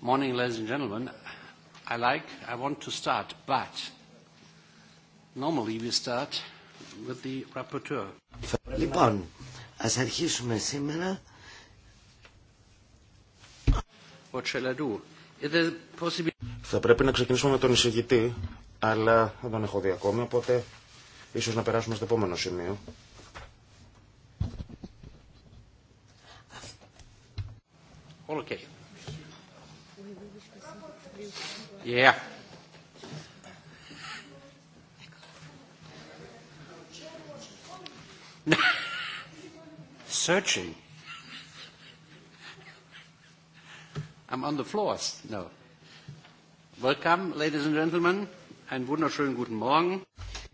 Morning, ladies and gentlemen. I like, I want to start, but normally we start with the rapporteur. Λοιπόν, ας αρχίσουμε σήμερα. What shall I do? Is there possible... Θα πρέπει να ξεκινήσουμε με τον εισηγητή, αλλά δεν τον έχω δει ακόμη, οπότε ίσως να περάσουμε στο επόμενο σημείο.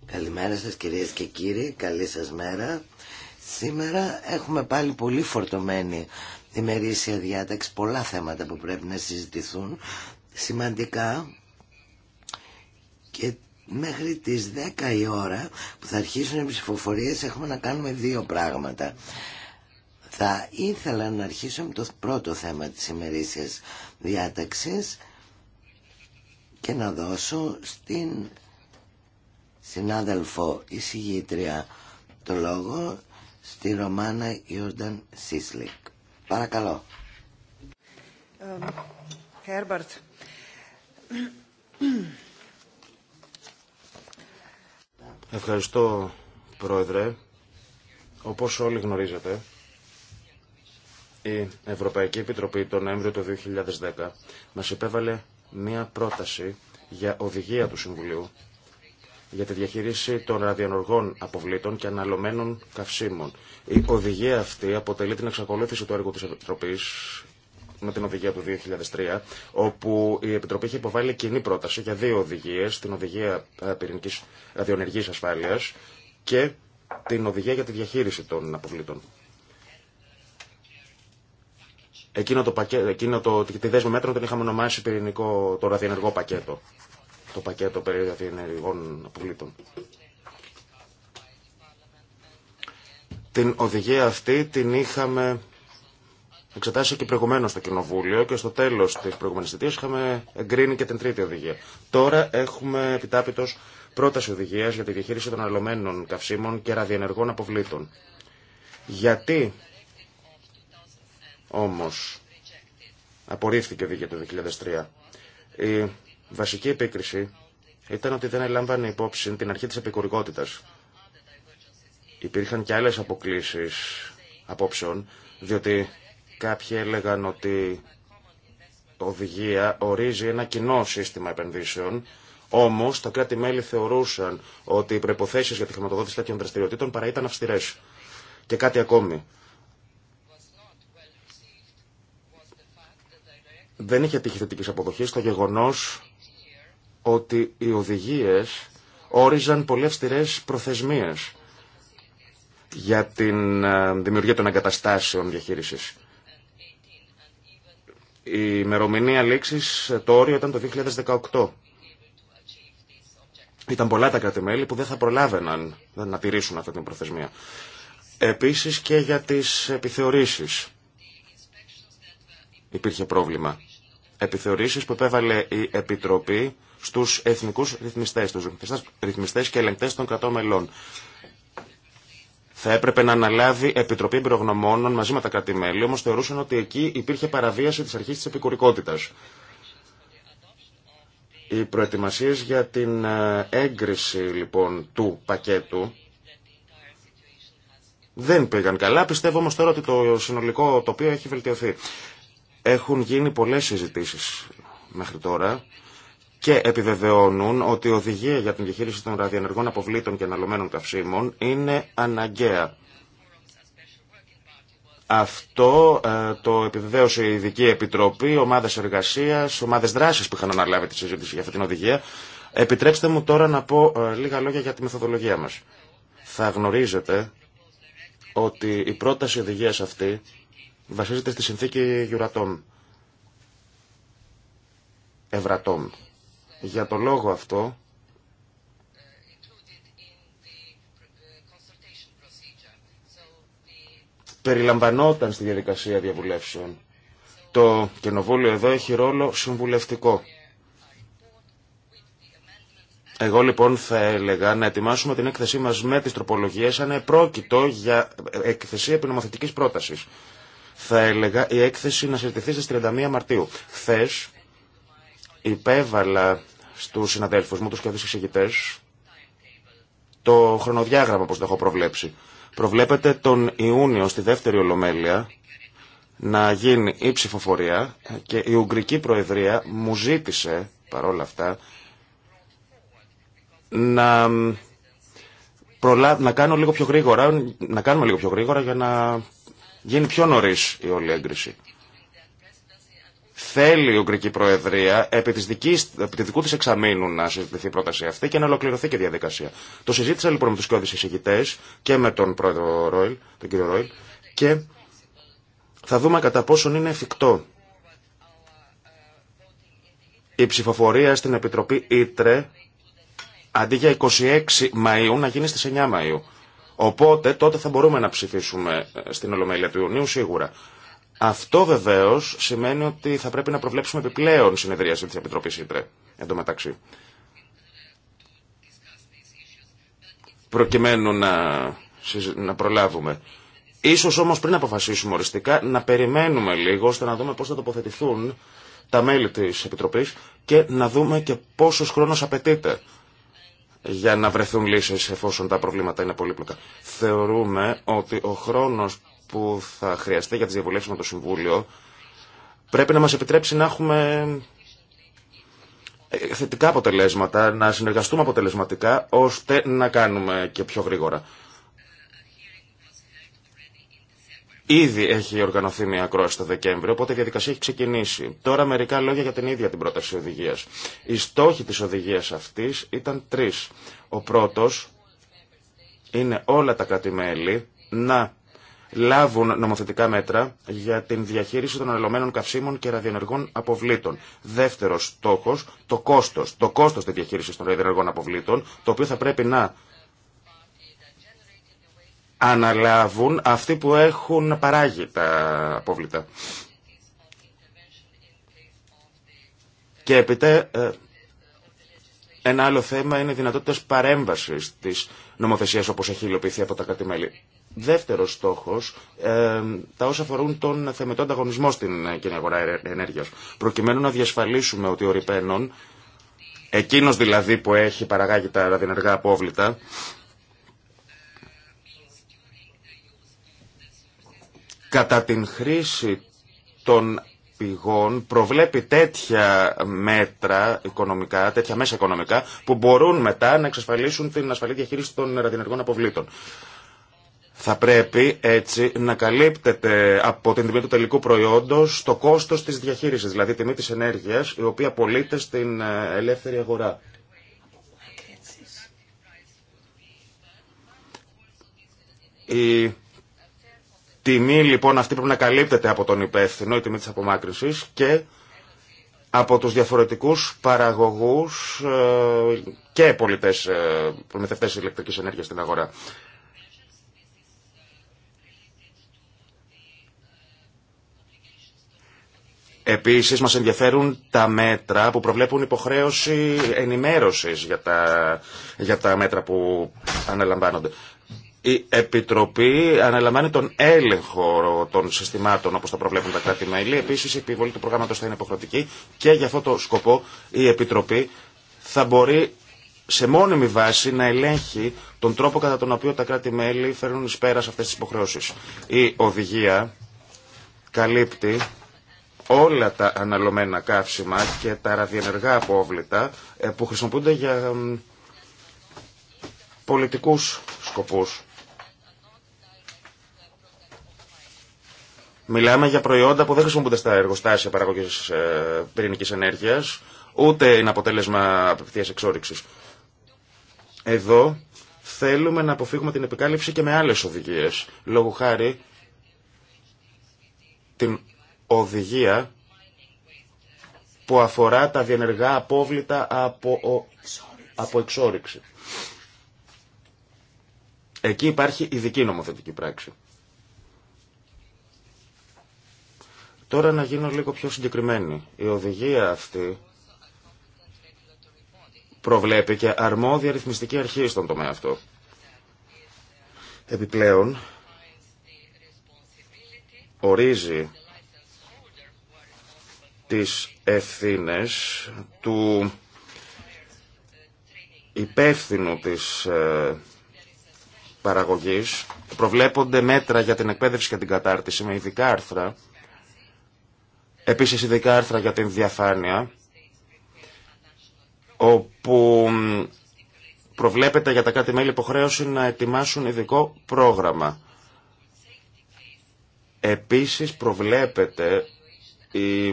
Καλημέρα σας κυρίες και κύριοι, καλή σας μέρα. Σήμερα έχουμε πάλι πολύ φορτωμένη ημερήσια διάταξη, πολλά θέματα που πρέπει να συζητηθούν σημαντικά και μέχρι τις 10 η ώρα που θα αρχίσουν οι ψηφοφορίες έχουμε να κάνουμε δύο πράγματα. Θα ήθελα να αρχίσω με το πρώτο θέμα της ημερήσιας διάταξης και να δώσω στην συνάδελφο εισηγήτρια το λόγο στη Ρωμάνα Ιόρνταν Σίσλικ. Παρακαλώ. Herbert, Ευχαριστώ, Πρόεδρε. Όπως όλοι γνωρίζετε, η Ευρωπαϊκή Επιτροπή τον Νοέμβριο του 2010 μας υπέβαλε μία πρόταση για οδηγία του Συμβουλίου για τη διαχείριση των ραδιονοργών αποβλήτων και αναλωμένων καυσίμων. Η οδηγία αυτή αποτελεί την εξακολούθηση του έργου της Επιτροπής με την οδηγία του 2003, όπου η Επιτροπή είχε υποβάλει κοινή πρόταση για δύο οδηγίες, την οδηγία ε, πυρηνική ραδιονεργή ασφάλεια και την οδηγία για τη διαχείριση των αποβλήτων. Εκείνο το, πακέτο, εκείνο το τη δέσμη μέτρων την είχαμε ονομάσει πυρηνικό, το ραδιενεργό πακέτο. Το πακέτο περί ραδιενεργών αποβλήτων. Την οδηγία αυτή την είχαμε Εξετάστηκε και προηγουμένω στο Κοινοβούλιο και στο τέλο τη προηγούμενη θητεία είχαμε εγκρίνει και την τρίτη οδηγία. Τώρα έχουμε επιτάπητο πρόταση οδηγία για τη διαχείριση των αλωμένων καυσίμων και ραδιενεργών αποβλήτων. Γιατί όμω απορρίφθηκε η οδηγία το 2003. Η βασική επίκριση ήταν ότι δεν έλαμβανε υπόψη την αρχή τη επικουρικότητα. Υπήρχαν και άλλε αποκλήσει απόψεων, διότι Κάποιοι έλεγαν ότι οδηγία ορίζει ένα κοινό σύστημα επενδύσεων, Όμω τα κράτη-μέλη θεωρούσαν ότι οι προποθέσει για τη χρηματοδότηση τέτοιων δραστηριοτήτων παρά ήταν αυστηρέ. Και κάτι ακόμη. Δεν είχε τύχει θετική αποδοχή στο γεγονό ότι οι οδηγίε όριζαν πολύ αυστηρέ προθεσμίε για την ε, δημιουργία των εγκαταστάσεων διαχείρισης. Η ημερομηνία λήξη, το όριο ήταν το 2018. Ήταν πολλά τα κράτη-μέλη που δεν θα προλάβαιναν να τηρήσουν αυτή την προθεσμία. Επίσης και για τις επιθεωρήσεις υπήρχε πρόβλημα. Επιθεωρήσεις που επέβαλε η Επιτροπή στους εθνικούς ρυθμιστέ, τους ρυθμιστές και ελεγκτές των κρατών μελών. Θα έπρεπε να αναλάβει Επιτροπή Εμπειρογνωμόνων μαζί με τα κράτη-μέλη, όμω θεωρούσαν ότι εκεί υπήρχε παραβίαση τη αρχή τη επικουρικότητα. Οι προετοιμασίε για την ε, έγκριση λοιπόν του πακέτου δεν πήγαν καλά. Πιστεύω όμω τώρα ότι το συνολικό τοπίο έχει βελτιωθεί. Έχουν γίνει πολλέ συζητήσει μέχρι τώρα και επιβεβαιώνουν ότι η οδηγία για την διαχείριση των ραδιενεργών αποβλήτων και αναλωμένων καυσίμων είναι αναγκαία. Αυτό ε, το επιβεβαίωσε η Ειδική Επιτροπή, ομάδες εργασίας, ομάδες δράσης που είχαν αναλάβει τη συζήτηση για αυτή την οδηγία. Επιτρέψτε μου τώρα να πω ε, λίγα λόγια για τη μεθοδολογία μας. Θα γνωρίζετε ότι η πρόταση οδηγίας αυτή βασίζεται στη συνθήκη Euratom. Ευρατόμ. Για το λόγο αυτό, περιλαμβανόταν στη διαδικασία διαβουλεύσεων. Το κοινοβούλιο εδώ έχει ρόλο συμβουλευτικό. Εγώ λοιπόν θα έλεγα να ετοιμάσουμε την έκθεσή μας με τις τροπολογίες αν επρόκειτο για έκθεση επινομοθετικής πρότασης. Θα έλεγα η έκθεση να συζητηθεί στις 31 Μαρτίου. Χθε υπέβαλα στους συναδέλφους μου, τους και το χρονοδιάγραμμα όπως το έχω προβλέψει. Προβλέπεται τον Ιούνιο στη δεύτερη Ολομέλεια να γίνει η ψηφοφορία και η Ουγγρική Προεδρία μου ζήτησε παρόλα αυτά να, προλα... να, κάνω λίγο πιο γρήγορα, να κάνουμε λίγο πιο γρήγορα για να γίνει πιο νωρίς η όλη έγκριση. Θέλει η Ουγγρική Προεδρία επί, της δικού τη εξαμήνου να συζητηθεί η πρόταση αυτή και να ολοκληρωθεί και η διαδικασία. Το συζήτησα λοιπόν με του κοιόδη εισηγητέ και με τον πρόεδρο Ρόιλ, τον κύριο Ρόιλ, και θα δούμε κατά πόσον είναι εφικτό η ψηφοφορία στην Επιτροπή Ήτρε αντί για 26 Μαΐου να γίνει στις 9 Μαΐου. Οπότε τότε θα μπορούμε να ψηφίσουμε στην Ολομέλεια του Ιουνίου σίγουρα. Αυτό βεβαίω σημαίνει ότι θα πρέπει να προβλέψουμε επιπλέον συνεδρίαση τη Επιτροπή ΙΤΡΕ εντωμεταξύ. Προκειμένου να, να προλάβουμε. Ίσως όμως πριν αποφασίσουμε οριστικά να περιμένουμε λίγο ώστε να δούμε πώς θα τοποθετηθούν τα μέλη της Επιτροπής και να δούμε και πόσος χρόνος απαιτείται για να βρεθούν λύσεις εφόσον τα προβλήματα είναι πολύπλοκα. Θεωρούμε ότι ο χρόνος που θα χρειαστεί για τις διαβουλεύσεις με το Συμβούλιο πρέπει να μας επιτρέψει να έχουμε ε, θετικά αποτελέσματα, να συνεργαστούμε αποτελεσματικά ώστε να κάνουμε και πιο γρήγορα. Ήδη έχει οργανωθεί μια ακρόαση το Δεκέμβριο, οπότε η διαδικασία έχει ξεκινήσει. Τώρα μερικά λόγια για την ίδια την πρόταση οδηγία. Οι στόχοι τη οδηγία αυτή ήταν τρει. Ο πρώτο είναι όλα τα κράτη-μέλη να λάβουν νομοθετικά μέτρα για την διαχείριση των αναλωμένων καυσίμων και ραδιενεργών αποβλήτων. Δεύτερο στόχο, το κόστο. Το κόστο τη διαχείριση των ραδιενεργών αποβλήτων, το οποίο θα πρέπει να αναλάβουν αυτοί που έχουν παράγει τα απόβλητα. Και έπειτα, ε, ένα άλλο θέμα είναι οι δυνατότητε παρέμβαση τη νομοθεσία όπω έχει υλοποιηθεί από τα κρατη Δεύτερος στόχος, ε, τα όσα αφορούν τον θεμετό ανταγωνισμό στην κοινή αγορά ε, ενέργειας. Προκειμένου να διασφαλίσουμε ότι ο Ριπένον, εκείνος δηλαδή που έχει παραγάγει τα ραδινεργά απόβλητα, κατά την χρήση των πηγών προβλέπει τέτοια μέτρα οικονομικά, τέτοια μέσα οικονομικά που μπορούν μετά να εξασφαλίσουν την ασφαλή διαχείριση των ραδιενεργών αποβλήτων. Θα πρέπει έτσι να καλύπτεται από την τιμή του τελικού προϊόντος το κόστος της διαχείρισης, δηλαδή η τιμή της ενέργειας, η οποία πωλείται στην ε, ελεύθερη αγορά. Η τιμή λοιπόν αυτή πρέπει να καλύπτεται από τον υπεύθυνο, η τιμή της απομάκρυσης και από τους διαφορετικούς παραγωγούς ε, και πολιτές ε, προμηθευτές ηλεκτρικής ενέργειας στην αγορά. Επίσης μας ενδιαφέρουν τα μέτρα που προβλέπουν υποχρέωση ενημέρωσης για τα, για τα μέτρα που αναλαμβάνονται. Η Επιτροπή αναλαμβάνει τον έλεγχο των συστημάτων όπως τα προβλέπουν τα κράτη-μέλη. Επίσης η επιβολή του προγράμματος θα είναι υποχρεωτική και για αυτό το σκοπό η Επιτροπή θα μπορεί σε μόνιμη βάση να ελέγχει τον τρόπο κατά τον οποίο τα κράτη-μέλη φέρνουν εις πέρας αυτές τις υποχρεώσεις. Η οδηγία καλύπτει όλα τα αναλωμένα καύσιμα και τα ραδιενεργά απόβλητα ε, που χρησιμοποιούνται για πολιτικούς σκοπούς. Μιλάμε για προϊόντα που δεν χρησιμοποιούνται στα εργοστάσια παραγωγής ε, πυρηνικής ενέργειας, ούτε είναι αποτέλεσμα απευθείας εξόριξης. Εδώ θέλουμε να αποφύγουμε την επικάλυψη και με άλλες οδηγίες. Λόγω χάρη οδηγία που αφορά τα διενεργά απόβλητα από, από εξόριξη. Εκεί υπάρχει ειδική νομοθετική πράξη. Τώρα να γίνω λίγο πιο συγκεκριμένη. Η οδηγία αυτή προβλέπει και αρμόδια ρυθμιστική αρχή στον τομέα αυτό. Επιπλέον, ορίζει τις ευθύνες του υπεύθυνου της ε, παραγωγής προβλέπονται μέτρα για την εκπαίδευση και την κατάρτιση με ειδικά άρθρα επίσης ειδικά άρθρα για την διαφάνεια όπου προβλέπεται για τα κάτι μέλη υποχρέωση να ετοιμάσουν ειδικό πρόγραμμα. Επίσης προβλέπεται η,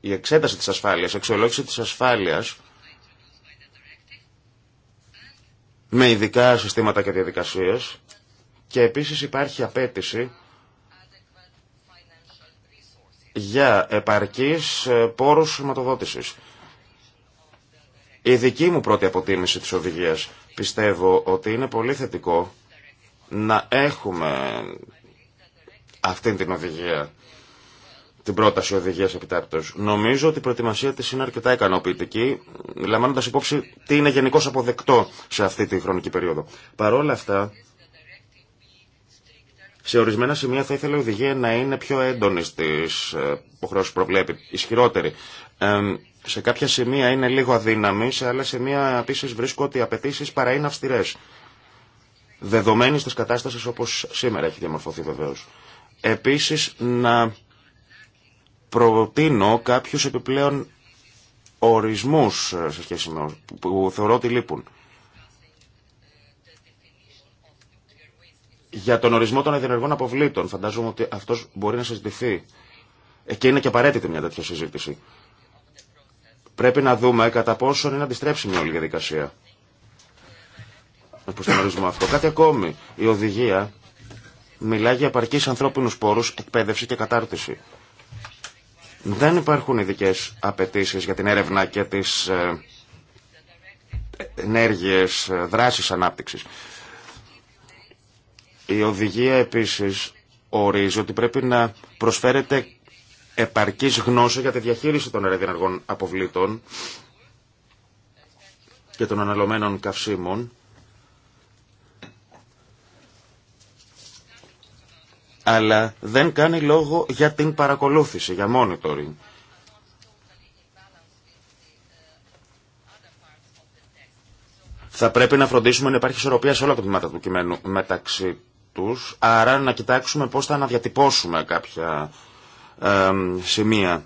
η εξέταση της ασφάλειας, η αξιολόγηση της ασφάλειας με ειδικά συστήματα και διαδικασίες και επίσης υπάρχει απέτηση για επαρκείς ε, πόρους σηματοδότησης. Η δική μου πρώτη αποτίμηση της οδηγίας πιστεύω ότι είναι πολύ θετικό να έχουμε αυτή την οδηγία την πρόταση οδηγία επιτάπητο. Νομίζω ότι η προετοιμασία τη είναι αρκετά ικανοποιητική, λαμβάνοντα υπόψη τι είναι γενικώ αποδεκτό σε αυτή τη χρονική περίοδο. Παρόλα αυτά, σε ορισμένα σημεία θα ήθελα η οδηγία να είναι πιο έντονη στις ε, υποχρεώσει που προβλέπει, ισχυρότερη. σε κάποια σημεία είναι λίγο αδύναμη, σε άλλα σημεία επίση βρίσκω ότι οι απαιτήσει παρά είναι αυστηρέ. Δεδομένη τη κατάσταση όπω σήμερα έχει διαμορφωθεί βεβαίω. Επίση, να προτείνω κάποιους επιπλέον ορισμούς ε, σε σχέση με που θεωρώ ότι λείπουν. Για τον ορισμό των ενεργών αποβλήτων, φαντάζομαι ότι αυτός μπορεί να συζητηθεί. Ε, και είναι και απαραίτητη μια τέτοια συζήτηση. Πρέπει να δούμε κατά πόσον είναι αντιστρέψιμη όλη η διαδικασία. Προς τον ορισμό αυτό. Κάτι ακόμη. Η οδηγία μιλάει για επαρκή ανθρώπινους πόρους, εκπαίδευση και κατάρτιση. Δεν υπάρχουν ειδικέ απαιτήσει για την έρευνα και τι ε, ενέργειε ε, δράση ανάπτυξη. Η οδηγία επίσης ορίζει ότι πρέπει να προσφέρεται επαρκής γνώση για τη διαχείριση των ερευνητικών αποβλήτων και των αναλωμένων καυσίμων αλλά δεν κάνει λόγο για την παρακολούθηση, για monitoring. Θα πρέπει να φροντίσουμε να υπάρχει ισορροπία σε όλα τα τμήματα του κειμένου μεταξύ τους, άρα να κοιτάξουμε πώς θα αναδιατυπώσουμε κάποια σημεία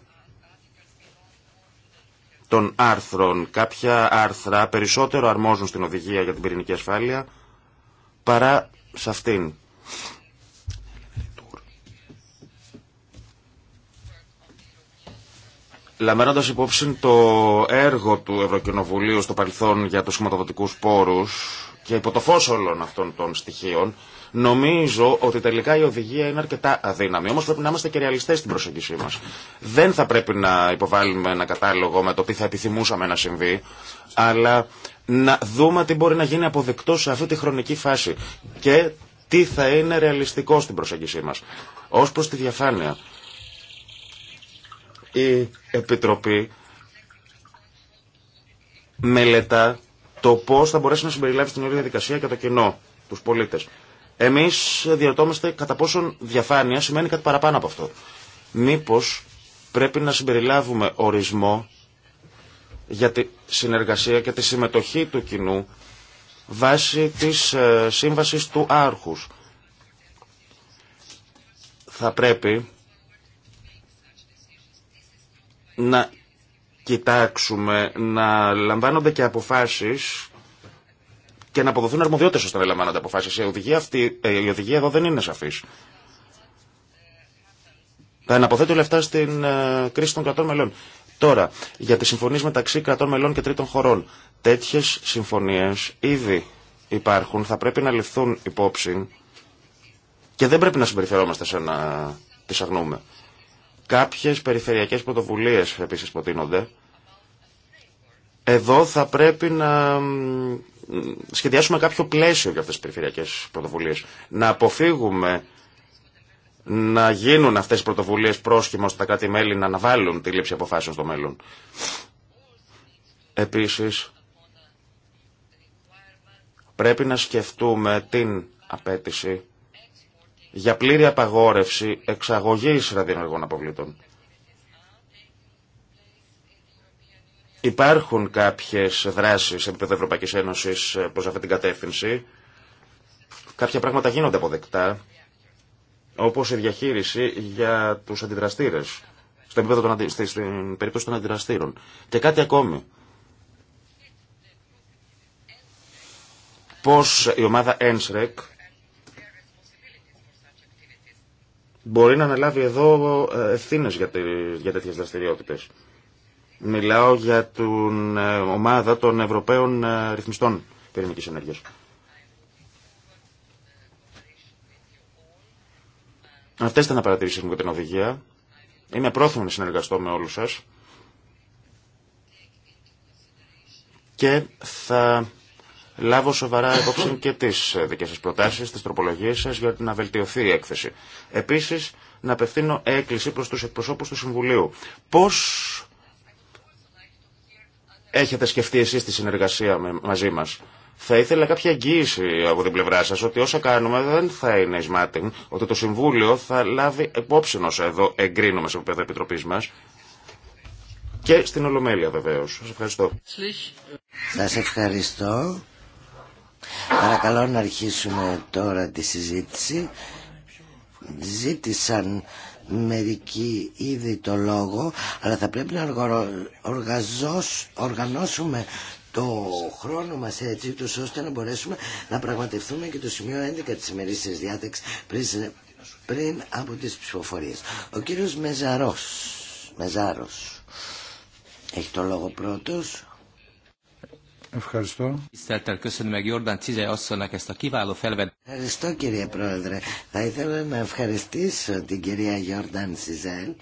των άρθρων. Κάποια άρθρα περισσότερο αρμόζουν στην οδηγία για την πυρηνική ασφάλεια παρά σε αυτήν. Λαμβάνοντα υπόψη το έργο του Ευρωκοινοβουλίου στο παρελθόν για τους σηματοδοτικούς πόρους και υπό το φως όλων αυτών των στοιχείων, νομίζω ότι τελικά η οδηγία είναι αρκετά αδύναμη. Όμως πρέπει να είμαστε και ρεαλιστές στην προσέγγιση μας. Δεν θα πρέπει να υποβάλουμε ένα κατάλογο με το τι θα επιθυμούσαμε να συμβεί, αλλά να δούμε τι μπορεί να γίνει αποδεκτό σε αυτή τη χρονική φάση και τι θα είναι ρεαλιστικό στην προσέγγιση μας. Ως προς τη διαφάνεια. Η Επιτροπή μελετά το πώς θα μπορέσει να συμπεριλάβει στην όλη διαδικασία και το κοινό, τους πολίτες. Εμείς διαρωτόμαστε κατά πόσον διαφάνεια σημαίνει κάτι παραπάνω από αυτό. Μήπως πρέπει να συμπεριλάβουμε ορισμό για τη συνεργασία και τη συμμετοχή του κοινού βάσει της ε, σύμβασης του άρχους. Θα πρέπει να κοιτάξουμε να λαμβάνονται και αποφάσεις και να αποδοθούν αρμοδιότητες ώστε να λαμβάνονται αποφάσεις. Η οδηγία, αυτή, ε, η οδηγία εδώ δεν είναι σαφής. Θα αναποθέτω λεφτά στην ε, κρίση των κρατών μελών. Τώρα, για τις συμφωνίες μεταξύ κρατών μελών και τρίτων χωρών. Τέτοιες συμφωνίες ήδη υπάρχουν, θα πρέπει να ληφθούν υπόψη και δεν πρέπει να συμπεριφερόμαστε σαν να τις αγνοούμε. Κάποιες περιφερειακές πρωτοβουλίες επίσης προτείνονται. Εδώ θα πρέπει να σχεδιάσουμε κάποιο πλαίσιο για αυτές τις περιφερειακές πρωτοβουλίες. Να αποφύγουμε να γίνουν αυτές οι πρωτοβουλίες πρόσχημα ώστε τα κράτη-μέλη να αναβάλουν τη λήψη αποφάσεων στο μέλλον. Επίσης, πρέπει να σκεφτούμε την απέτηση για πλήρη απαγόρευση εξαγωγής ραδιενεργών αποβλήτων. Υπάρχουν κάποιες δράσεις σε επίπεδο Ευρωπαϊκής Ένωσης ε, προς αυτή την κατεύθυνση. Κάποια πράγματα γίνονται αποδεκτά, όπως η διαχείριση για τους αντιδραστήρες, στην περίπτωση των αντιδραστήρων. Και κάτι ακόμη. Πώς η ομάδα ENSREC μπορεί να αναλάβει εδώ ε, ευθύνε για, για τέτοιε δραστηριότητε. Μιλάω για την ε, ομάδα των Ευρωπαίων ε, Ρυθμιστών Πυρηνική ενέργεια. Αυτές ήταν οι μου για την οδηγία. Είμαι πρόθυμο να συνεργαστώ με όλους σα. και θα λάβω σοβαρά υπόψη και τι ε, δικέ σα προτάσει, τι τροπολογίε σα για να βελτιωθεί η έκθεση. Επίση, να απευθύνω έκκληση προ του εκπροσώπου του Συμβουλίου. Πώ έχετε σκεφτεί εσεί τη συνεργασία μαζί μα. Θα ήθελα κάποια εγγύηση από την πλευρά σα ότι όσα κάνουμε δεν θα είναι ει ότι το Συμβούλιο θα λάβει υπόψη όσα εδώ εγκρίνουμε σε επίπεδο επιτροπή μα και στην Ολομέλεια βεβαίω. Σα ευχαριστώ. Σα ευχαριστώ. Παρακαλώ να αρχίσουμε τώρα τη συζήτηση. Ζήτησαν μερικοί ήδη το λόγο, αλλά θα πρέπει να οργανώσουμε το χρόνο μας έτσι, τους, ώστε να μπορέσουμε να πραγματευτούμε και το σημείο 11 της ημερήσιας διάταξης πριν, πριν από τις ψηφοφορίες. Ο κύριος Μεζαρός, Μεζάρος έχει το λόγο πρώτος. Ευχαριστώ. Ευχαριστώ κύριε Πρόεδρε. Θα ήθελα να ευχαριστήσω την κυρία Γιόρνταν Σιζέλ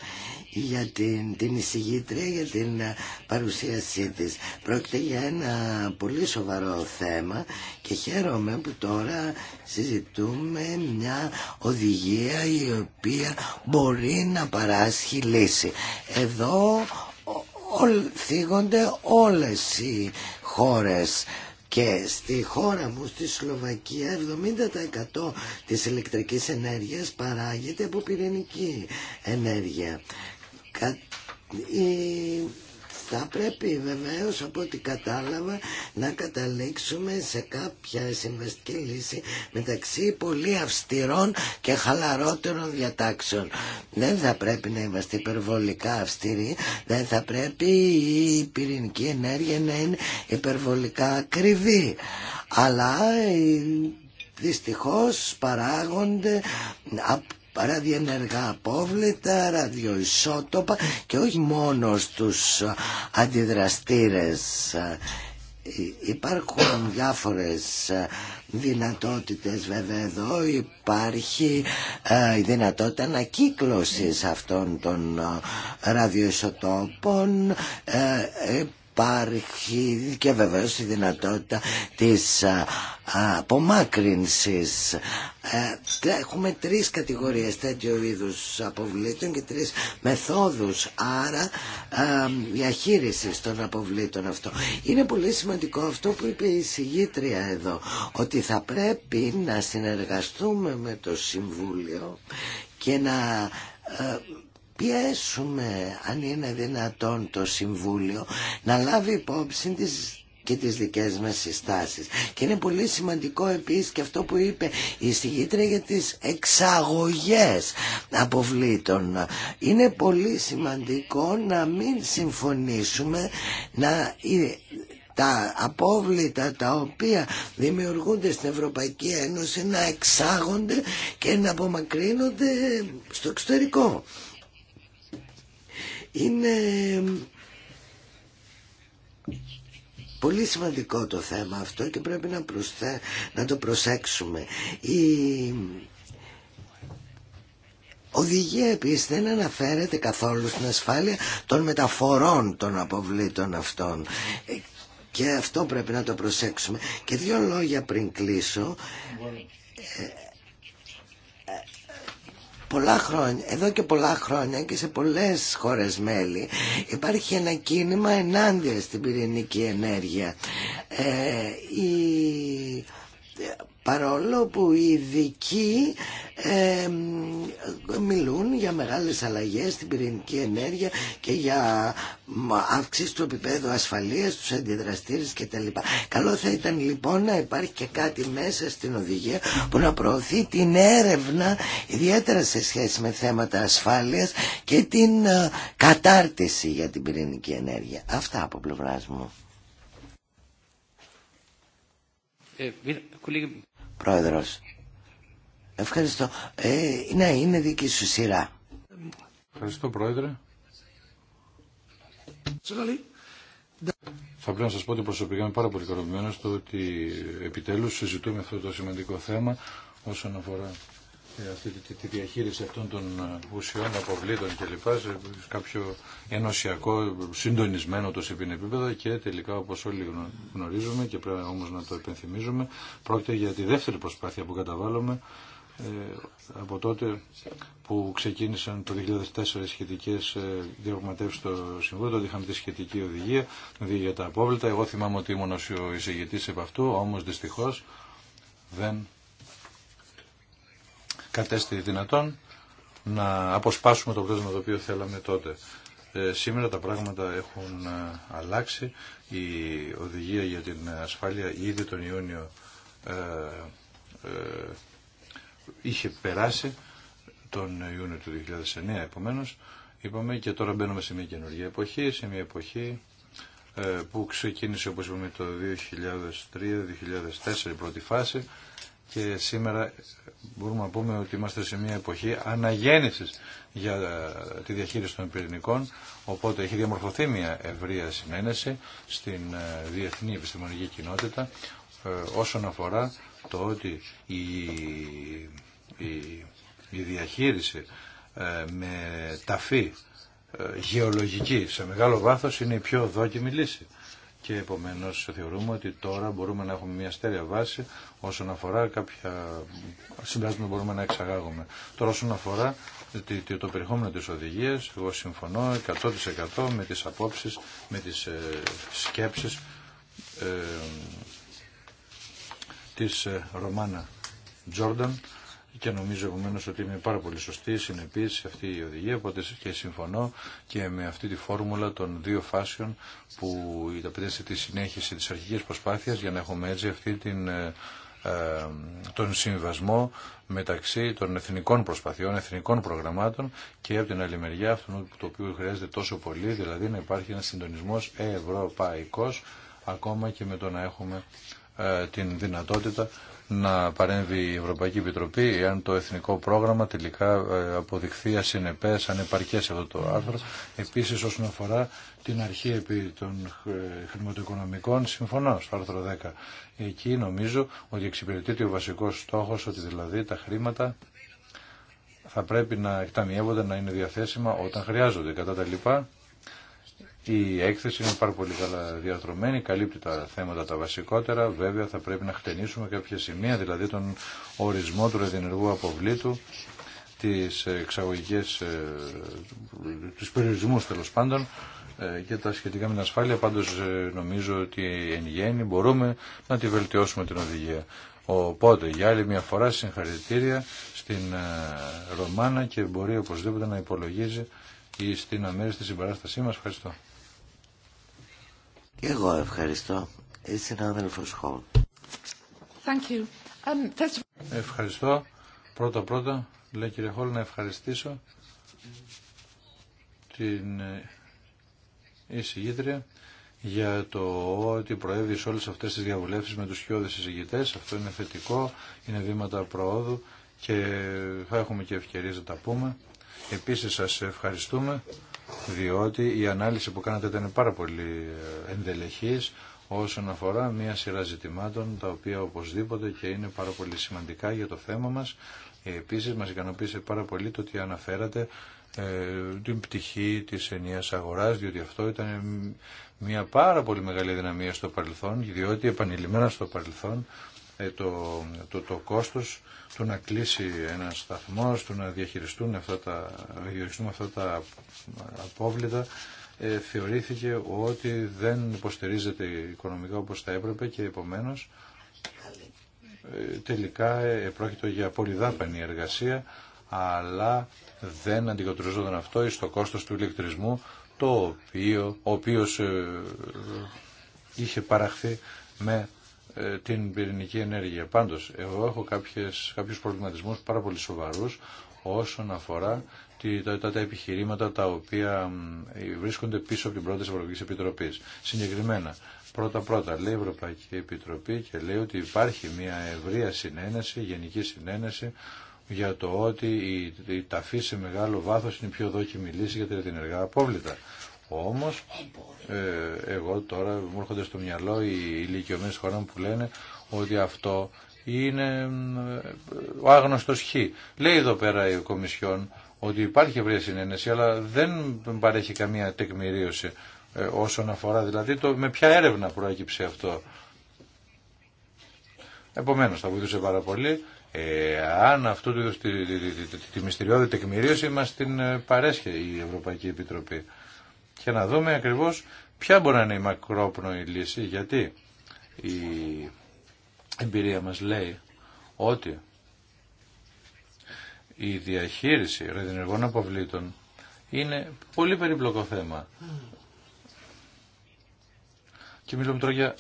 για την, την εισηγήτρια για την ε, παρουσίασή της. Πρόκειται για ένα πολύ σοβαρό θέμα και χαίρομαι που τώρα συζητούμε μια οδηγία η οποία μπορεί να παράσχει λύση. Εδώ θίγονται όλες οι χώρες και στη χώρα μου, στη Σλοβακία, 70% της ηλεκτρικής ενέργειας παράγεται από πυρηνική ενέργεια. Η θα πρέπει βεβαίως από ό,τι κατάλαβα να καταλήξουμε σε κάποια συμβαστική λύση μεταξύ πολύ αυστηρών και χαλαρότερων διατάξεων. Δεν θα πρέπει να είμαστε υπερβολικά αυστηροί, δεν θα πρέπει η πυρηνική ενέργεια να είναι υπερβολικά ακριβή. Αλλά ε, δυστυχώς παράγονται ραδιενεργά απόβλητα, ραδιοϊσότοπα και όχι μόνο στους αντιδραστήρες. Ε, υπάρχουν διάφορες ε, δυνατότητες βέβαια εδώ υπάρχει ε, η δυνατότητα ανακύκλωσης αυτών των ραδιοεισοτόπων υπάρχει και βεβαίως η δυνατότητα της α, απομάκρυνσης. Ε, έχουμε τρεις κατηγορίες τέτοιου είδους αποβλήτων και τρεις μεθόδους άρα διαχείρισης των αποβλήτων αυτό. Είναι πολύ σημαντικό αυτό που είπε η συγγήτρια εδώ, ότι θα πρέπει να συνεργαστούμε με το Συμβούλιο και να ε, πιέσουμε αν είναι δυνατόν το Συμβούλιο να λάβει υπόψη τις και τις δικές μας συστάσεις. Και είναι πολύ σημαντικό επίσης και αυτό που είπε η συγγήτρια για τις εξαγωγές αποβλήτων. Είναι πολύ σημαντικό να μην συμφωνήσουμε να τα απόβλητα τα οποία δημιουργούνται στην Ευρωπαϊκή Ένωση να εξάγονται και να απομακρύνονται στο εξωτερικό. Είναι πολύ σημαντικό το θέμα αυτό και πρέπει να, να το προσέξουμε. Η οδηγία επίσης δεν αναφέρεται καθόλου στην ασφάλεια των μεταφορών των αποβλήτων αυτών. Και αυτό πρέπει να το προσέξουμε. Και δύο λόγια πριν κλείσω. Ε, πολλά χρόνια, εδώ και πολλά χρόνια και σε πολλές χώρες μέλη υπάρχει ένα κίνημα ενάντια στην πυρηνική ενέργεια. Ε, η παρόλο που οι ειδικοί ε, μιλούν για μεγάλες αλλαγές στην πυρηνική ενέργεια και για αύξηση του επίπεδου ασφαλείας, τους αντιδραστήρες κτλ. Καλό θα ήταν λοιπόν να υπάρχει και κάτι μέσα στην οδηγία που να προωθεί την έρευνα ιδιαίτερα σε σχέση με θέματα ασφάλειας και την ε, κατάρτιση για την πυρηνική ενέργεια. Αυτά από πλευράς μου. Ε, Πρόεδρος. Ευχαριστώ. Ε, ναι, είναι δική σου σειρά. Ευχαριστώ, Πρόεδρε. Θα πρέπει να σας πω ότι προσωπικά είμαι πάρα πολύ ικανοποιημένος το ότι επιτέλους συζητούμε αυτό το σημαντικό θέμα όσον αφορά ε, αυτή τη, διαχείριση αυτών των ε, ουσιών, αποβλήτων κλπ. σε κάποιο ενωσιακό, συντονισμένο το σε επίπεδο και τελικά όπως όλοι γνωρίζουμε και πρέπει όμως να το επενθυμίζουμε, πρόκειται για τη δεύτερη προσπάθεια που καταβάλαμε ε, από τότε που ξεκίνησαν το 2004 οι σχετικές διαπραγματεύσεις στο Συμβούλιο, τότε είχαμε τη σχετική οδηγία δηλαδή για τα απόβλητα. Εγώ θυμάμαι ότι ήμουν ο εισηγητής επ' αυτού, όμως δυστυχώς δεν κατέστη δυνατόν να αποσπάσουμε το πρόβλημα το οποίο θέλαμε τότε. Ε, σήμερα τα πράγματα έχουν ε, αλλάξει. Η οδηγία για την ασφάλεια ήδη τον Ιούνιο ε, ε, είχε περάσει τον Ιούνιο του 2009 επομένως είπαμε και τώρα μπαίνουμε σε μια καινούργια εποχή, σε μια εποχή ε, που ξεκίνησε όπως είπαμε το 2003-2004 η πρώτη φάση και σήμερα μπορούμε να πούμε ότι είμαστε σε μια εποχή αναγέννησης για ε, τη διαχείριση των πυρηνικών, οπότε έχει διαμορφωθεί μια ευρεία συνένεση στην ε, διεθνή επιστημονική κοινότητα ε, όσον αφορά το ότι η, η, η διαχείριση με ταφή γεωλογική σε μεγάλο βάθος είναι η πιο δόκιμη λύση και επομένως θεωρούμε ότι τώρα μπορούμε να έχουμε μια στέρεα βάση όσον αφορά κάποια συμπράσματα που μπορούμε να εξαγάγουμε. Τώρα όσον αφορά το περιεχόμενο της οδηγίας, εγώ συμφωνώ 100% με τις απόψεις, με τις ε, σκέψεις ε, της ε, Ρωμάνα Τζόρνταν και νομίζω επομένω ότι είναι πάρα πολύ σωστή, συνεπή αυτή η οδηγία, οπότε και συμφωνώ και με αυτή τη φόρμουλα των δύο φάσεων που υπηρετεί τη συνέχιση τη αρχική προσπάθεια για να έχουμε έτσι αυτή την, ε, ε, τον συμβασμό μεταξύ των εθνικών προσπαθειών, εθνικών προγραμμάτων και από την άλλη μεριά αυτού το οποίο χρειάζεται τόσο πολύ, δηλαδή να υπάρχει ένας συντονισμός ευρωπαϊκός ακόμα και με το να έχουμε ε, την δυνατότητα να παρέμβει η Ευρωπαϊκή Επιτροπή αν το εθνικό πρόγραμμα τελικά ε, αποδειχθεί ασυνεπές, ανεπαρκές σε αυτό το άρθρο. Επίσης όσον αφορά την αρχή επί των ε, χρηματοοικονομικών συμφωνώ στο άρθρο 10. Εκεί νομίζω ότι εξυπηρετείται ο βασικός στόχο, ότι δηλαδή τα χρήματα θα πρέπει να εκταμιεύονται να είναι διαθέσιμα όταν χρειάζονται. Κατά τα λοιπά, η έκθεση είναι πάρα πολύ καλά διαδρομένη, καλύπτει τα θέματα τα βασικότερα. Βέβαια θα πρέπει να χτενίσουμε κάποια σημεία, δηλαδή τον ορισμό του ρεδινεργού αποβλήτου, τις εξαγωγικές, ε, τους περιορισμούς τέλο πάντων ε, και τα σχετικά με την ασφάλεια. Πάντως ε, νομίζω ότι εν γέννη μπορούμε να τη βελτιώσουμε την οδηγία. Οπότε για άλλη μια φορά συγχαρητήρια στην Ρωμάνα και μπορεί οπωσδήποτε να υπολογίζει ή στην αμέριστη συμπαράστασή μας. Ευχαριστώ εγώ ευχαριστώ. Είσαι συνάδελφος Thank you. Um, ευχαριστώ. Πρώτα πρώτα, λέει κύριε Χολ, να ευχαριστήσω την ε, εισηγήτρια για το ότι προέβη σε όλες αυτές τις διαβουλεύσεις με τους χιώδες εισηγητές. Αυτό είναι θετικό, είναι βήματα προόδου και θα έχουμε και ευκαιρίες να τα πούμε. Επίσης σας ευχαριστούμε διότι η ανάλυση που κάνατε ήταν πάρα πολύ ε, ενδελεχής όσον αφορά μια σειρά ζητημάτων τα οποία οπωσδήποτε και είναι πάρα πολύ σημαντικά για το θέμα μας. Ε, επίσης μας ικανοποίησε πάρα πολύ το ότι αναφέρατε ε, την πτυχή της ενιαίας αγοράς διότι αυτό ήταν μια πάρα πολύ μεγάλη δυναμία στο παρελθόν διότι επανειλημμένα στο παρελθόν ε, το, το, κόστος του να κλείσει ένα σταθμός, του να διαχειριστούν αυτά τα, διαχειριστούν αυτά τα απόβλητα ε, θεωρήθηκε ότι δεν υποστηρίζεται οικονομικά όπως θα έπρεπε και επομένως ε, τελικά ε, πρόκειται για πολυδάπανη εργασία αλλά δεν αντικατοριζόταν αυτό στο κόστος του ηλεκτρισμού το οποίο, ο οποίος ε, είχε παραχθεί με ε, την πυρηνική ενέργεια. Πάντως, εγώ έχω κάποιες, κάποιους προβληματισμούς πάρα πολύ σοβαρούς όσον αφορά τα, τα, τα επιχειρήματα τα οποία ε, βρίσκονται πίσω από την πρώτη Ευρωπαϊκή Επιτροπή. επιτροπης Επιτροπής. Συγκεκριμένα, πρώτα-πρώτα λέει η Ευρωπαϊκή Επιτροπή και λέει ότι υπάρχει μια ευρεία συνένεση, γενική συνένεση, για το ότι η, η ταφή σε μεγάλο βάθος είναι η πιο δόκιμη λύση για την ενεργά απόβλητα. Όμως, ε, εγώ τώρα μου έρχονται στο μυαλό οι ηλικιωμένες χωρών που λένε ότι αυτό είναι ε, ο άγνωστος χ. Λέει εδώ πέρα η Κομισιόν ότι υπάρχει ευρεία συνένεση, αλλά δεν παρέχει καμία τεκμηρίωση ε, όσον αφορά δηλαδή το με ποια έρευνα προέκυψε αυτό. Επομένως, θα βοηθούσε πάρα πολύ ε, αν αυτού του τη, μυστηριώδη τεκμηρίωση μας την παρέσχε η Ευρωπαϊκή Επιτροπή και να δούμε ακριβώς ποια μπορεί να είναι η μακρόπνοη λύση, γιατί η εμπειρία μας λέει ότι η διαχείριση ρεδινεργών αποβλήτων είναι πολύ περίπλοκο θέμα. Και μιλούμε τώρα για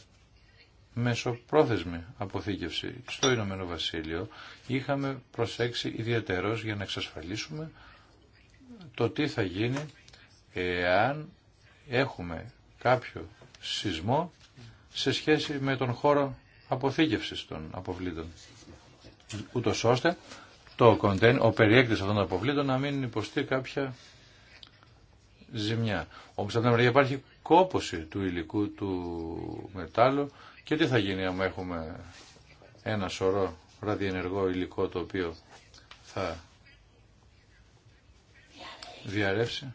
μεσοπρόθεσμη αποθήκευση. Στο Ηνωμένο Βασίλειο είχαμε προσέξει ιδιαίτερος για να εξασφαλίσουμε το τι θα γίνει εάν έχουμε κάποιο σεισμό σε σχέση με τον χώρο αποθήκευσης των αποβλήτων. Ούτω ώστε το κοντέν, ο περιέκτης αυτών των αποβλήτων να μην υποστεί κάποια ζημιά. Όμως από την μεριά υπάρχει κόπωση του υλικού του μετάλλου και τι θα γίνει αν έχουμε ένα σωρό ραδιενεργό υλικό το οποίο θα διαρρεύσει.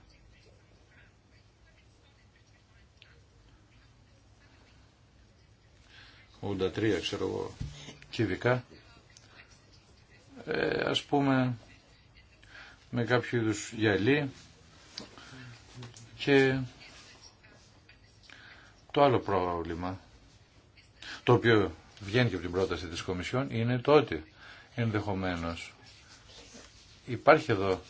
83 ξέρω εγώ κυβικά ε, ας πούμε με κάποιο είδου γυαλί και το άλλο πρόβλημα το οποίο βγαίνει και από την πρόταση της Κομισιόν είναι το ότι ενδεχομένως υπάρχει εδώ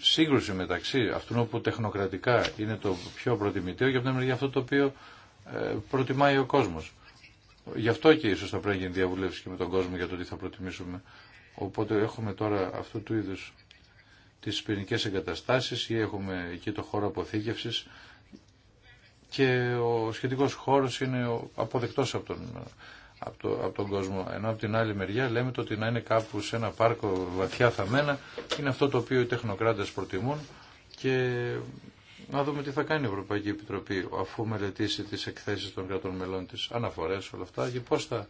σύγκρουση μεταξύ αυτού που τεχνοκρατικά είναι το πιο προτιμητέο και από την μεριά αυτό το οποίο ε, προτιμάει ο κόσμος. Γι' αυτό και ίσως θα πρέπει να γίνει διαβουλεύση και με τον κόσμο για το τι θα προτιμήσουμε. Οπότε έχουμε τώρα αυτού του είδους τις πυρηνικές εγκαταστάσεις ή έχουμε εκεί το χώρο αποθήκευσης και ο σχετικός χώρος είναι αποδεκτός από τον, από, από τον κόσμο. Ενώ από την άλλη μεριά λέμε το ότι να είναι κάπου σε ένα πάρκο βαθιά θαμμένα είναι αυτό το οποίο οι τεχνοκράτες προτιμούν και να δούμε τι θα κάνει η Ευρωπαϊκή Επιτροπή αφού μελετήσει τις εκθέσεις των κρατών μελών της, αναφορές όλα αυτά και πώς θα,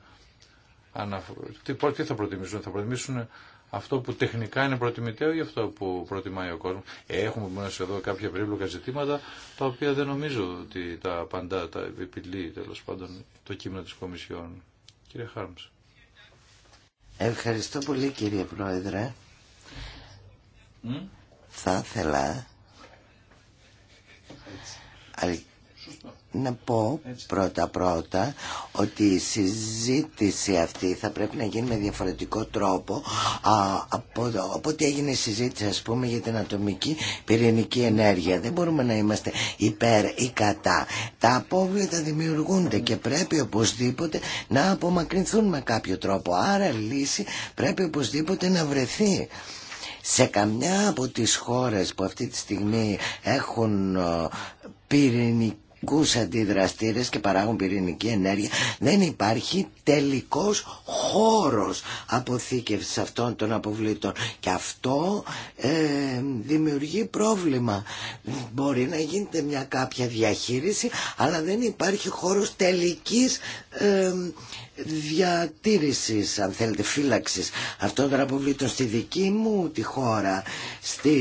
τι, τι θα προτιμήσουν, θα προτιμήσουν αυτό που τεχνικά είναι προτιμητέο ή αυτό που προτιμάει ο κόσμος. Έχουμε μόνο εδώ κάποια περίπλοκα ζητήματα τα οποία δεν νομίζω ότι τα απαντά, τα επιλύει τέλος πάντων το κείμενο της Κομισιόν. Κύριε Χάρμς. Ευχαριστώ πολύ κύριε Πρόεδρε. Θα ήθελα να πω πρώτα-πρώτα ότι η συζήτηση αυτή θα πρέπει να γίνει με διαφορετικό τρόπο από, από ό,τι έγινε η συζήτηση ας πούμε για την ατομική πυρηνική ενέργεια. Δεν μπορούμε να είμαστε υπέρ ή κατά. Τα απόβλητα δημιουργούνται και πρέπει οπωσδήποτε να απομακρυνθούν με κάποιο τρόπο. Άρα λύση πρέπει οπωσδήποτε να βρεθεί. Σε καμιά από τις χώρες που αυτή τη στιγμή έχουν πυρηνικούς αντιδραστήρες και παράγουν πυρηνική ενέργεια δεν υπάρχει τελικός χώρος αποθήκευσης αυτών των αποβλήτων και αυτό ε, δημιουργεί πρόβλημα μπορεί να γίνεται μια κάποια διαχείριση αλλά δεν υπάρχει χώρος τελικής ε, διατήρησης, αν θέλετε, φύλαξης αυτών των αποβλήτων στη δική μου τη χώρα, στη,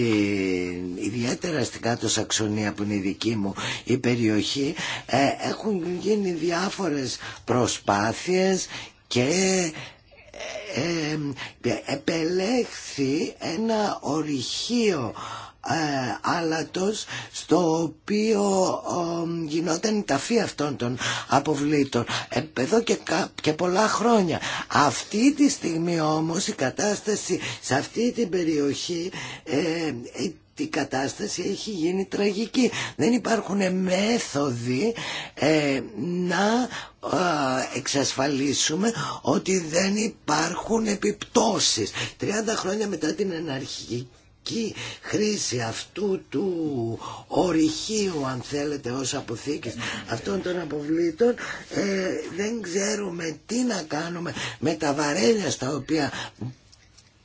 ιδιαίτερα στην κάτω Σαξονία που είναι η δική μου η περιοχή, ε, έχουν γίνει διάφορες προσπάθειες και ε, ε, ε επελέχθη ένα οριχείο ε, άλατος στο οποίο γινόταν η ταφή αυτών των αποβλήτων ε, εδώ και, και πολλά χρόνια. Αυτή τη στιγμή όμως η κατάσταση σε αυτή την περιοχή ε, η κατάσταση έχει γίνει τραγική. Δεν υπάρχουν μέθοδοι να εξασφαλίσουμε ότι δεν υπάρχουν επιπτώσεις. 30 χρόνια μετά την αναρχική η χρήση αυτού του ορυχείου αν θέλετε ως αποθήκης αυτών των αποβλήτων ε, δεν ξέρουμε τι να κάνουμε με τα βαρέλια στα οποία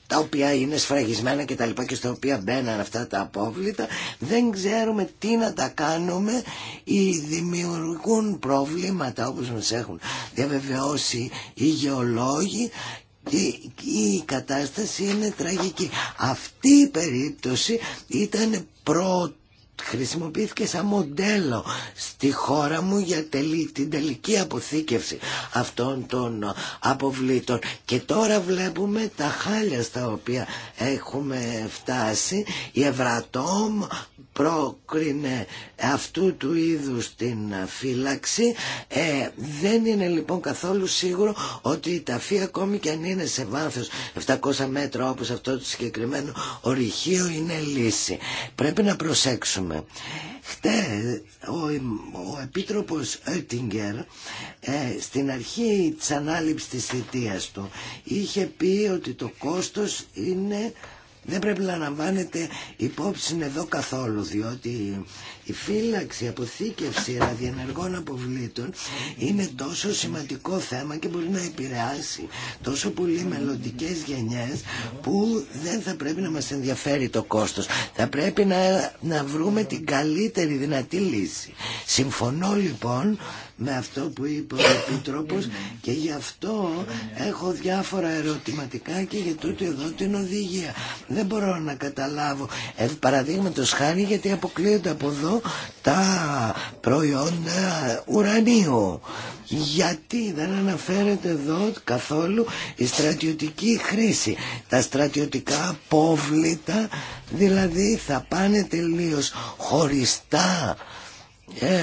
τα οποία είναι σφραγισμένα και τα λοιπά και στα οποία μπαίναν αυτά τα απόβλητα δεν ξέρουμε τι να τα κάνουμε ή δημιουργούν προβλήματα όπως μας έχουν διαβεβαιώσει οι γεωλόγοι η κατάσταση είναι τραγική. Αυτή η περίπτωση ήταν πρώτη χρησιμοποιήθηκε σαν μοντέλο στη χώρα μου για τελή την τελική αποθήκευση αυτών των αποβλήτων και τώρα βλέπουμε τα χάλια στα οποία έχουμε φτάσει η Ευρατόμ πρόκρινε αυτού του είδους την φύλαξη ε, δεν είναι λοιπόν καθόλου σίγουρο ότι η ταφή ακόμη και αν είναι σε βάθος 700 μέτρα όπως αυτό το συγκεκριμένο ορυχείο είναι λύση πρέπει να προσέξουμε Χτες Χτε ο, ο Επίτροπος ε, στην αρχή της ανάληψης της θητείας του είχε πει ότι το κόστος είναι... Δεν πρέπει να λαμβάνεται υπόψη εδώ καθόλου, διότι η φύλαξη, αποθήκευση ραδιενεργών αποβλήτων είναι τόσο σημαντικό θέμα και μπορεί να επηρεάσει τόσο πολύ μελλοντικέ γενιές που δεν θα πρέπει να μας ενδιαφέρει το κόστος. Θα πρέπει να, να βρούμε την καλύτερη δυνατή λύση. Συμφωνώ λοιπόν με αυτό που είπε ο Επίτροπος και γι' αυτό έχω διάφορα ερωτηματικά και για τούτη εδώ την οδηγία. Δεν μπορώ να καταλάβω, ε, παραδείγματος χάρη γιατί αποκλείονται από εδώ τα προϊόντα ουρανίου. Γιατί δεν αναφέρεται εδώ καθόλου η στρατιωτική χρήση. Τα στρατιωτικά απόβλητα δηλαδή θα πάνε τελείως χωριστά ε,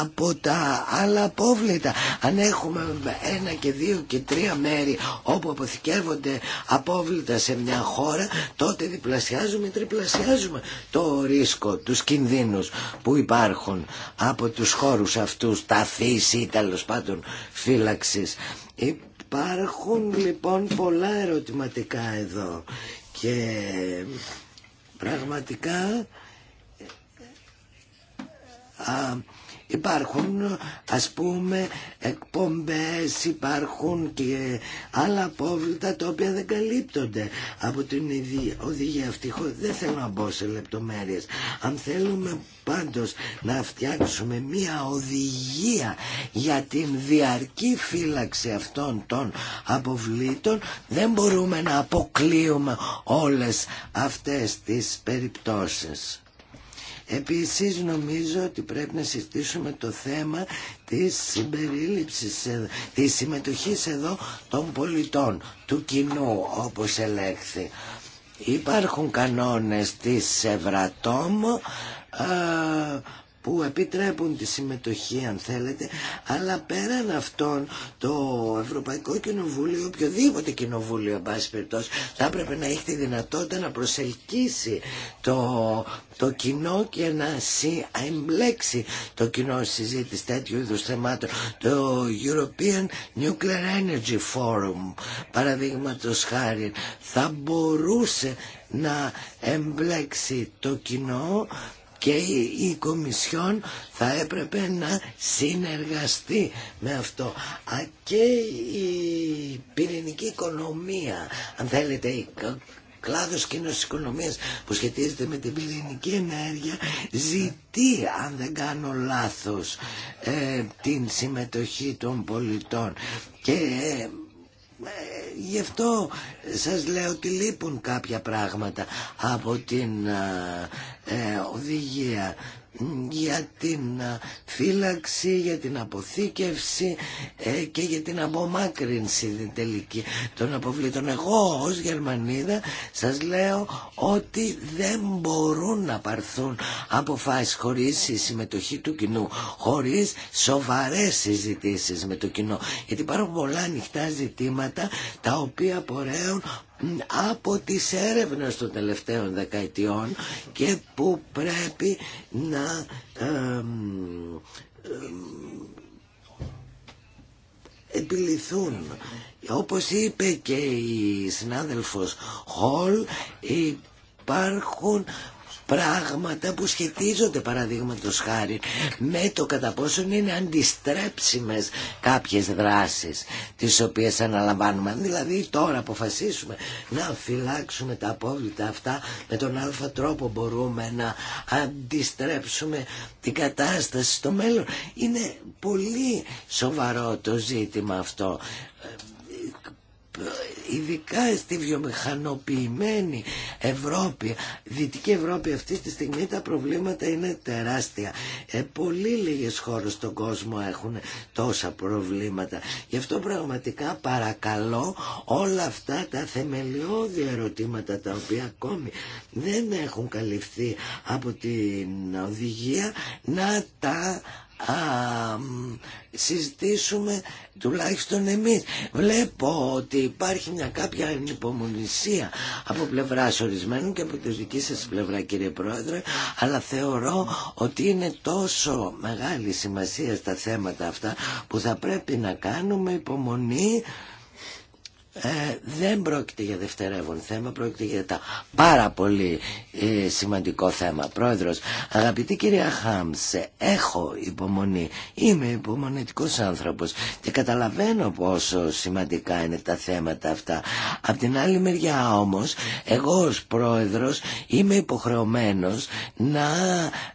από τα άλλα απόβλητα. Αν έχουμε ένα και δύο και τρία μέρη όπου αποθηκεύονται απόβλητα σε μια χώρα, τότε διπλασιάζουμε, τριπλασιάζουμε το ρίσκο, τους κινδύνους που υπάρχουν από τους χώρους αυτούς, τα φύση ή τέλο πάντων φύλαξης. Υπάρχουν λοιπόν πολλά ερωτηματικά εδώ και πραγματικά Υπάρχουν ας πούμε εκπομπές, υπάρχουν και άλλα απόβλητα τα οποία δεν καλύπτονται από την οδηγία αυτή. Δεν θέλω να μπω σε λεπτομέρειες. Αν θέλουμε πάντως να φτιάξουμε μία οδηγία για την διαρκή φύλαξη αυτών των αποβλήτων δεν μπορούμε να αποκλείουμε όλες αυτές τις περιπτώσεις. Επίσης νομίζω ότι πρέπει να συζητήσουμε το θέμα της συμπερίληψης, ε, της συμμετοχής εδώ των πολιτών, του κοινού όπως ελέγχθη. Υπάρχουν κανόνες της Ευρατόμ, ε, που επιτρέπουν τη συμμετοχή αν θέλετε αλλά πέραν αυτών το Ευρωπαϊκό Κοινοβούλιο οποιοδήποτε κοινοβούλιο θα έπρεπε να έχει τη δυνατότητα να προσελκύσει το, το κοινό και να εμπλέξει το κοινό συζήτηση τέτοιου είδου θεμάτων το European Nuclear Energy Forum παραδείγματο χάρη θα μπορούσε να εμπλέξει το κοινό και η Κομισιόν θα έπρεπε να συνεργαστεί με αυτό. Α, και η πυρηνική οικονομία, αν θέλετε, η κλάδο κοινωνικής οικονομία που σχετίζεται με την πυρηνική ενέργεια ζητεί, αν δεν κάνω λάθο, ε, την συμμετοχή των πολιτών. Και ε, ε, γι' αυτό σας λέω ότι λείπουν κάποια πράγματα από την ε, ε, οδηγία για την ε, φύλαξη, για την αποθήκευση ε, και για την απομάκρυνση την τελική των αποβλήτων. Εγώ ως Γερμανίδα σας λέω ότι δεν μπορούν να πάρθουν αποφάσεις χωρίς η συμμετοχή του κοινού, χωρίς σοβαρές συζητήσεις με το κοινό. Γιατί υπάρχουν πολλά ανοιχτά ζητήματα τα οποία πορέουν από τις έρευνες των τελευταίων δεκαετιών και που πρέπει να ε, επιληθούν. Όπως είπε και η συνάδελφος Χολ υπάρχουν πράγματα που σχετίζονται παραδείγματο χάρη με το κατά πόσον είναι αντιστρέψιμες κάποιες δράσεις τις οποίες αναλαμβάνουμε. δηλαδή τώρα αποφασίσουμε να φυλάξουμε τα απόβλητα αυτά με τον αλφα τρόπο μπορούμε να αντιστρέψουμε την κατάσταση στο μέλλον. Είναι πολύ σοβαρό το ζήτημα αυτό ειδικά στη βιομηχανοποιημένη Ευρώπη, Δυτική Ευρώπη αυτή τη στιγμή τα προβλήματα είναι τεράστια. Ε, πολύ λίγες χώρες στον κόσμο έχουν τόσα προβλήματα. Γι' αυτό πραγματικά παρακαλώ όλα αυτά τα θεμελιώδη ερωτήματα τα οποία ακόμη δεν έχουν καλυφθεί από την οδηγία να τα α, συζητήσουμε τουλάχιστον εμείς. Βλέπω ότι υπάρχει μια κάποια ανυπομονησία από πλευρά ορισμένων και από τη δική σας πλευρά κύριε Πρόεδρε, αλλά θεωρώ ότι είναι τόσο μεγάλη σημασία στα θέματα αυτά που θα πρέπει να κάνουμε υπομονή ε, δεν πρόκειται για δευτερεύον θέμα, πρόκειται για τα πάρα πολύ ε, σημαντικό θέμα. Πρόεδρος, αγαπητή κυρία Χάμσε, έχω υπομονή, είμαι υπομονετικός άνθρωπος και καταλαβαίνω πόσο σημαντικά είναι τα θέματα αυτά. Απ' την άλλη μεριά όμως, εγώ ως πρόεδρος είμαι υποχρεωμένος να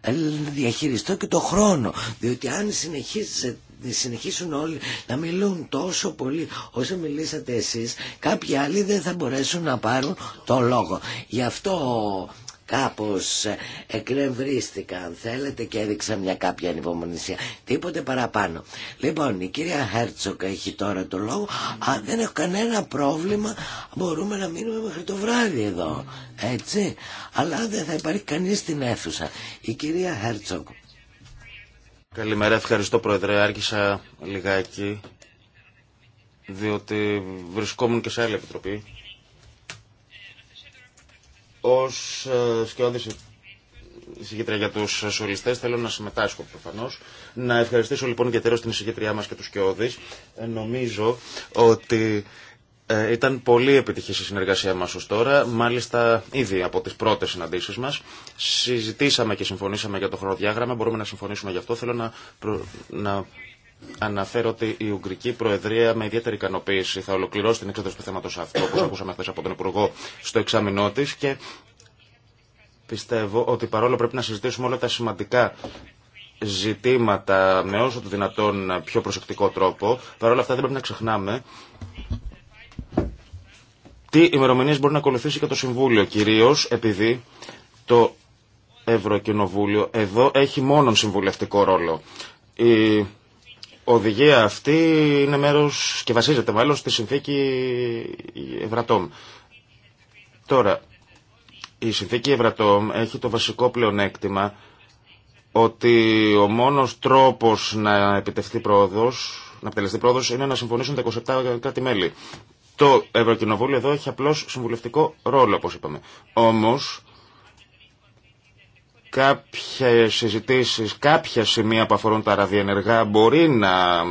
ε, διαχειριστώ και το χρόνο, διότι αν συνεχίσετε συνεχίσουν όλοι να μιλούν τόσο πολύ όσο μιλήσατε εσείς, κάποιοι άλλοι δεν θα μπορέσουν να πάρουν το λόγο. Γι' αυτό κάπως εκνευρίστηκα αν θέλετε και έδειξα μια κάποια ανυπομονησία τίποτε παραπάνω λοιπόν η κυρία Χέρτσοκ έχει τώρα το λόγο αν δεν έχω κανένα πρόβλημα μπορούμε να μείνουμε μέχρι το βράδυ εδώ έτσι αλλά δεν θα υπάρχει κανείς στην αίθουσα η κυρία Χέρτσοκ Καλημέρα, ευχαριστώ Πρόεδρε. Άρχισα λιγάκι, διότι βρισκόμουν και σε άλλη επιτροπή. Ως ε, σκιώδης για τους σωλιστές, θέλω να συμμετάσχω προφανώς. Να ευχαριστήσω λοιπόν ιδιαίτερα την συγκεκριά μας και τους σκιώδης. Ε, νομίζω ότι ε, ήταν πολύ επιτυχη η συνεργασία μας ως τώρα, μάλιστα ήδη από τις πρώτες συναντήσεις μας. Συζητήσαμε και συμφωνήσαμε για το χρονοδιάγραμμα, μπορούμε να συμφωνήσουμε γι' αυτό. Θέλω να, να αναφέρω ότι η Ουγγρική Προεδρία με ιδιαίτερη ικανοποίηση θα ολοκληρώσει την εξέταση του θέματος αυτό, όπως ακούσαμε χθε από τον Υπουργό στο εξάμεινό τη και πιστεύω ότι παρόλο πρέπει να συζητήσουμε όλα τα σημαντικά ζητήματα με όσο το δυνατόν πιο προσεκτικό τρόπο, παρόλα αυτά δεν πρέπει να ξεχνάμε τι ημερομηνίε μπορεί να ακολουθήσει και το Συμβούλιο, κυρίω επειδή το Ευρωκοινοβούλιο εδώ έχει μόνον συμβουλευτικό ρόλο. Η οδηγία αυτή είναι μέρος και βασίζεται μάλλον στη συνθήκη Ευρατόμ. Τώρα, η συνθήκη Ευρατόμ έχει το βασικό πλεονέκτημα ότι ο μόνος τρόπος να επιτευχθεί πρόοδος να επιτελεστεί πρόοδο είναι να συμφωνήσουν τα 27 κράτη-μέλη. Το Ευρωκοινοβούλιο εδώ έχει απλώ συμβουλευτικό ρόλο, όπω είπαμε. Όμω κάποιες συζητήσεις, κάποια σημεία που αφορούν τα ραδιενεργά μπορεί να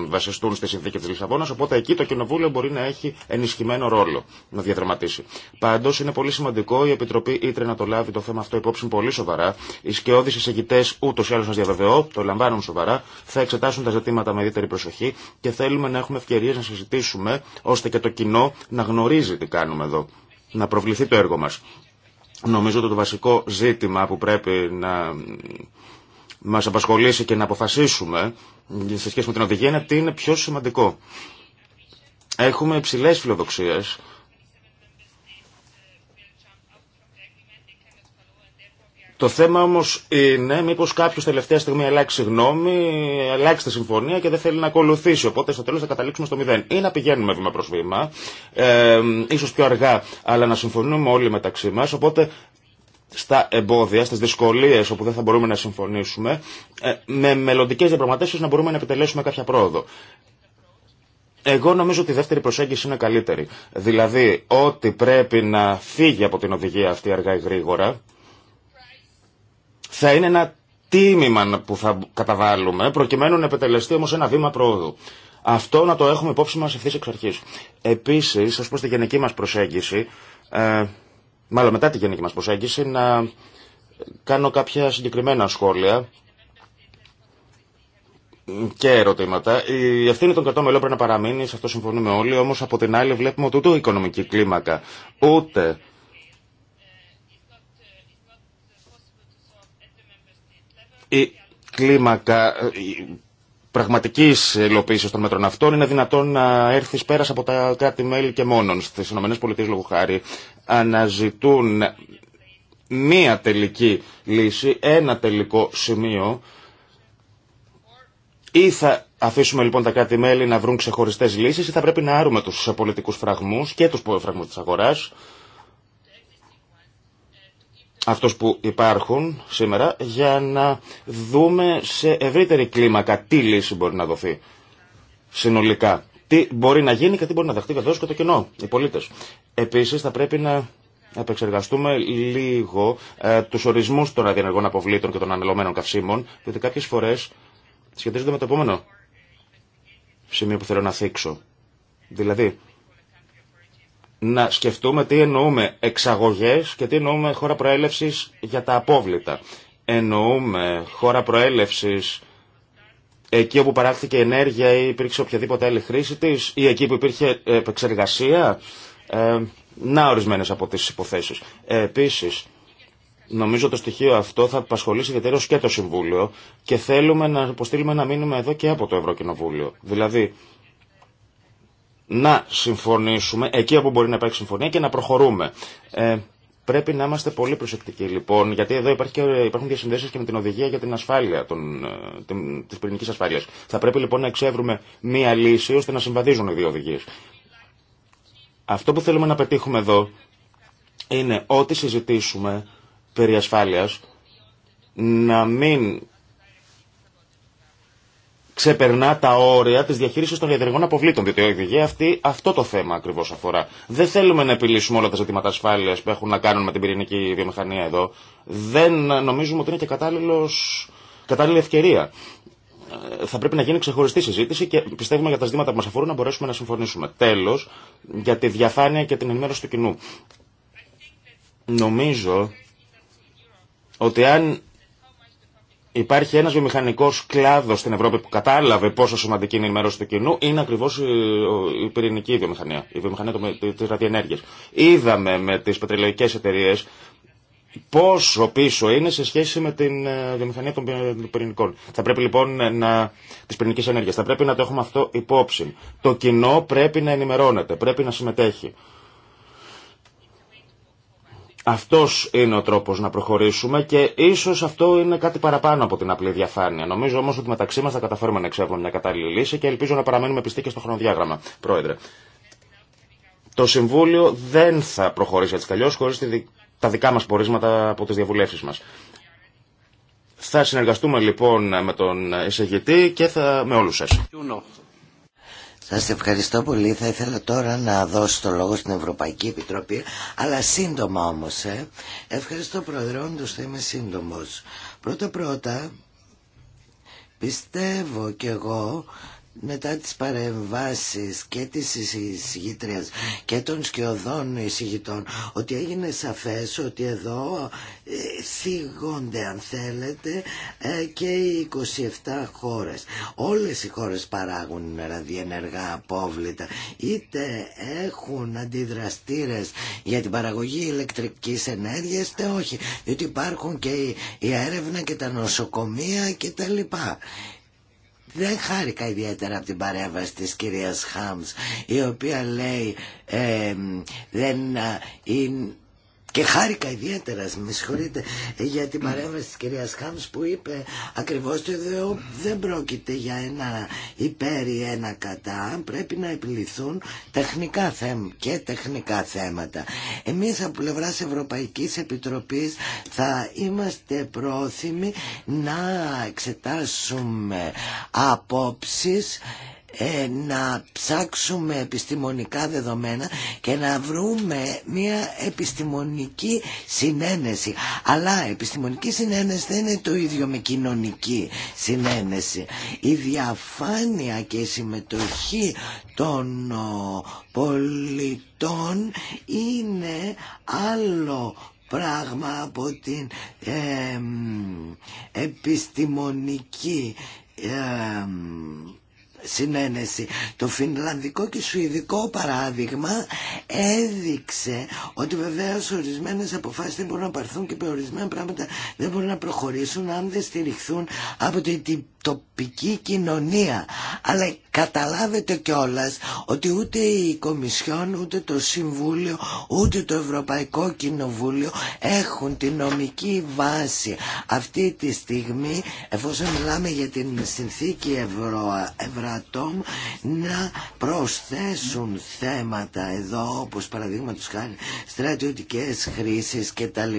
βασιστούν στη συνθήκη της Λισαβόνας, οπότε εκεί το Κοινοβούλιο μπορεί να έχει ενισχυμένο ρόλο να διαδραματίσει. Πάντως είναι πολύ σημαντικό η Επιτροπή Ήτρε να το λάβει το θέμα αυτό υπόψη πολύ σοβαρά. Οι σκιώδεις εισηγητές ούτως ή άλλως σας διαβεβαιώ, το λαμβάνουν σοβαρά, θα εξετάσουν τα ζητήματα με ιδιαίτερη προσοχή και θέλουμε να έχουμε ευκαιρίε να συζητήσουμε ώστε και το κοινό να γνωρίζει τι κάνουμε εδώ να προβληθεί το έργο μας. Νομίζω ότι το βασικό ζήτημα που πρέπει να μας απασχολήσει και να αποφασίσουμε σε σχέση με την οδηγία είναι τι είναι πιο σημαντικό. Έχουμε υψηλέ φιλοδοξίες Το θέμα όμω είναι μήπω κάποιο τελευταία στιγμή αλλάξει γνώμη, αλλάξει τη συμφωνία και δεν θέλει να ακολουθήσει. Οπότε στο τέλο θα καταλήξουμε στο μηδέν. Ή να πηγαίνουμε βήμα προ βήμα, ε, ίσω πιο αργά, αλλά να συμφωνούμε όλοι μεταξύ μα. Οπότε στα εμπόδια, στι δυσκολίε όπου δεν θα μπορούμε να συμφωνήσουμε, ε, με μελλοντικέ διαπραγματεύσει να μπορούμε να επιτελέσουμε κάποια πρόοδο. Εγώ νομίζω ότι η δεύτερη προσέγγιση είναι καλύτερη. Δηλαδή, ό,τι πρέπει να φύγει από την οδηγία αυτή αργά ή γρήγορα, θα είναι ένα τίμημα που θα καταβάλουμε προκειμένου να επετελεστεί όμως ένα βήμα πρόοδου. Αυτό να το έχουμε υπόψη μας ευθύς εξ αρχής. Επίσης, ως προς τη γενική μας προσέγγιση, ε, μάλλον μετά τη γενική μας προσέγγιση, να κάνω κάποια συγκεκριμένα σχόλια και ερωτήματα. Η ευθύνη των κρατών μελών πρέπει να παραμείνει, σε αυτό συμφωνούμε όλοι, όμω από την άλλη βλέπουμε ότι οικονομική κλίμακα, ούτε η κλίμακα πραγματική υλοποίηση των μέτρων αυτών είναι δυνατόν να έρθει πέρα από τα κράτη-μέλη και μόνον. Στι ΗΠΑ, λόγω χάρη, αναζητούν μία τελική λύση, ένα τελικό σημείο. Ή θα αφήσουμε λοιπόν τα κράτη-μέλη να βρουν ξεχωριστέ λύσει, ή θα πρέπει να άρουμε του πολιτικού φραγμού και του φραγμού τη αγορά αυτούς που υπάρχουν σήμερα για να δούμε σε ευρύτερη κλίμακα τι λύση μπορεί να δοθεί συνολικά. Τι μπορεί να γίνει και τι μπορεί να δεχτεί βεβαίω και το κοινό, οι πολίτες. Επίσης θα πρέπει να επεξεργαστούμε λίγο ε, τους ορισμούς των αδιενεργών αποβλήτων και των ανελωμένων καυσίμων, διότι κάποιες φορές σχετίζονται με το επόμενο σημείο που θέλω να θίξω. Δηλαδή, να σκεφτούμε τι εννοούμε εξαγωγές και τι εννοούμε χώρα προέλευσης για τα απόβλητα. Εννοούμε χώρα προέλευσης εκεί όπου παράχθηκε ενέργεια ή υπήρξε οποιαδήποτε άλλη χρήση της ή εκεί που υπήρχε επεξεργασία. Ε, να ορισμένες από τις υποθέσεις. Ε, επίσης, νομίζω το στοιχείο αυτό θα απασχολήσει ιδιαίτερω και το Συμβούλιο και θέλουμε να υποστήλουμε ένα μήνυμα εδώ και από το Ευρωκοινοβούλιο. Δηλαδή, να συμφωνήσουμε εκεί όπου μπορεί να υπάρχει συμφωνία και να προχωρούμε. Ε, πρέπει να είμαστε πολύ προσεκτικοί λοιπόν, γιατί εδώ υπάρχει υπάρχουν διασυνδέσεις και με την οδηγία για την ασφάλεια των, ε, την, της ασφάλειας. Θα πρέπει λοιπόν να εξεύρουμε μία λύση ώστε να συμβαδίζουν οι δύο οδηγίες. Αυτό που θέλουμε να πετύχουμε εδώ είναι ό,τι συζητήσουμε περί ασφάλειας να μην ξεπερνά τα όρια τη διαχείριση των ιατρικών αποβλήτων. Διότι ο οδηγία αυτό το θέμα ακριβώ αφορά. Δεν θέλουμε να επιλύσουμε όλα τα ζητήματα ασφάλεια που έχουν να κάνουν με την πυρηνική βιομηχανία εδώ. Δεν νομίζουμε ότι είναι και κατάλληλος, κατάλληλη ευκαιρία. Ε, θα πρέπει να γίνει ξεχωριστή συζήτηση και πιστεύουμε για τα ζητήματα που μα αφορούν να μπορέσουμε να συμφωνήσουμε. Τέλο, για τη διαφάνεια και την ενημέρωση του κοινού. Νομίζω ότι αν Υπάρχει ένα βιομηχανικό κλάδο στην Ευρώπη που κατάλαβε πόσο σημαντική είναι η ενημέρωση του κοινού, είναι ακριβώ η πυρηνική βιομηχανία, η βιομηχανία τη ραδιενέργεια. Είδαμε με τι πετρελαϊκέ εταιρείε πόσο πίσω είναι σε σχέση με την ε, βιομηχανία των πυρηνικών. Θα πρέπει λοιπόν ε, να. τη πυρηνική ενέργεια. Θα πρέπει να το έχουμε αυτό υπόψη. Το κοινό πρέπει να ενημερώνεται, πρέπει να συμμετέχει. Αυτός είναι ο τρόπος να προχωρήσουμε και ίσως αυτό είναι κάτι παραπάνω από την απλή διαφάνεια. Νομίζω όμως ότι μεταξύ μας θα καταφέρουμε να εξεύρουμε μια κατάλληλη λύση και ελπίζω να παραμένουμε πιστοί και στο χρονοδιάγραμμα. Πρόεδρε, το Συμβούλιο δεν θα προχωρήσει έτσι καλλιώς χωρίς τα δικά μας πορίσματα από τις διαβουλεύσεις μας. Θα συνεργαστούμε λοιπόν με τον εισηγητή και θα, με όλους σας. Σας ευχαριστώ πολύ. Θα ήθελα τώρα να δώσω το λόγο στην Ευρωπαϊκή Επιτροπή, αλλά σύντομα όμως. Ε. Ευχαριστώ Πρόεδρε, όντως θα είμαι σύντομος. Πρώτα-πρώτα πιστεύω κι εγώ μετά τις παρεμβάσεις και της εισηγήτριας και των σκιωδών εισηγητών ότι έγινε σαφές ότι εδώ ε, θίγονται αν θέλετε ε, και οι 27 χώρες. Όλες οι χώρες παράγουν ραδιενεργά απόβλητα είτε έχουν αντιδραστήρες για την παραγωγή ηλεκτρικής ενέργειας είτε όχι διότι υπάρχουν και η έρευνα και τα νοσοκομεία κτλ τα δεν χάρηκα ιδιαίτερα από την παρέμβαση της κυρίας Χάμς η οποία λέει ε, δεν ε, είναι και χάρηκα ιδιαίτερα, με συγχωρείτε, για την παρέμβαση της κυρίας Χάμς που είπε ακριβώς το δεο δεν πρόκειται για ένα υπέρ ή ένα κατά, πρέπει να επιληθούν τεχνικά θέμ και τεχνικά θέματα. Εμείς από πλευρά Ευρωπαϊκής Επιτροπής θα είμαστε πρόθυμοι να εξετάσουμε απόψεις ε, να ψάξουμε επιστημονικά δεδομένα και να βρούμε μια επιστημονική συνένεση. Αλλά επιστημονική συνένεση δεν είναι το ίδιο με κοινωνική συνένεση. Η διαφάνεια και η συμμετοχή των πολιτών είναι άλλο πράγμα από την επιστημονική συνένεση. Το φινλανδικό και σουηδικό παράδειγμα έδειξε ότι βεβαίω ορισμένε αποφάσει δεν μπορούν να παρθούν και ορισμένα πράγματα δεν μπορούν να προχωρήσουν αν δεν στηριχθούν από την τοπική κοινωνία. Αλλά καταλάβετε κιόλας ότι ούτε η Κομισιόν, ούτε το Συμβούλιο, ούτε το Ευρωπαϊκό Κοινοβούλιο έχουν τη νομική βάση αυτή τη στιγμή, εφόσον μιλάμε για την συνθήκη Ευρω... Ευρατόμ, να προσθέσουν θέματα εδώ, όπως παραδείγματο χάρη στρατιωτικές χρήσεις κτλ.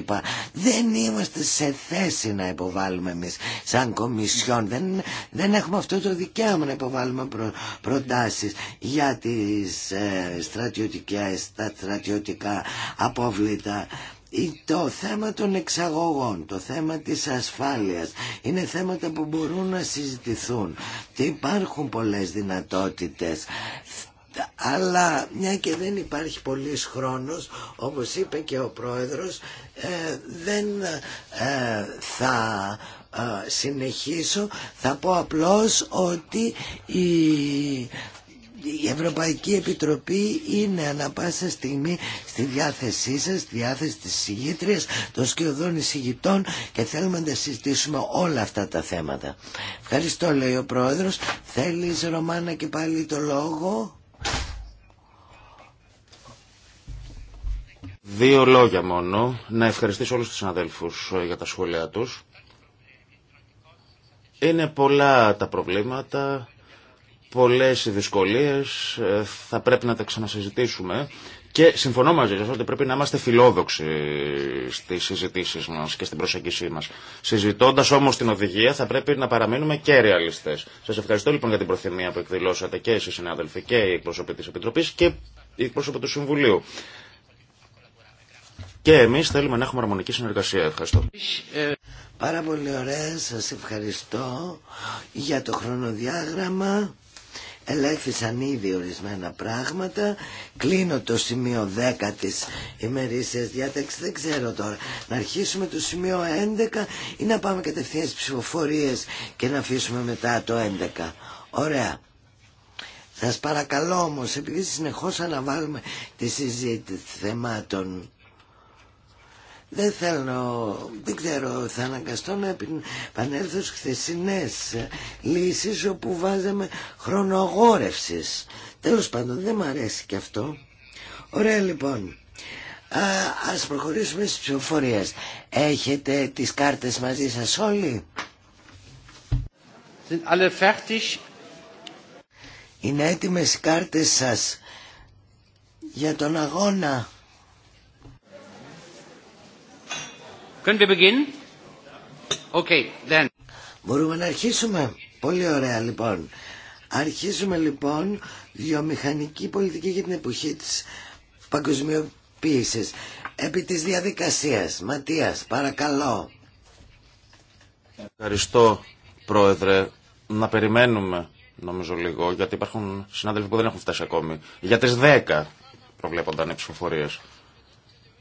Δεν είμαστε σε θέση να υποβάλουμε εμείς σαν Κομισιόν, δεν δεν, έχουμε αυτό το δικαίωμα να υποβάλουμε προ, προτάσεις για τις ε, τα στρατιωτικά απόβλητα. Το θέμα των εξαγωγών, το θέμα της ασφάλειας είναι θέματα που μπορούν να συζητηθούν και υπάρχουν πολλές δυνατότητες αλλά μια και δεν υπάρχει πολύς χρόνος όπως είπε και ο πρόεδρος ε, δεν ε, θα συνεχίσω θα πω απλώς ότι η η Ευρωπαϊκή Επιτροπή είναι ανα πάσα στιγμή στη διάθεσή σας, στη διάθεση της συγγήτριας, των σκιωδών εισηγητών και θέλουμε να συζητήσουμε όλα αυτά τα θέματα. Ευχαριστώ λέει ο Πρόεδρος. Θέλεις Ρωμάνα και πάλι το λόγο. Δύο λόγια μόνο. Να ευχαριστήσω όλους τους συναδέλφους για τα σχόλια τους. Είναι πολλά τα προβλήματα, πολλές οι δυσκολίες, ε, θα πρέπει να τα ξανασυζητήσουμε και συμφωνώ μαζί σας ότι πρέπει να είμαστε φιλόδοξοι στις συζητήσεις μας και στην προσέγγισή μας. Συζητώντας όμως την οδηγία θα πρέπει να παραμείνουμε και ρεαλιστές. Σας ευχαριστώ λοιπόν για την προθυμία που εκδηλώσατε και εσείς συνάδελφοι και οι εκπρόσωποι της Επιτροπής και οι εκπρόσωποι του Συμβουλίου. Και εμείς θέλουμε να έχουμε αρμονική συνεργασία. Ευχαριστώ. Πάρα πολύ ωραία, σας ευχαριστώ για το χρονοδιάγραμμα. Ελέγχθησαν ήδη ορισμένα πράγματα. Κλείνω το σημείο 10 της ημερήσιας διάταξης. Δεν ξέρω τώρα. Να αρχίσουμε το σημείο 11 ή να πάμε κατευθείαν στις ψηφοφορίες και να αφήσουμε μετά το 11. Ωραία. Σας παρακαλώ όμως, επειδή συνεχώς αναβάλουμε τη συζήτηση θεμάτων δεν θέλω, δεν ξέρω, θα αναγκαστώ να επανέλθω στις χθεσινές λύσεις όπου βάζαμε χρονογόρευσης. Τέλος πάντων, δεν μου αρέσει και αυτό. Ωραία λοιπόν. Α, ας προχωρήσουμε στις ψηφοφορίες. Έχετε τις κάρτες μαζί σας όλοι. Είναι έτοιμες οι κάρτες σας για τον αγώνα. Μπορούμε να αρχίσουμε. Πολύ ωραία λοιπόν. Αρχίζουμε λοιπόν βιομηχανική πολιτική για την εποχή της παγκοσμιοποίησης. Επί της διαδικασίας. Ματίας, παρακαλώ. Ευχαριστώ πρόεδρε. Να περιμένουμε νομίζω λίγο γιατί υπάρχουν συνάδελφοι που δεν έχουν φτάσει ακόμη. Για τις 10 προβλέπονταν οι ψηφοφορίες.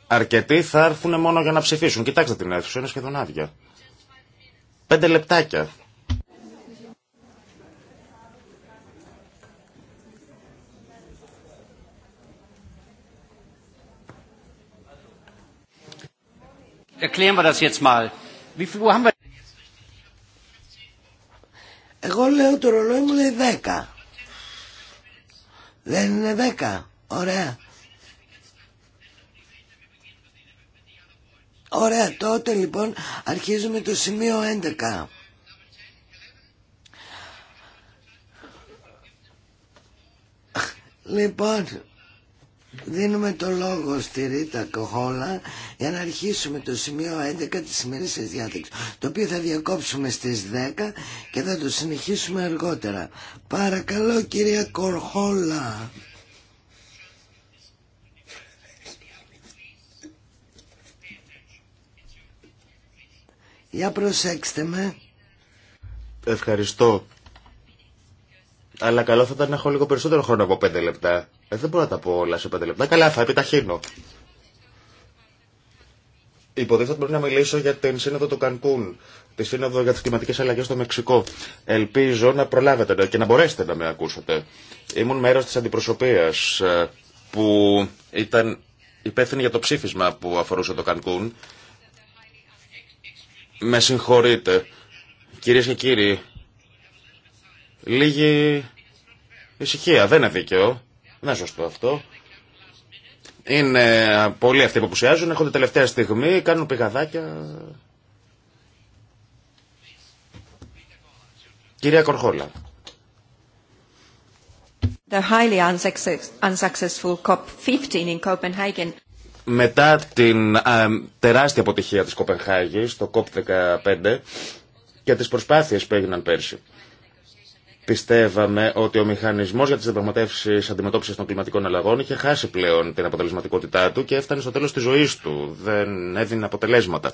Αρκετοί θα έρθουν μόνο για να ψηφίσουν. Κοιτάξτε την αίθουσα, είναι σχεδόν άδεια. Πέντε λεπτάκια. Εγώ λέω το ρολόι μου λέει 10. Δεν είναι 10. Ωραία. Ωραία, τότε λοιπόν αρχίζουμε το σημείο 11. Λοιπόν, δίνουμε το λόγο στη Ρίτα Κοχόλα για να αρχίσουμε το σημείο 11 της σημερινής διάθεξης, το οποίο θα διακόψουμε στις 10 και θα το συνεχίσουμε αργότερα. Παρακαλώ κυρία Κοχόλα. Για προσέξτε με. Ευχαριστώ. Αλλά καλό θα ήταν να έχω λίγο περισσότερο χρόνο από πέντε λεπτά. Ε, δεν μπορώ να τα πω όλα σε πέντε λεπτά. Καλά, θα επιταχύνω. Υποτίθεται ότι πρέπει να μιλήσω για την σύνοδο του Κανκούν, τη σύνοδο για τι κλιματικέ αλλαγέ στο Μεξικό. Ελπίζω να προλάβετε και να μπορέσετε να με ακούσετε. Ήμουν μέρο τη αντιπροσωπεία ε, που ήταν υπεύθυνη για το ψήφισμα που αφορούσε το Κανκούν με συγχωρείτε. Κυρίε και κύριοι, λίγη ησυχία. Δεν είναι δίκαιο. Δεν είναι σωστό αυτό. Είναι πολλοί αυτοί που πουσιάζουν, την τελευταία στιγμή, κάνουν πηγαδάκια. Κυρία Κορχόλα. The highly unsuccessful COP15 in Copenhagen μετά την τεράστια αποτυχία της Κοπενχάγης, το COP15 και τις προσπάθειες που έγιναν πέρσι. Πιστεύαμε ότι ο μηχανισμό για τι διαπραγματεύσει αντιμετώπιση των κλιματικών αλλαγών είχε χάσει πλέον την αποτελεσματικότητά του και έφτανε στο τέλο τη ζωή του. Δεν έδινε αποτελέσματα.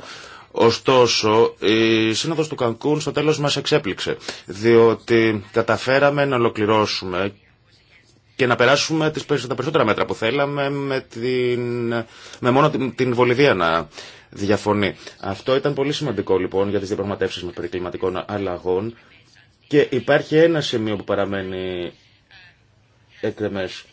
Ωστόσο, η Σύνοδο του Κανκούν στο τέλο μα εξέπληξε, διότι καταφέραμε να ολοκληρώσουμε και να περάσουμε τις, τα περισσότερα μέτρα που θέλαμε με, μόνο την, την Βολιβία να διαφωνεί. Αυτό ήταν πολύ σημαντικό λοιπόν για τις διαπραγματεύσεις με περικλιματικών αλλαγών και υπάρχει ένα σημείο που παραμένει εκκρεμές.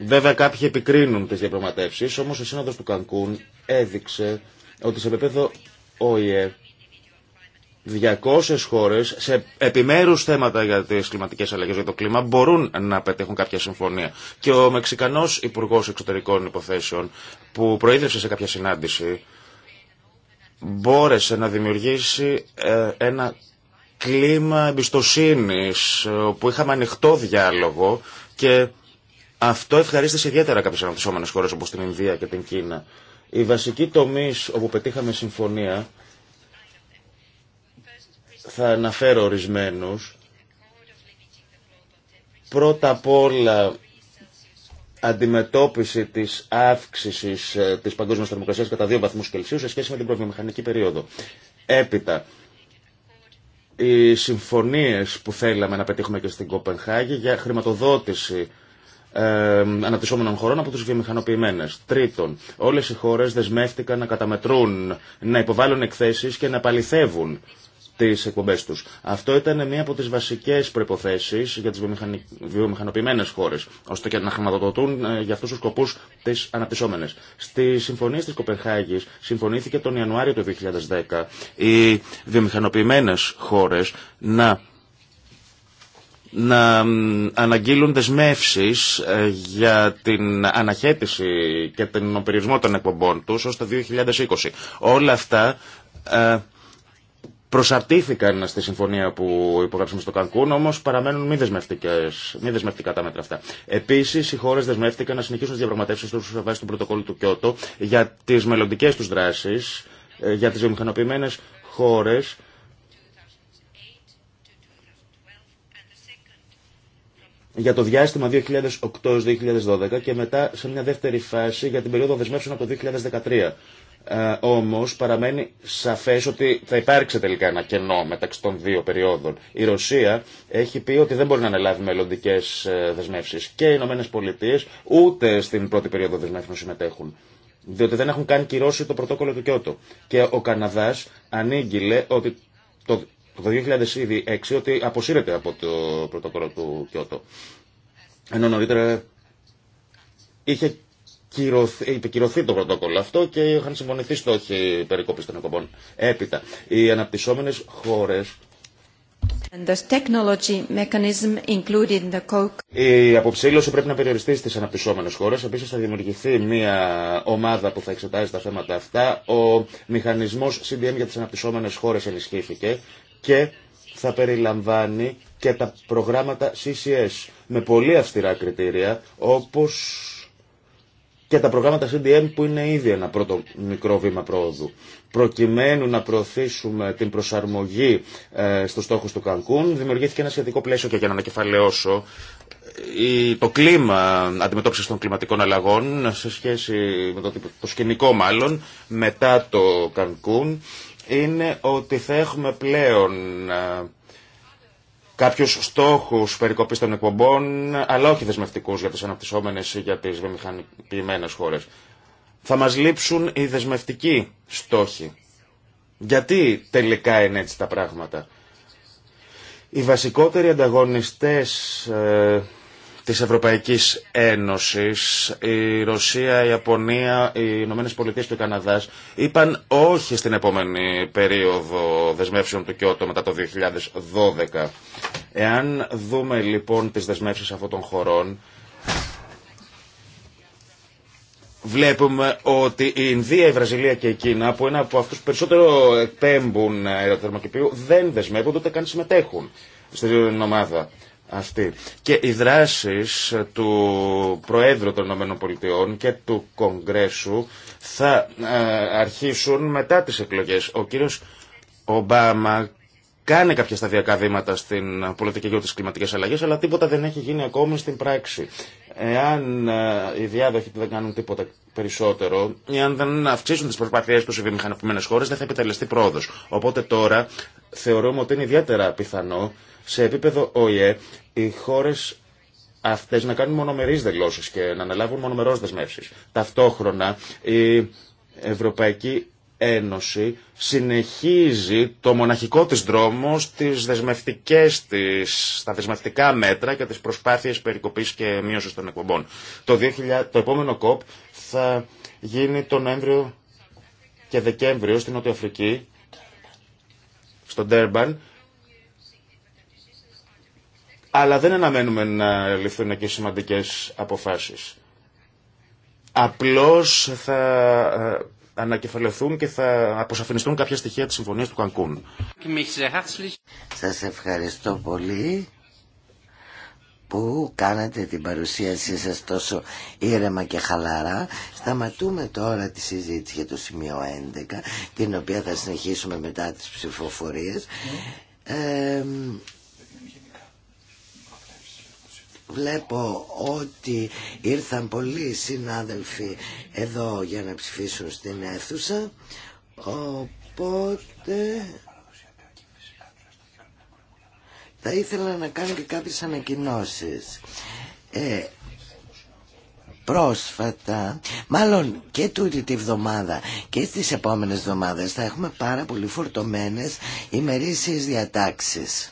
Βέβαια κάποιοι επικρίνουν τις διαπραγματεύσεις, όμως ο σύνοδος του Κανκούν έδειξε ότι σε επίπεδο ΟΗΕ 200 χώρε σε επιμέρου θέματα για τι κλιματικέ αλλαγέ, για το κλίμα, μπορούν να πετύχουν κάποια συμφωνία. Και ο Μεξικανό Υπουργό Εξωτερικών Υποθέσεων, που προείδευσε σε κάποια συνάντηση, μπόρεσε να δημιουργήσει ε, ένα κλίμα εμπιστοσύνη, όπου είχαμε ανοιχτό διάλογο και αυτό ευχαρίστησε ιδιαίτερα κάποιε αναπτυσσόμενε χώρε όπω την Ινδία και την Κίνα. Οι βασικοί τομεί όπου πετύχαμε συμφωνία θα αναφέρω ορισμένους. Πρώτα απ' όλα αντιμετώπιση της αύξησης ε, της παγκόσμιας θερμοκρασίας κατά 2 βαθμούς Κελσίου σε σχέση με την προβιομηχανική περίοδο. Έπειτα, οι συμφωνίες που θέλαμε να πετύχουμε και στην Κοπενχάγη για χρηματοδότηση ε, αναπτυσσόμενων χωρών από τους βιομηχανοποιημένες. Τρίτον, όλες οι χώρες δεσμεύτηκαν να καταμετρούν, να υποβάλουν εκθέσεις και να παληθεύουν τι εκπομπέ του. Αυτό ήταν μία από τι βασικέ προποθέσει για τι βιομηχανοποιημένε χώρε, ώστε και να χρηματοδοτούν ε, για αυτού του σκοπού τι αναπτυσσόμενε. Στη συμφωνία τη Κοπερχάγης συμφωνήθηκε τον Ιανουάριο του 2010 οι βιομηχανοποιημένε χώρε να να αναγγείλουν δεσμεύσει ε, για την αναχέτηση και τον περιορισμό των εκπομπών τους ώστε το 2020. Όλα αυτά ε, προσαρτήθηκαν στη συμφωνία που υπογράψαμε στο Κανκούν, όμω παραμένουν μη, μη δεσμευτικά τα μέτρα αυτά. Επίση, οι χώρε δεσμεύτηκαν να συνεχίσουν τι διαπραγματεύσει του βάσει του πρωτοκόλλου του Κιώτο για τι μελλοντικέ του δράσει, ε, για τι βιομηχανοποιημένε χώρε. για το διάστημα 2008-2012 και μετά σε μια δεύτερη φάση για την περίοδο δεσμεύσεων από το 2013. Ε, όμως παραμένει σαφές ότι θα υπάρξει τελικά ένα κενό μεταξύ των δύο περιόδων. Η Ρωσία έχει πει ότι δεν μπορεί να αναλάβει μελλοντικέ ε, δεσμεύσεις και οι Ηνωμένε Πολιτείε ούτε στην πρώτη περίοδο δεσμεύσεων συμμετέχουν. Διότι δεν έχουν καν κυρώσει το πρωτόκολλο του Κιώτο. Και ο Καναδάς ανήγγειλε ότι το, το 2006 ότι αποσύρεται από το πρωτόκολλο του Κιώτο. Ενώ νωρίτερα είχε υπηκυρωθεί το πρωτόκολλο αυτό και είχαν συμφωνηθεί στόχοι περικόπη των εκπομπών. Έπειτα, οι αναπτυσσόμενες χώρες η αποψήλωση πρέπει να περιοριστεί στι αναπτυσσόμενες χώρες. Επίσης θα δημιουργηθεί μια ομάδα που θα εξετάζει τα θέματα αυτά. Ο μηχανισμός CDM για τις αναπτυσσόμενες χώρες ενισχύθηκε και θα περιλαμβάνει και τα προγράμματα CCS με πολύ αυστηρά κριτήρια όπως και τα προγράμματα CDM που είναι ήδη ένα πρώτο μικρό βήμα πρόοδου. Προκειμένου να προωθήσουμε την προσαρμογή ε, στους στόχους του Κανκούν, δημιουργήθηκε ένα σχετικό πλαίσιο και για να ανακεφαλαιώσω το κλίμα αντιμετώπισης των κλιματικών αλλαγών σε σχέση με το, το σκηνικό μάλλον μετά το Κανκούν είναι ότι θα έχουμε πλέον ε, κάποιου στόχου περικοπή των εκπομπών, αλλά όχι δεσμευτικού για τι αναπτυσσόμενε ή για τι βιομηχανικοποιημένε χώρε. Θα μα λείψουν οι δεσμευτικοί στόχοι. Γιατί τελικά είναι έτσι τα πράγματα. Οι βασικότεροι ανταγωνιστές ε, της Ευρωπαϊκής Ένωσης, η Ρωσία, η Ιαπωνία, οι Ηνωμένε Πολιτείε και ο Καναδάς είπαν όχι στην επόμενη περίοδο δεσμεύσεων του Κιώτο μετά το 2012. Εάν δούμε λοιπόν τις δεσμεύσεις αυτών των χωρών, βλέπουμε ότι η Ινδία, η Βραζιλία και η Κίνα, που είναι από αυτού που περισσότερο εκπέμπουν αεροθερμοκηπίου, δεν δεσμεύονται ούτε καν συμμετέχουν στην ομάδα αυτή. Και οι δράσεις του Προέδρου των ΗΠΑ και του Κογκρέσου θα ε, αρχίσουν μετά τις εκλογές. Ο κύριος Ομπάμα κάνει κάποια σταδιακά βήματα στην πολιτική για τις κλιματικές αλλαγές, αλλά τίποτα δεν έχει γίνει ακόμη στην πράξη. Εάν ε, οι διάδοχοι δεν κάνουν τίποτα περισσότερο, ή αν δεν αυξήσουν τι προσπάθειές του οι βιομηχανοποιημένε χώρε δεν θα επιτελεστεί πρόοδο. Οπότε τώρα θεωρούμε ότι είναι ιδιαίτερα πιθανό σε επίπεδο ΟΗΕ οι χώρε αυτέ να κάνουν μονομερεί δηλώσει και να αναλάβουν μονομερό δεσμεύσει. Ταυτόχρονα η Ευρωπαϊκή Ένωση συνεχίζει το μοναχικό της δρόμο στις δεσμευτικές της, στα δεσμευτικά μέτρα και τις προσπάθειες περικοπής και μείωσης των εκπομπών. Το, 2000, το επόμενο κοπ θα γίνει τον Νοέμβριο και Δεκέμβριο στην Νότια Αφρική, στο Ντέρμπαν, αλλά δεν αναμένουμε να ληφθούν εκεί σημαντικές αποφάσεις. Απλώς θα ανακεφαλαιωθούν και θα αποσαφινιστούν κάποια στοιχεία της συμφωνίας του Κανκούν. Σας ευχαριστώ πολύ που κάνατε την παρουσίασή σας τόσο ήρεμα και χαλαρά. Σταματούμε τώρα τη συζήτηση για το σημείο 11, την οποία θα συνεχίσουμε μετά τις ψηφοφορίες. Ε, Βλέπω ότι ήρθαν πολλοί συνάδελφοι εδώ για να ψηφίσουν στην αίθουσα, οπότε θα ήθελα να κάνω και κάποιες ανακοινώσεις. Ε, πρόσφατα, μάλλον και τούτη τη βδομάδα και στις επόμενες εβδομάδες θα έχουμε πάρα πολύ φορτωμένες ημερήσεις διατάξεις.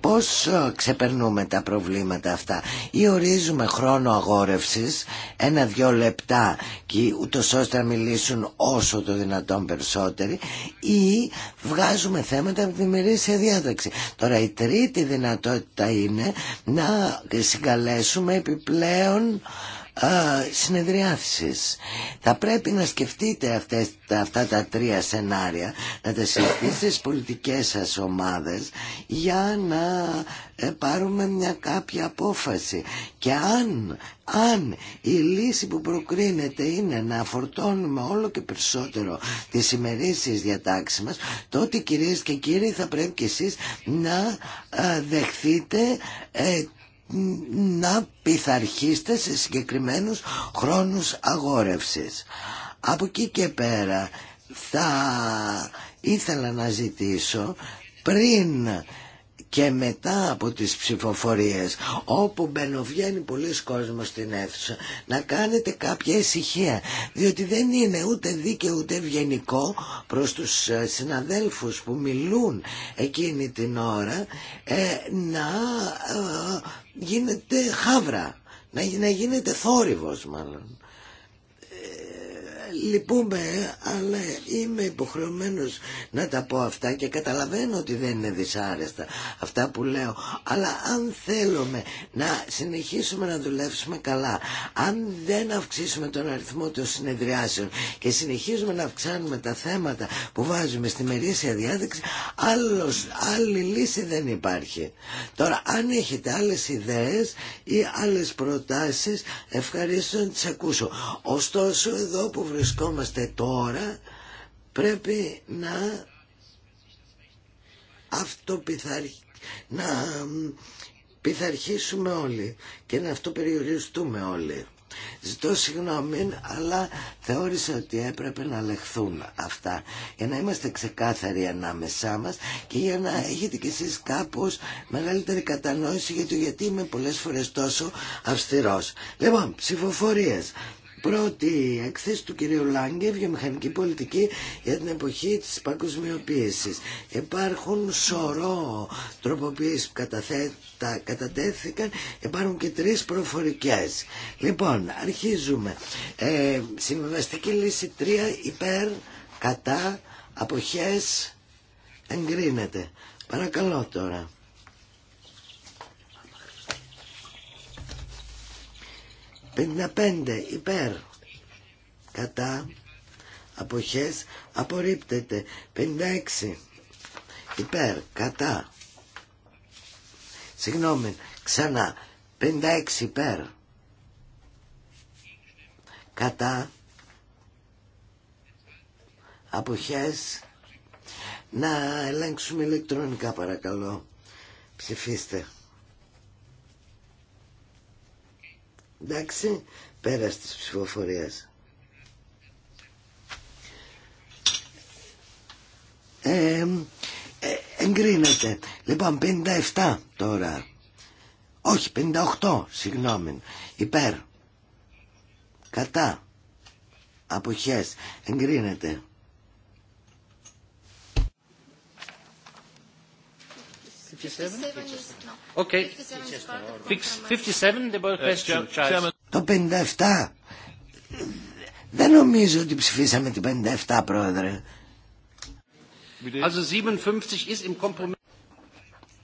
Πώς ε, ξεπερνούμε τα προβλήματα αυτά ή ορίζουμε χρόνο αγόρευσης, ένα-δυο λεπτά και ούτως ώστε να μιλήσουν όσο το δυνατόν περισσότεροι ή βγάζουμε θέματα από τη μυρίσια διάταξη. Τώρα η τρίτη δυνατότητα είναι να συγκαλέσουμε επιπλέον συνεδριάσεις. Θα πρέπει να σκεφτείτε αυτές, αυτά τα τρία σενάρια, να τα συζητήσετε στις πολιτικές σας ομάδες για να ε, πάρουμε μια κάποια απόφαση. Και αν, αν η λύση που προκρίνεται είναι να φορτώνουμε όλο και περισσότερο τις ημερήσεις διατάξεις μας, τότε κυρίες και κύριοι θα πρέπει και εσείς να δεχθείτε ε, να πειθαρχείστε σε συγκεκριμένους χρόνους αγόρευσης. Από εκεί και πέρα θα ήθελα να ζητήσω πριν και μετά από τις ψηφοφορίες όπου μπαινοβγαίνει πολλοί κόσμος στην αίθουσα να κάνετε κάποια ησυχία διότι δεν είναι ούτε δίκαιο ούτε ευγενικό προς τους ε, συναδέλφους που μιλούν εκείνη την ώρα ε, να ε, γίνεται χάβρα να, να γίνεται θόρυβος μάλλον Λυπούμε, αλλά είμαι υποχρεωμένος να τα πω αυτά και καταλαβαίνω ότι δεν είναι δυσάρεστα αυτά που λέω. Αλλά αν θέλουμε να συνεχίσουμε να δουλεύσουμε καλά, αν δεν αυξήσουμε τον αριθμό των συνεδριάσεων και συνεχίζουμε να αυξάνουμε τα θέματα που βάζουμε στη μερίσια διάδεξη, άλλος, άλλη λύση δεν υπάρχει. Τώρα, αν έχετε άλλες ιδέες ή άλλες προτάσεις, ευχαρίστω να τις ακούσω. Ωστόσο, εδώ που βρισκόμαστε τώρα πρέπει να αυτοπιθαρχήσουμε να πειθαρχήσουμε όλοι και να αυτοπεριοριστούμε όλοι. Ζητώ συγγνώμη, αλλά θεώρησα ότι έπρεπε να λεχθούν αυτά για να είμαστε ξεκάθαροι ανάμεσά μας και για να έχετε κι εσείς κάπως μεγαλύτερη κατανόηση γιατί είμαι πολλές φορές τόσο αυστηρός. Λοιπόν, ψηφοφορίες. Πρώτη έκθεση του κυρίου Λάγκε, βιομηχανική πολιτική για την εποχή της παγκοσμιοποίησης. Υπάρχουν σωρό τροποποίησεις που καταθέτα, κατατέθηκαν, υπάρχουν και τρεις προφορικές. Λοιπόν, αρχίζουμε. Ε, λύση 3 υπέρ, κατά, αποχές, εγκρίνεται. Παρακαλώ τώρα. 55 υπέρ κατά αποχές απορρίπτεται 56 υπέρ κατά συγγνώμη ξανά 56 υπέρ κατά αποχές να ελέγξουμε ηλεκτρονικά παρακαλώ ψηφίστε Εντάξει, πέρα τη ψηφοφορία. Ε, εγκρίνεται. Λοιπόν, 57 τώρα. Όχι, 58, συγγνώμη. Υπέρ. Κατά. Αποχές. Εγκρίνεται. Okay. 57, the uh, Το 57. Δεν νομίζω ότι ψηφίσαμε το 57, πρόεδρε. Also 57 im Kompromiss.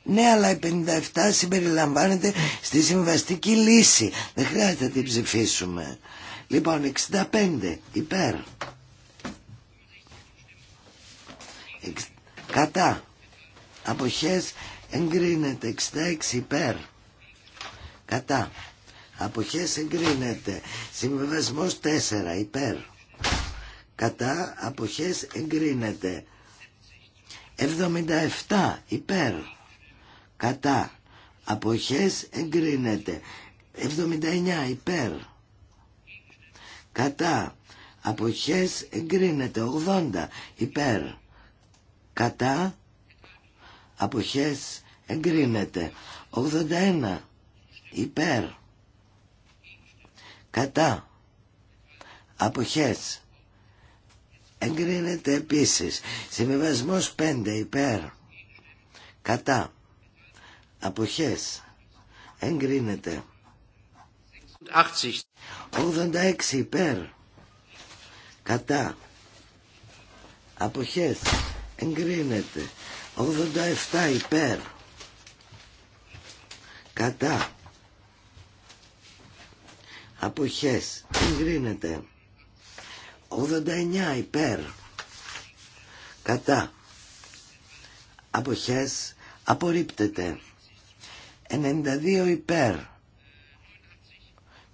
Ναι, αλλά η 57 συμπεριλαμβάνεται στη συμβαστική λύση. Δεν χρειάζεται να την ψηφίσουμε. Λοιπόν, 65 υπέρ. Κατά. Αποχές εγκρίνεται 66 υπέρ κατά αποχές εγκρίνεται συμβιβασμός 4 υπέρ κατά αποχές εγκρίνεται 77 υπέρ κατά αποχές εγκρίνεται 79 υπέρ κατά αποχές εγκρίνεται 80 υπέρ κατά αποχές εγκρίνεται 81 υπέρ κατά αποχές εγκρίνεται επίσης συμβιβασμός 5 υπέρ κατά αποχές εγκρίνεται 86 υπέρ κατά αποχές εγκρίνεται 87 υπέρ κατά αποχές εγκρίνεται 89 υπέρ κατά αποχές απορρίπτεται 92 υπέρ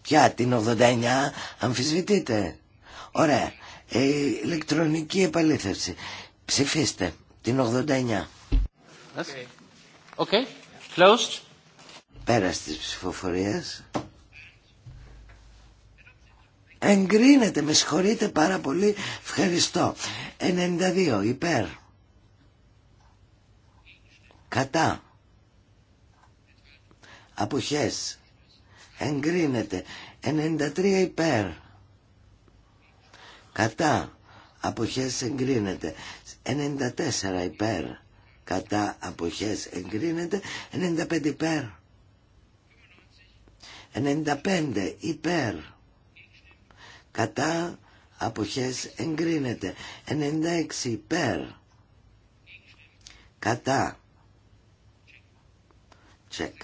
Ποια την 89 αμφισβητείτε Ωραία ε, ηλεκτρονική επαλήθευση ψηφίστε την 89 Okay, okay. closed πέρα τη ψηφοφορία. Εγκρίνεται, με συγχωρείτε πάρα πολύ. Ευχαριστώ. 92 υπέρ. Κατά. Αποχές. Εγκρίνεται. 93 υπέρ. Κατά. Αποχές εγκρίνεται. 94 υπέρ. Κατά. Αποχές εγκρίνεται. 95 υπέρ. 95 υπέρ κατά αποχές εγκρίνεται 96 υπέρ κατά τσεκ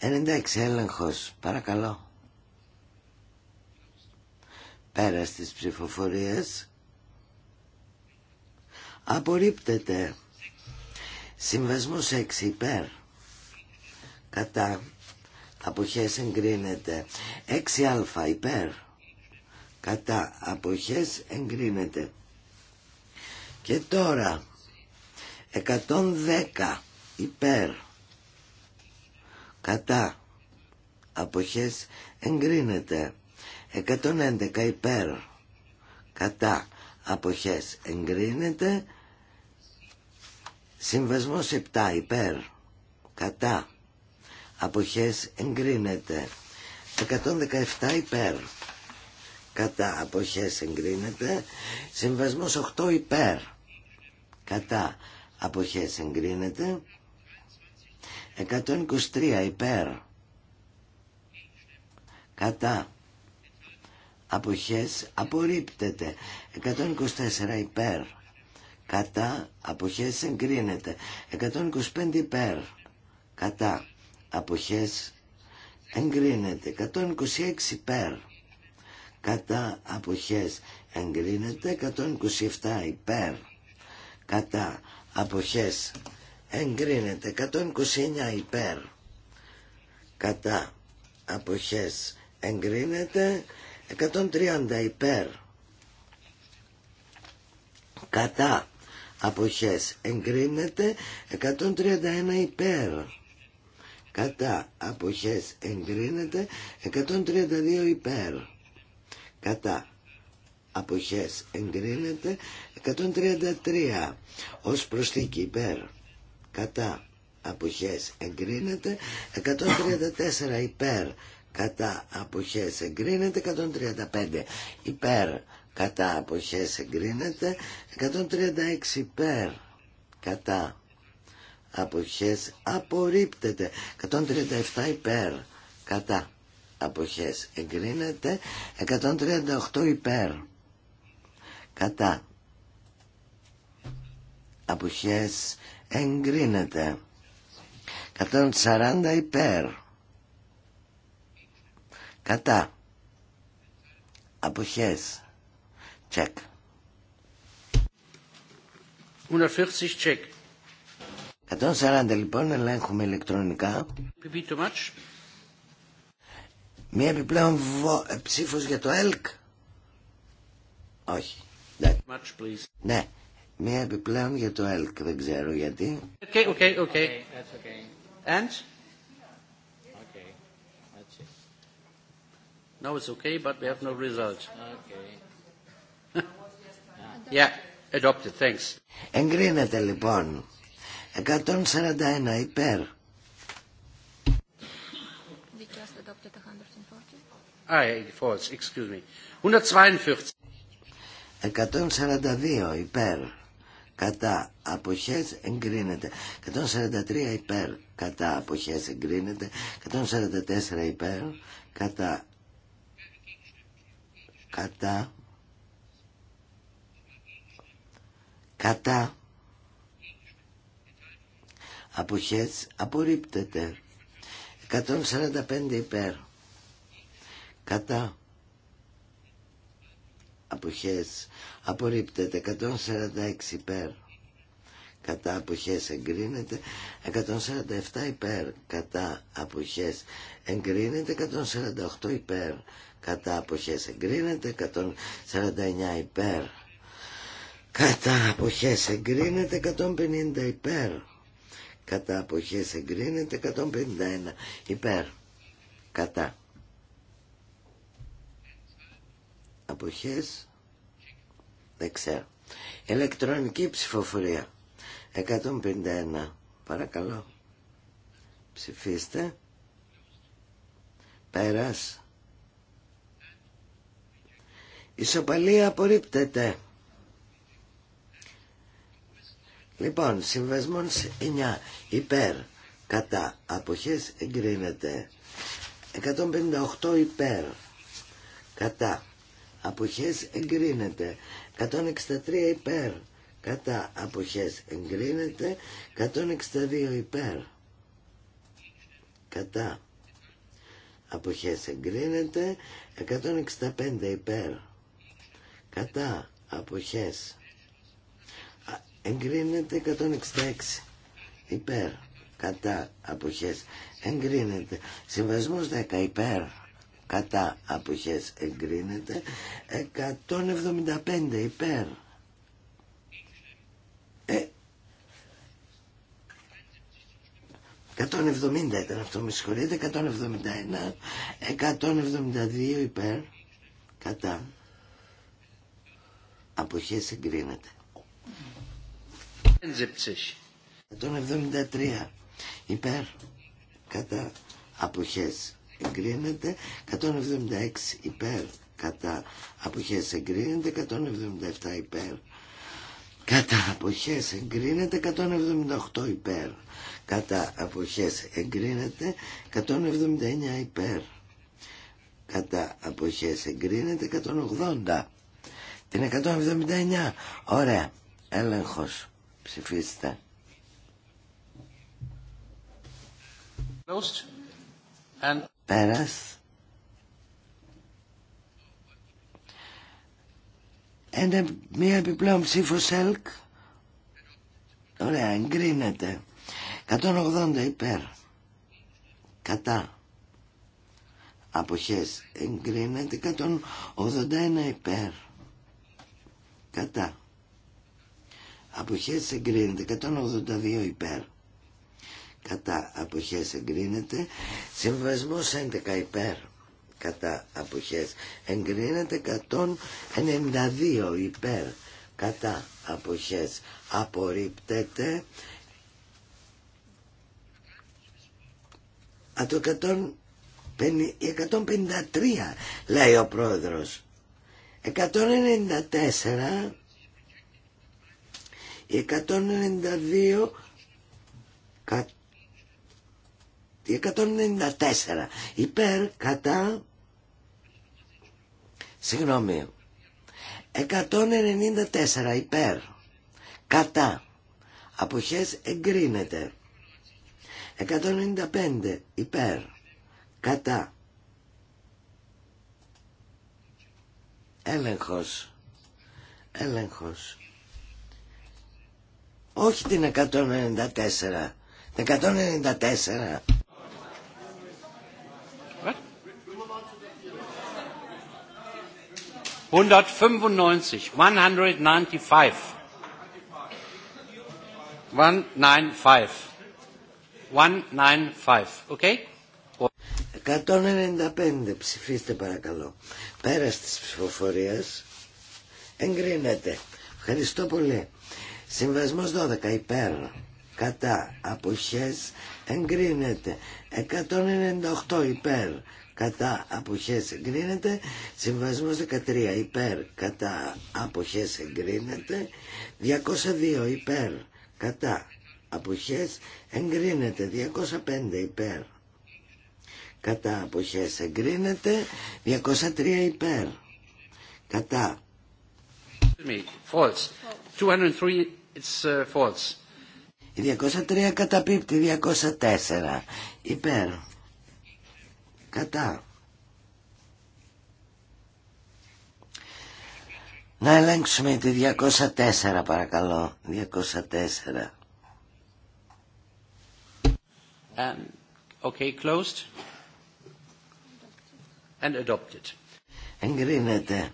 96 έλεγχος παρακαλώ πέρα στις ψηφοφορίες απορρίπτεται συμβασμός 6 υπέρ κατά αποχές εγκρίνεται 6α υπέρ κατά αποχές εγκρίνεται και τώρα 110 υπέρ κατά αποχές εγκρίνεται 111 υπέρ κατά αποχές εγκρίνεται συμβασμός 7 υπέρ κατά αποχές εγκρίνεται 117 υπέρ κατά αποχές εγκρίνεται συμβασμός 8 υπέρ κατά αποχές εγκρίνεται 123 υπέρ κατά αποχές απορρίπτεται 124 υπέρ κατά αποχές εγκρίνεται 125 υπέρ κατά αποχές εγκρίνεται 126 υπέρ κατά αποχές εγκρίνεται 127 υπέρ κατά αποχές εγκρίνεται 129 υπέρ κατά αποχές εγκρίνεται 130 υπέρ κατά αποχές εγκρίνεται 131 υπέρ κατά αποχές εγκρίνεται 132 υπέρ κατά αποχές εγκρίνεται 133 ως προσθήκη υπέρ κατά αποχές εγκρίνεται 134 υπέρ κατά αποχές εγκρίνεται 135 υπέρ κατά αποχές εγκρίνεται 136 υπέρ κατά αποχές απορρίπτεται 137 υπέρ κατά αποχές εγκρίνεται 138 υπέρ κατά αποχές εγκρίνεται 140 υπέρ κατά αποχές τσεκ 140 τσεκ 140 λοιπόν ελέγχουμε ηλεκτρονικά. Μία επιπλέον βο... Ε, ψήφος για το ΕΛΚ. Όχι. Ναι. Much, ναι. Μία επιπλέον για το ΕΛΚ. Δεν ξέρω γιατί. Okay, okay, okay. okay, that's okay. And? Okay, that's it. No, it's okay, but we have no result. Okay. yeah, adopted, thanks. Εγκρίνεται λοιπόν. 141 υπέρ. Ah, 142 υπέρ κατά αποχές εγκρίνεται 143 υπέρ κατά αποχές εγκρίνεται 144 υπέρ κατά κατά κατά αποχές απορρίπτεται 145 υπέρ κατά αποχές απορρίπτεται 146 υπέρ κατά αποχές εγκρίνεται 147 υπέρ κατά αποχές εγκρίνεται 148 υπέρ κατά αποχές εγκρίνεται 149 υπέρ κατά αποχές εγκρίνεται 150 υπέρ κατά αποχές εγκρίνεται 151 υπέρ κατά αποχές δεν ξέρω ηλεκτρονική ψηφοφορία 151 παρακαλώ ψηφίστε πέρας ισοπαλία απορρίπτεται Λοιπόν, συμβεσμόν 9 υπέρ κατά αποχές εγκρίνεται 158 υπέρ κατά αποχές εγκρίνεται 163 υπέρ κατά αποχές εγκρίνεται 162 υπέρ κατά αποχές εγκρίνεται 165 υπέρ κατά αποχές εγκρίνεται 166 υπέρ κατά αποχές εγκρίνεται συμβασμός 10 υπέρ κατά αποχές εγκρίνεται 175 υπέρ ε, 170 ήταν αυτό, με συγχωρείτε, 171, 172 υπέρ, κατά, αποχές εγκρίνεται. 173 υπέρ κατά αποχές εγκρίνεται 176 υπέρ κατά αποχές εγκρίνεται 177 υπέρ κατά αποχές εγκρίνεται 178 υπέρ κατά αποχές εγκρίνεται 179 υπέρ κατά αποχές εγκρίνεται 180 την 179 ωραία έλεγχος Ψηφίστε. Πέρας. Ένα, μία επιπλέον ψήφο ΕΛΚ. Ωραία, εγκρίνεται. 180 υπέρ. Κατά. Αποχές εγκρίνεται. 181 υπέρ. Κατά αποχές εγκρίνεται 182 υπέρ κατά αποχές εγκρίνεται συμβασμός 11 υπέρ κατά αποχές εγκρίνεται 192 υπέρ κατά αποχές απορρίπτεται Από το 153 λέει ο πρόεδρος 194 η 192 η 194 υπέρ κατά συγγνώμη 194 υπέρ κατά αποχές εγκρίνεται 195 υπέρ κατά έλεγχος έλεγχος όχι την 194. Την 194. 195. 195. 195. 195. Okay? 195 ψηφίστε παρακαλώ. Πέρα τη ψηφοφορία εγκρίνεται. Ευχαριστώ πολύ. Συμβασμός 12 υπέρ κατά αποχές εγκρίνεται 198 υπέρ κατά αποχές εγκρίνεται συμβασμός 13 υπέρ κατά αποχές εγκρίνεται 202 υπέρ κατά αποχές εγκρίνεται 205 υπέρ κατά αποχές εγκρίνεται 203 υπέρ κατά Uh, η 203 καταπίπτει, 204 υπέρ. Κατά. Να ελέγξουμε τη 204 παρακαλώ. 204. Um, okay, closed. And adopted. Εγκρίνεται.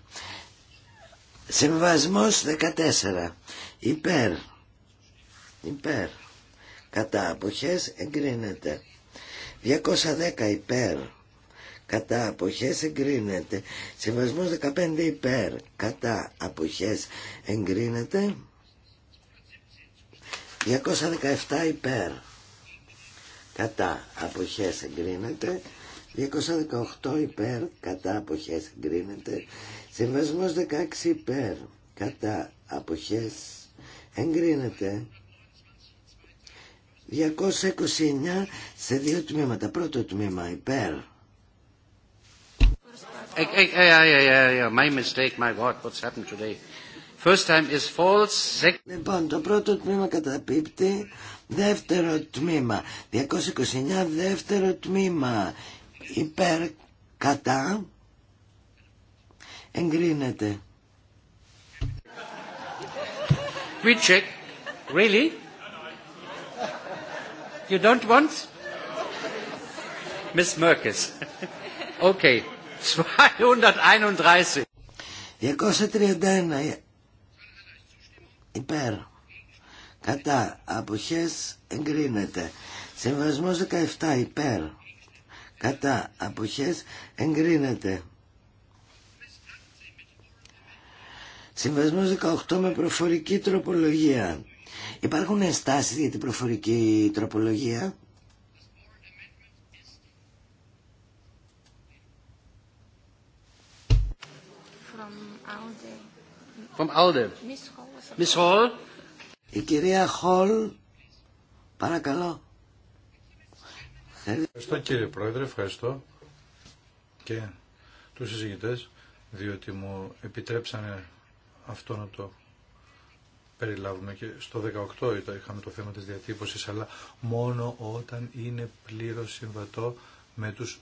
Συμβασμός 14 υπέρ υπέρ κατά αποχές εγκρίνεται 210 υπέρ κατά αποχές εγκρίνεται συμβασμός 15 υπέρ κατά αποχές εγκρίνεται 217 υπέρ κατά αποχές εγκρίνεται 218 υπέρ κατά αποχές εγκρίνεται συμβασμός 16 υπέρ κατά αποχές εγκρίνεται 229 σε δύο τμήματα πρώτο τμήμα υπέρ Λοιπόν, το πρώτο τμήμα καταπίπτει, δεύτερο τμήμα, 229, δεύτερο τμήμα, υπέρ, κατά, εγκρίνεται. We check. Really? You don't want? Miss Merkis. Okay. 231. 231. Υπέρ. Κατά. Αποχές εγκρίνεται. Συμβασμός 17. Υπέρ. Κατά. Αποχές εγκρίνεται. Συμβασμός 18 με προφορική τροπολογία. Υπάρχουν ενστάσεις για την προφορική τροπολογία. From Alde. Miss Hall. Η κυρία Χολ, παρακαλώ. Ευχαριστώ κύριε Πρόεδρε, ευχαριστώ και τους συζητητές διότι μου επιτρέψανε αυτό να το περιλάβουμε και στο 18 είχαμε το θέμα της διατύπωσης, αλλά μόνο όταν είναι πλήρως συμβατό με τους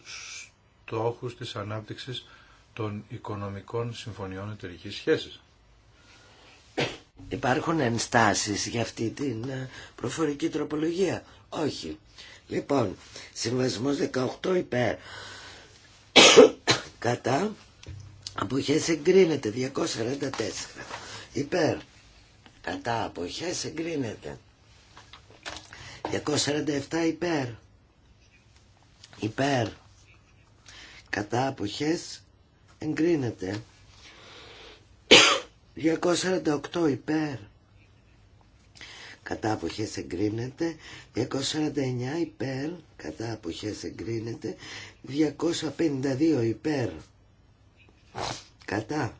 στόχους της ανάπτυξης των οικονομικών συμφωνιών εταιρικής σχέσης. Υπάρχουν ενστάσεις για αυτή την ε, προφορική τροπολογία. Όχι. Λοιπόν, συμβασμός 18 υπέρ. Κατά αποχές εγκρίνεται 244 υπέρ κατά αποχές εγκρίνεται 247 υπέρ υπέρ κατά αποχές εγκρίνεται 248 υπέρ κατά αποχές εγκρίνεται 249 υπέρ κατά αποχές εγκρίνεται 252 υπέρ Κατά.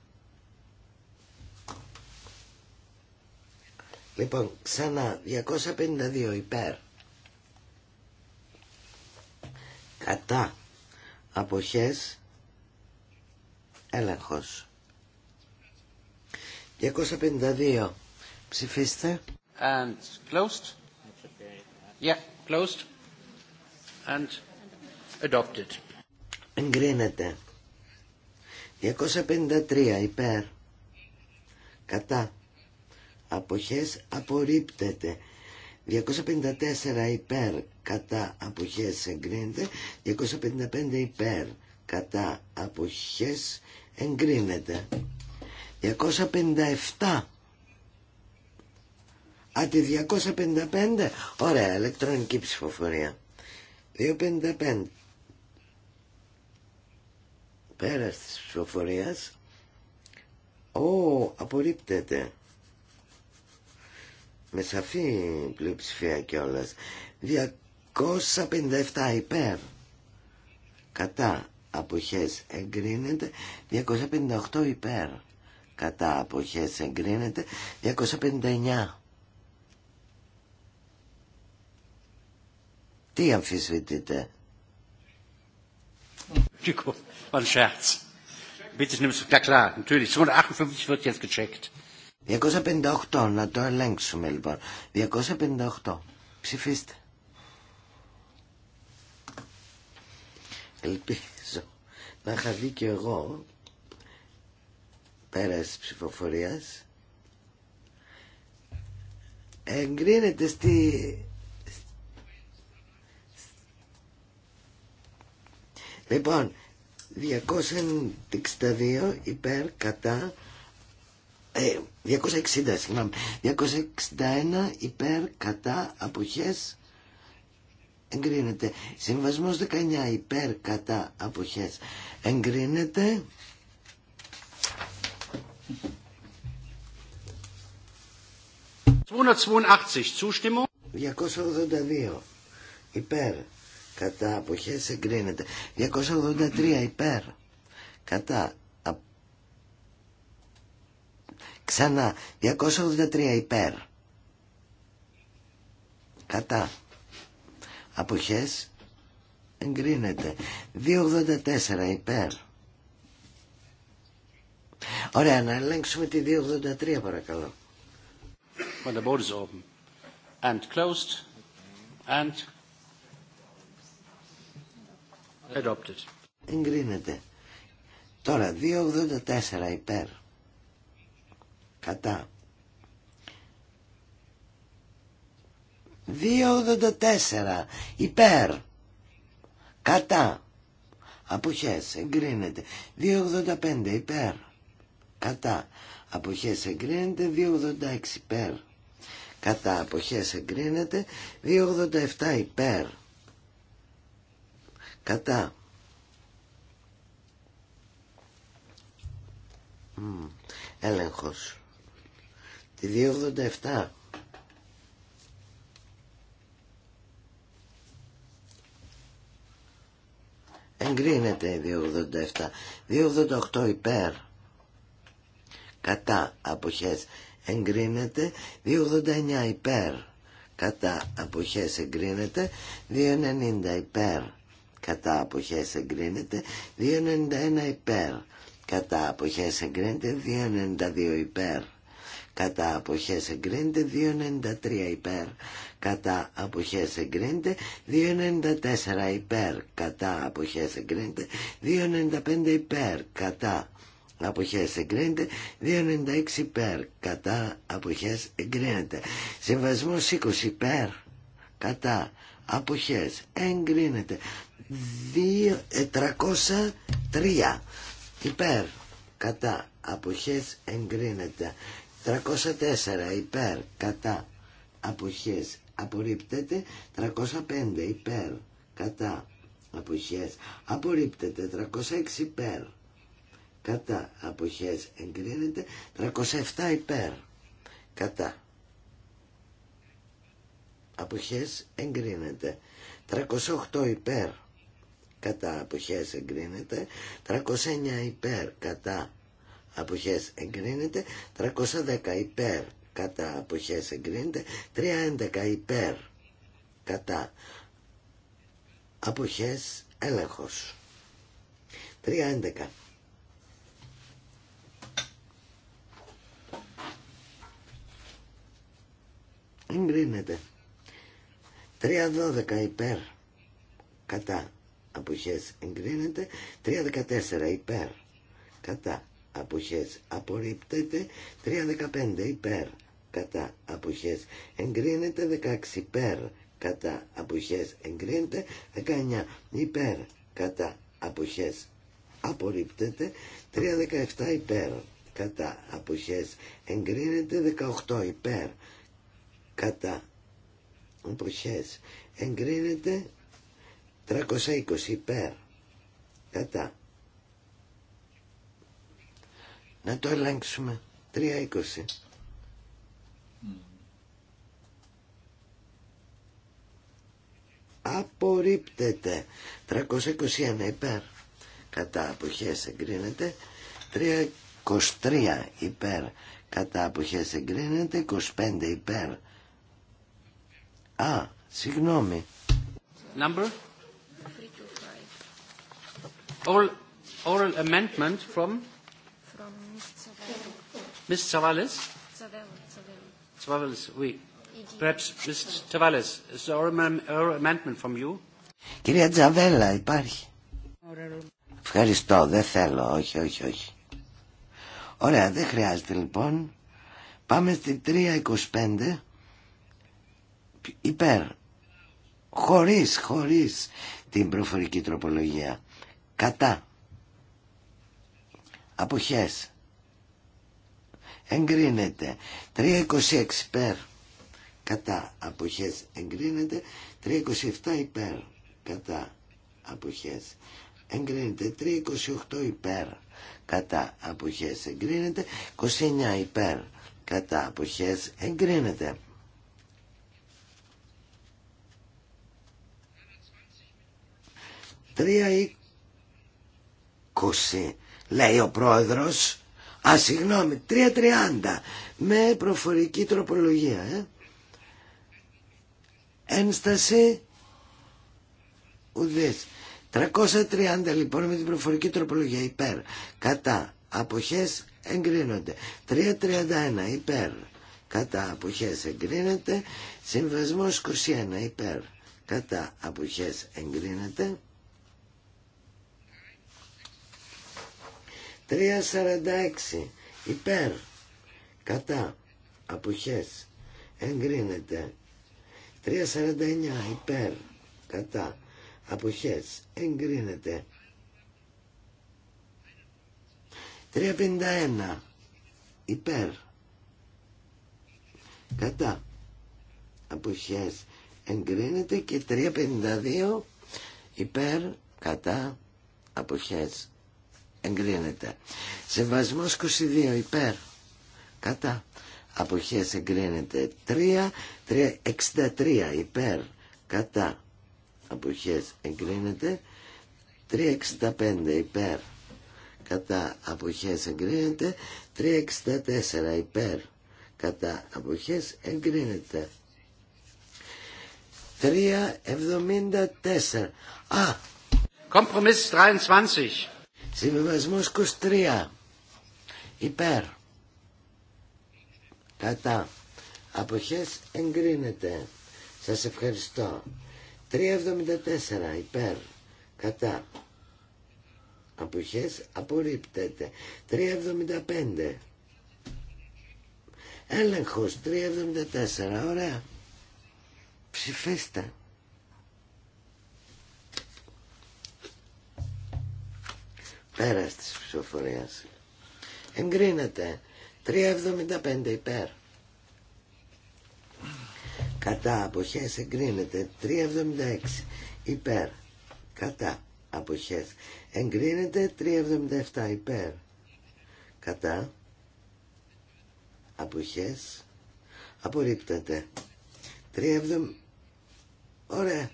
Λοιπόν, ξανά 252 υπέρ. Κατά. Αποχές. Έλεγχος. 252. Ψηφίστε. And closed. Yeah, closed. And adopted. Εγκρίνεται. 253 υπέρ κατά αποχές απορρίπτεται 254 υπέρ κατά αποχές εγκρίνεται 255 υπέρ κατά αποχές εγκρίνεται 257 Α, τη 255 Ωραία, ηλεκτρονική ψηφοφορία 255 Πέρας της ψηφοφορίας. ο, απορρίπτεται. Με σαφή πλειοψηφία κιόλα. 257 υπέρ. Κατά αποχές εγκρίνεται. 258 υπέρ. Κατά αποχές εγκρίνεται. 259. Τι αμφισβητείτε. Entschuldigung, war ein Bitte nimm es. ja klar, natürlich. 258 wird jetzt gecheckt. να το ελέγξουμε λοιπόν. 258, ψηφίστε. Ελπίζω να είχα δει και εγώ πέρας ψηφοφορία. Εγκρίνεται στη Λοιπόν, 262 υπέρ κατά... Ε, 260, συγγνώμη. 261 υπέρ κατά αποχές εγκρίνεται. Συμβασμός 19 υπέρ κατά αποχές εγκρίνεται. Zustimmung. 282 υπέρ κατά αποχές εγκρίνεται 283 υπέρ κατά ξανά 283 υπέρ κατά αποχές εγκρίνεται 284 υπέρ Ωραία, να ελέγξουμε τη 283 παρακαλώ. the board is and closed and Adopted. Εγκρίνεται. Τώρα 2.84 υπέρ. Κατά. 2.84 υπέρ. Κατά. Αποχές εγκρίνεται. 2.85 υπέρ. Κατά. Αποχές εγκρίνεται. 2.86 υπέρ. Κατά. Αποχές εγκρίνεται. 2.87 υπέρ κατά mm. έλεγχος τη 287 εγκρίνεται η 287 288 υπέρ κατά αποχές εγκρίνεται 289 υπέρ κατά αποχές εγκρίνεται 290 υπέρ κατά αποχές εγκρίνεται 2.91 υπέρ κατά αποχές εγκρίνεται 2.92 υπέρ κατά αποχές εγκρίνεται 2.93 υπέρ κατά αποχές εγκρίνεται 2.94 υπέρ κατά αποχές εγκρίνεται 2.95 υπέρ κατά αποχές εγκρίνεται 2.96 υπέρ κατά αποχές εγκρίνεται συμβασμός 20 υπέρ κατά αποχές εγκρίνεται 303 ε, υπέρ κατά αποχές εγκρίνεται 304 υπέρ κατά αποχές απορρίπτεται 305 υπέρ κατά αποχές απορρίπτεται 306 υπέρ κατά αποχές εγκρίνεται 307 υπέρ κατά αποχές εγκρίνεται 308 υπέρ κατά αποχές εγκρίνεται 309 υπέρ κατά αποχές εγκρίνεται 310 υπέρ κατά αποχές εγκρίνεται 311 υπέρ κατά αποχές έλεγχος 311 εγκρίνεται 312 υπέρ κατά αποχές εγκρίνεται 3.14 υπέρ κατά αποχές απορρίπτεται 3.15 υπέρ κατά αποχές εγκρίνεται 16 υπέρ κατά αποχές εγκρίνεται 19 υπέρ κατά αποχές απορρίπτεται 3.17 υπέρ κατά αποχές εγκρίνεται 18 υπέρ κατά αποχές εγκρίνεται 320 υπέρ. Κατά. Να το ελέγξουμε. 320. Απορρίπτεται. 321 υπέρ. Κατά αποχές εγκρίνεται. 323 υπέρ. Κατά αποχές εγκρίνεται. 25 υπέρ. Α, συγγνώμη. Number? Oral amendment from? Ms. oui. E Perhaps Ms. is oral amendment from you? Κυρία Τζαβέλα, υπάρχει. Ευχαριστώ, δεν θέλω, όχι, όχι, όχι. Ωραία, δεν χρειάζεται λοιπόν. Πάμε στην 3.25. Υπέρ. Χωρίς, χωρίς την προφορική τροπολογία κατά αποχές εγκρίνεται 326 υπέρ κατά αποχές εγκρίνεται 327 υπέρ κατά αποχές εγκρίνεται 328 υπέρ κατά αποχές εγκρίνεται 29 υπέρ κατά αποχές εγκρίνεται 3 λέει ο πρόεδρος. Α, συγγνώμη, 3.30 με προφορική τροπολογία. Ε. Ένσταση ουδές. 330 λοιπόν με την προφορική τροπολογία υπέρ. Κατά. Αποχές εγκρίνονται. 331 υπέρ. Κατά. Αποχές εγκρίνεται. Συμβασμός 21 υπέρ. Κατά. Αποχές εγκρίνεται. 3.46 υπέρ κατά αποχές εγκρίνεται 3.49 υπέρ κατά αποχές εγκρίνεται 3.51 υπέρ κατά αποχές εγκρίνεται και 3.52 υπέρ κατά αποχές εγκρίνεται. Σεβασμό 22 υπέρ. Κατά. Αποχέ εγκρίνεται. 3, 63 υπέρ. Κατά. Αποχέ εγκρίνεται. 365 υπέρ. Κατά. Αποχέ εγκρίνεται. 364 υπέρ. Κατά. Αποχέ εγκρίνεται. 374. Α! Kompromiss 23. Συμβιβασμός 23. Υπέρ. Κατά. Αποχές εγκρίνεται. Σας ευχαριστώ. 374. Υπέρ. Κατά. Αποχές απορρίπτεται. 375. Έλεγχος 374. Ωραία. Ψηφίστε. Πέρας της ψηφοφορία. Εγκρίνεται. 3,75 υπέρ. Κατά αποχές εγκρίνεται. 3,76 υπέρ. Κατά αποχές. Εγκρίνεται 3,77 υπέρ. Κατά αποχές. Απορρίπτεται. 3,77 Ωραία.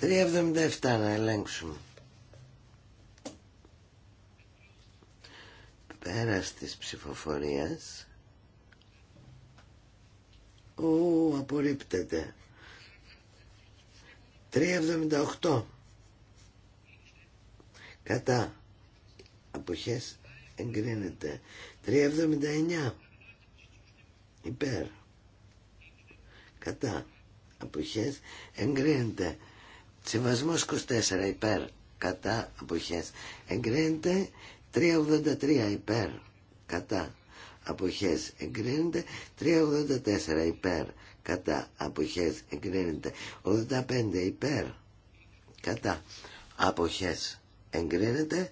3,77 να ελέγξουμε. Πέρας της ψηφοφορίας. Ου, απορρίπτεται. 3,78. Κατά. Αποχές εγκρίνεται. 3,79. Υπέρ. Κατά. Αποχές εγκρίνεται. Συμβασμός 24 υπέρ. Κατά. Αποχές εγκρίνεται. 383 υπέρ κατά αποχές εγκρίνεται 384 υπέρ κατά αποχές εγκρίνεται 85 υπέρ κατά αποχές εγκρίνεται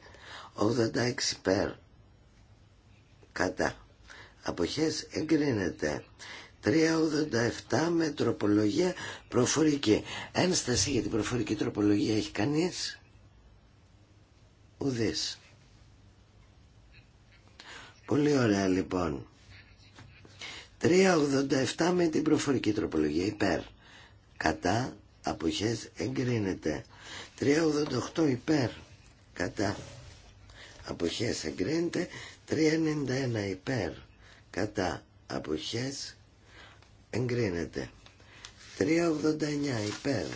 86 υπέρ κατά αποχές εγκρίνεται 387 με τροπολογία προφορική ένσταση για την προφορική τροπολογία έχει κανείς ουδής Πολύ ωραία λοιπόν. 3.87 με την προφορική τροπολογία υπέρ. Κατά αποχές εγκρίνεται. 3.88 υπέρ. Κατά αποχές εγκρίνεται. 3.91 υπέρ. Κατά αποχές εγκρίνεται. 3.89 υπέρ.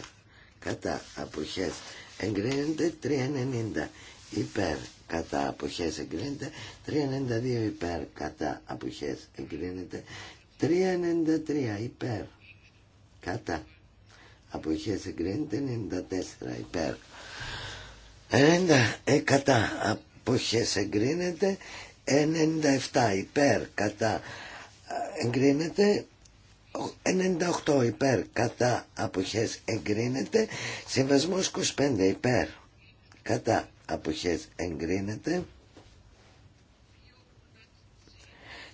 Κατά αποχές εγκρίνεται. 3.90 υπέρ κατά αποχές εγκρίνεται 392 υπέρ κατά αποχές εγκρίνεται 393 υπέρ κατά αποχές εγκρίνεται 94 υπέρ 90 ε, κατά αποχές εγκρίνεται 97 υπέρ κατά ε, εγκρίνεται 98 υπέρ κατά αποχές εγκρίνεται συμβασμός 25 υπέρ κατά αποχές εγκρίνεται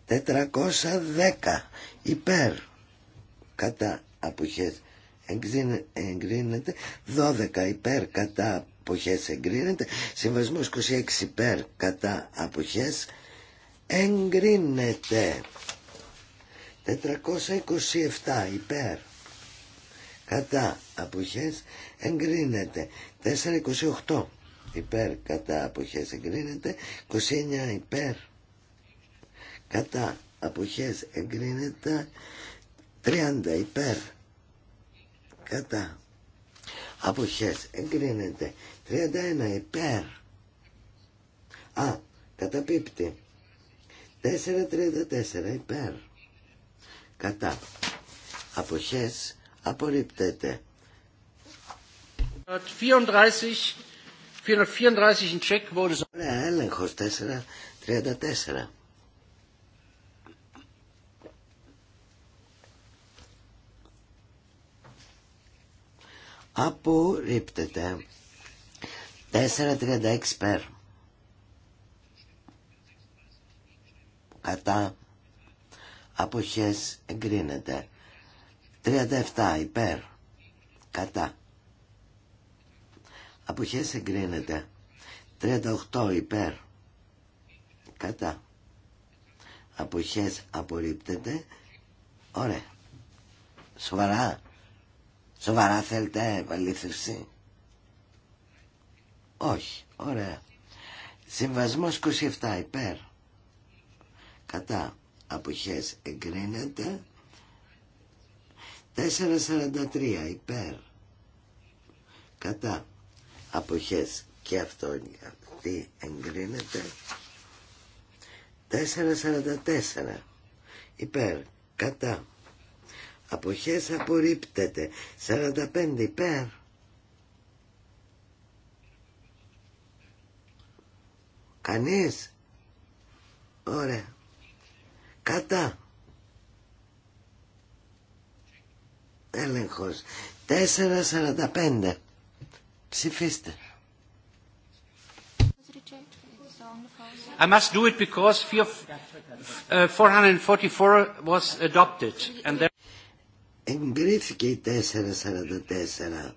410 υπέρ κατά αποχές εγκρίνεται 12 υπέρ κατά αποχές εγκρίνεται συμβασμός 26 υπέρ κατά αποχές εγκρίνεται 427 υπέρ κατά αποχές εγκρίνεται 428 υπέρ κατά αποχές εγκρίνεται 29 υπέρ κατά αποχές εγκρίνεται 30 υπέρ κατά αποχές εγκρίνεται 31 υπέρ α καταπίπτει 434 υπέρ κατά αποχές απορρίπτεται 34 434 in check vote is... Ωραία, έλεγχος 434. Απορρίπτεται. 4.36 περ. Κατά. Αποχές εγκρίνεται. 37 υπέρ. Κατά. Αποχές εγκρίνεται. 38 υπέρ. Κατά. Αποχές απορρίπτεται. Ωραία. Σοβαρά. Σοβαρά θέλετε επαλήθευση. Όχι. Ωραία. Συμβασμός 27 υπέρ. Κατά. Αποχές εγκρίνεται. 443 υπέρ. Κατά αποχές και αυτό τι εγκρίνεται 444 υπέρ κατά αποχές απορρίπτεται 45 υπέρ κανείς ωραία κατά έλεγχος 4.45 Ψηφίστε. I must do it because 444 uh, was adopted. And there... Εγκρίθηκε η 444.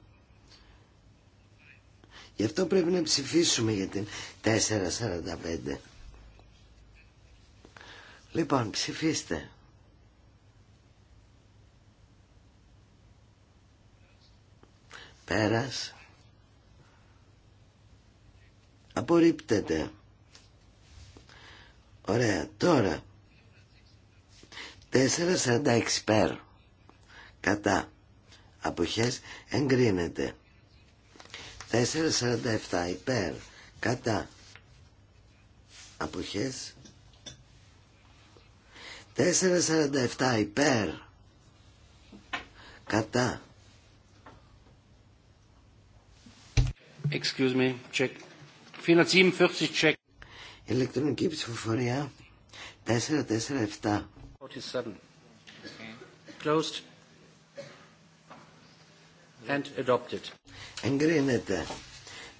Γι' αυτό πρέπει να ψηφίσουμε για την 445. Λοιπόν, ψηφίστε. Πέρας απορρίπτεται. Ωραία, τώρα 4.46 πέρ κατά αποχές εγκρίνεται 4.47 υπέρ κατά αποχές 4.47 υπέρ κατά Excuse me, check 447 Ηλεκτρονική ψηφοφορία 447. Closed. And adopted. Εγκρίνεται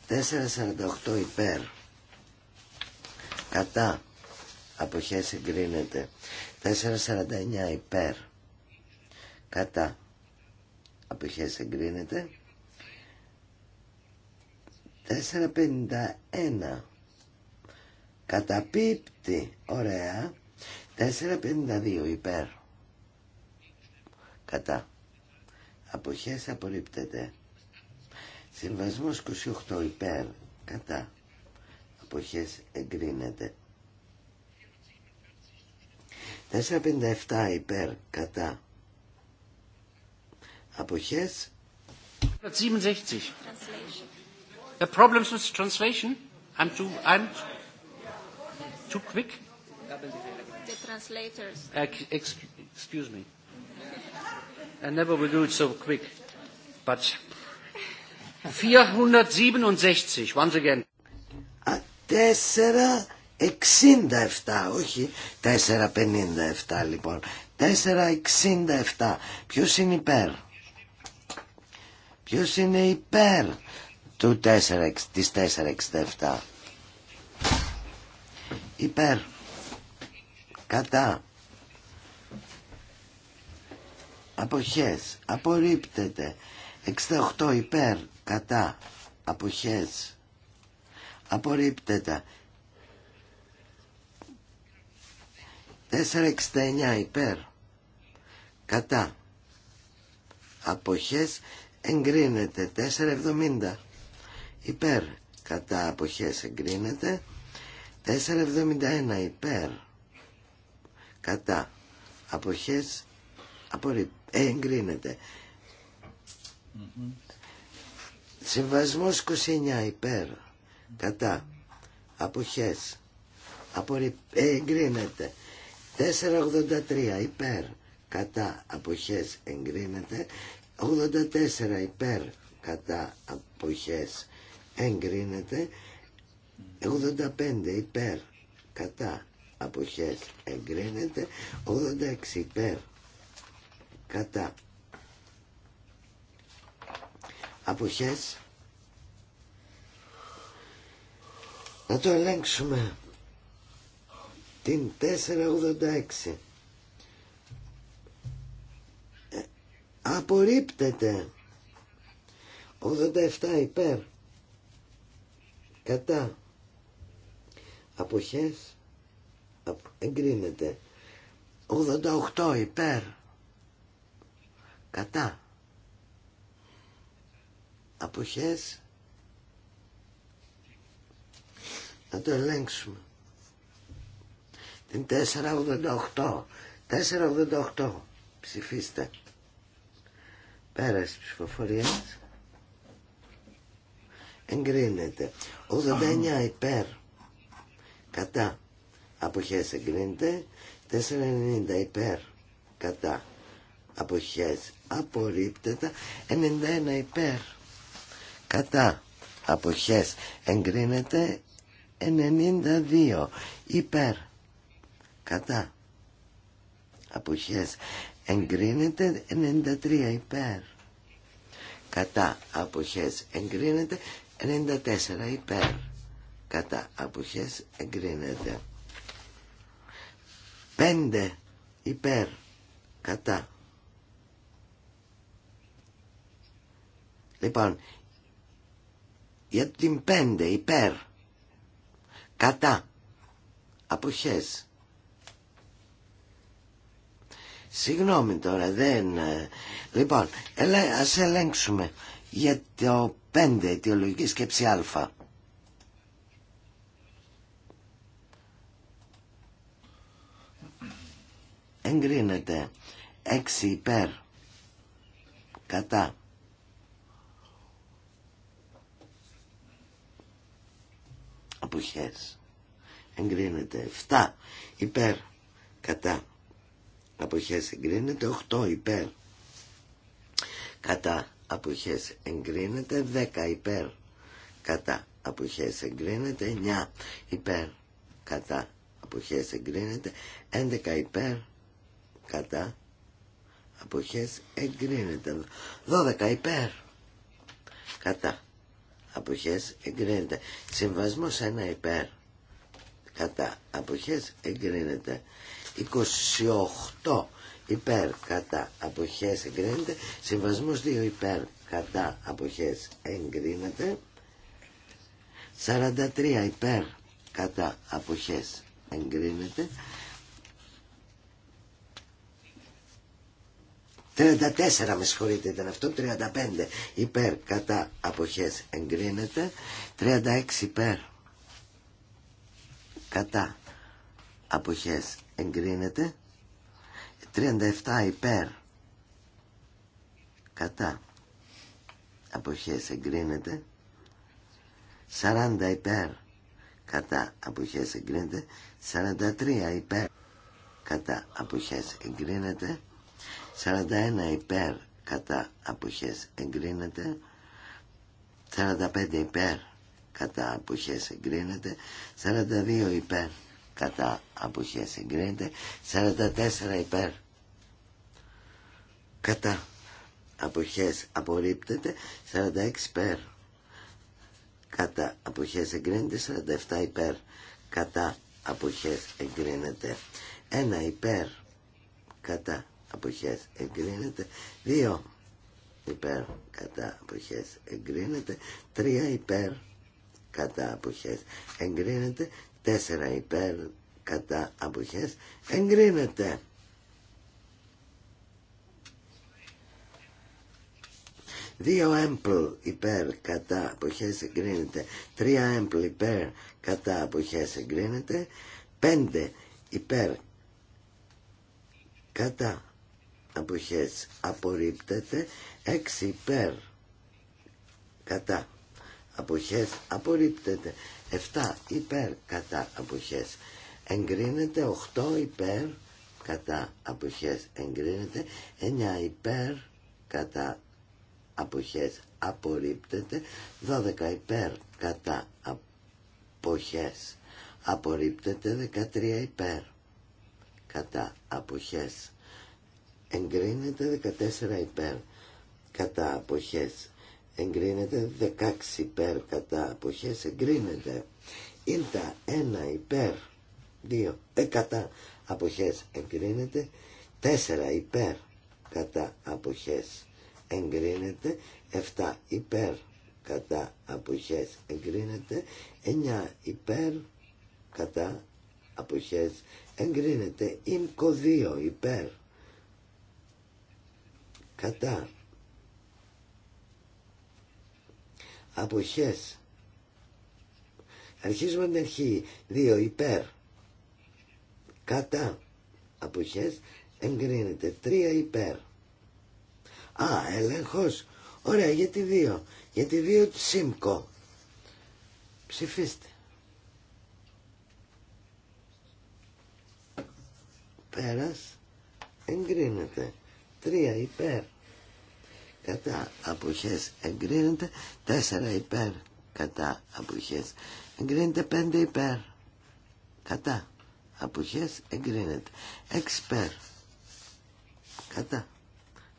448 υπέρ. Κατά. Αποχές εγκρίνεται 449 υπέρ. Κατά. Αποχές εγκρίνεται 451 καταπίπτει ωραία 452 υπέρ κατά αποχές απορρίπτεται συμβασμός 28 υπέρ κατά αποχές εγκρίνεται 457 υπέρ κατά αποχές 467 The problems with translation? I'm too, I'm too quick? The translators. excuse me. I never will do it so quick. But 467, once again. 467, όχι 457 λοιπόν. 467. Ποιος είναι υπέρ. Ποιος είναι υπέρ του 4, της 467 υπέρ κατά αποχές απορρίπτεται 68 υπέρ κατά αποχές απορρίπτεται 469 υπέρ κατά αποχές εγκρίνεται 470 υπέρ κατά αποχές εγκρίνεται 471 υπέρ κατά αποχές απορρι... Ε, εγκρίνεται mm -hmm. Συμβασμός 29 υπέρ κατά αποχές απορρι... Ε, εγκρίνεται 483 υπέρ κατά αποχές εγκρίνεται 84 υπέρ κατά αποχές εγκρίνεται 85 υπέρ κατά αποχές εγκρίνεται 86 υπέρ κατά αποχές να το ελέγξουμε την 486 ε, απορρίπτεται 87 υπέρ κατά αποχές εγκρίνεται 88 υπέρ κατά αποχές να το ελέγξουμε την 488 488 ψηφίστε πέρας ψηφοφορίας εγκρίνεται. 89 υπέρ κατά αποχές εγκρίνεται. 490 υπέρ κατά αποχές απορρίπτεται. 91 υπέρ κατά αποχές εγκρίνεται. 92 υπέρ κατά αποχές εγκρίνεται 93 υπέρ κατά αποχές εγκρίνεται 94 υπέρ κατά αποχές εγκρίνεται 5 υπέρ κατά λοιπόν για την 5 υπέρ κατά αποχές Συγγνώμη τώρα, δεν... Ε, λοιπόν, ας ελέγξουμε για το 5 αιτιολογική σκέψη α. Εγκρίνεται 6 υπέρ κατά αποχές. Εγκρίνεται 7 υπέρ κατά αποχές. Εγκρίνεται 8 υπέρ κατά αποχές εγκρίνεται 10 υπέρ κατά αποχές εγκρίνεται 9 υπέρ κατά αποχές εγκρίνεται 11 υπέρ κατά αποχές εγκρίνεται 12 υπέρ κατά αποχές εγκρίνεται συμβασμός 1 υπέρ κατά αποχές εγκρίνεται 28 υπέρ κατά αποχές εγκρίνεται συμβασμός 2 υπέρ κατά αποχές εγκρίνεται 43 υπέρ κατά αποχές εγκρίνεται 34 με συγχωρείτε ήταν αυτό 35 υπέρ κατά αποχές εγκρίνεται 36 υπέρ κατά αποχές εγκρίνεται 37 υπέρ κατά αποχές εγκρίνεται 40 υπέρ κατά αποχές εγκρίνεται 43 υπέρ κατά αποχές εγκρίνεται 41 υπέρ κατά αποχές εγκρίνεται 45 υπέρ κατά αποχές εγκρίνεται 42 υπέρ κατά αποχές εγκρίνεται 44 υπέρ κατά αποχές απορρίπτεται 46 υπέρ κατά αποχές εγκρίνεται 47 υπέρ κατά αποχές εγκρίνεται 1 υπέρ κατά αποχές εγκρίνεται 2 υπέρ κατά αποχές εγκρίνεται 3 υπέρ κατά αποχές εγκρίνεται 4 υπέρ κατά αποχές εγκρίνεται 2 έμπλ υπέρ κατά αποχές εγκρίνεται 3 έμπλ υπέρ κατά αποχές εγκρίνεται 5 υπέρ κατά αποχές απορρίπτεται 6 υπέρ κατά αποχές απορρίπτεται 7 υπέρ κατά αποχές εγκρίνεται 8 υπέρ κατά αποχές εγκρίνεται 9 υπέρ κατά αποχές απορρίπτεται 12 υπέρ κατά αποχές απορρίπτεται 13 υπέρ κατά αποχές εγκρίνεται 14 υπέρ κατά αποχές εγκρίνεται 16 υπέρ κατά αποχές εγκρίνεται ήλτα 1 υπέρ 2 ε, κατά αποχές εγκρίνεται 4 υπέρ κατά αποχές εγκρίνεται 7 υπέρ κατά αποχές εγκρίνεται 9 υπέρ κατά αποχές εγκρίνεται ΙΜΚΟ 2 υπέρ κατά αποχές αρχίζουμε να αρχή 2 υπέρ κατά αποχές εγκρίνεται 3 υπέρ Α, έλεγχος. Ωραία, γιατί δύο. Γιατί δύο τη του Ψηφίστε. Πέρας. Εγκρίνεται. Τρία υπέρ. Κατά αποχές εγκρίνεται. Τέσσερα υπέρ. Κατά αποχές εγκρίνεται. Πέντε υπέρ. Κατά αποχές εγκρίνεται. Έξι υπέρ. Κατά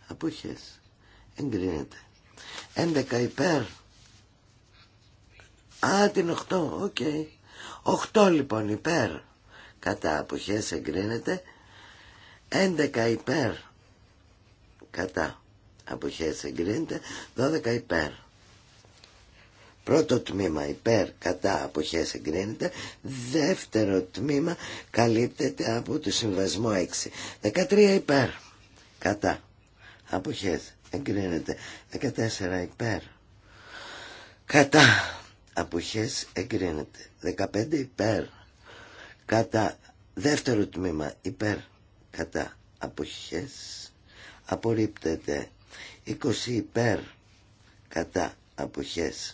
αποχές εγκρίνεται 11 υπέρ α την 8 οκ 8 λοιπόν υπέρ κατά αποχές εγκρίνεται 11 υπέρ κατά αποχές εγκρίνεται 12 υπέρ Πρώτο τμήμα υπέρ κατά αποχές εγκρίνεται, δεύτερο τμήμα καλύπτεται από το συμβασμό 6. 13 υπέρ κατά αποχές εγκρίνεται 14 υπέρ κατά αποχές εγκρίνεται 15 υπέρ κατά δεύτερο τμήμα υπέρ κατά αποχές απορρίπτεται 20 υπέρ κατά αποχές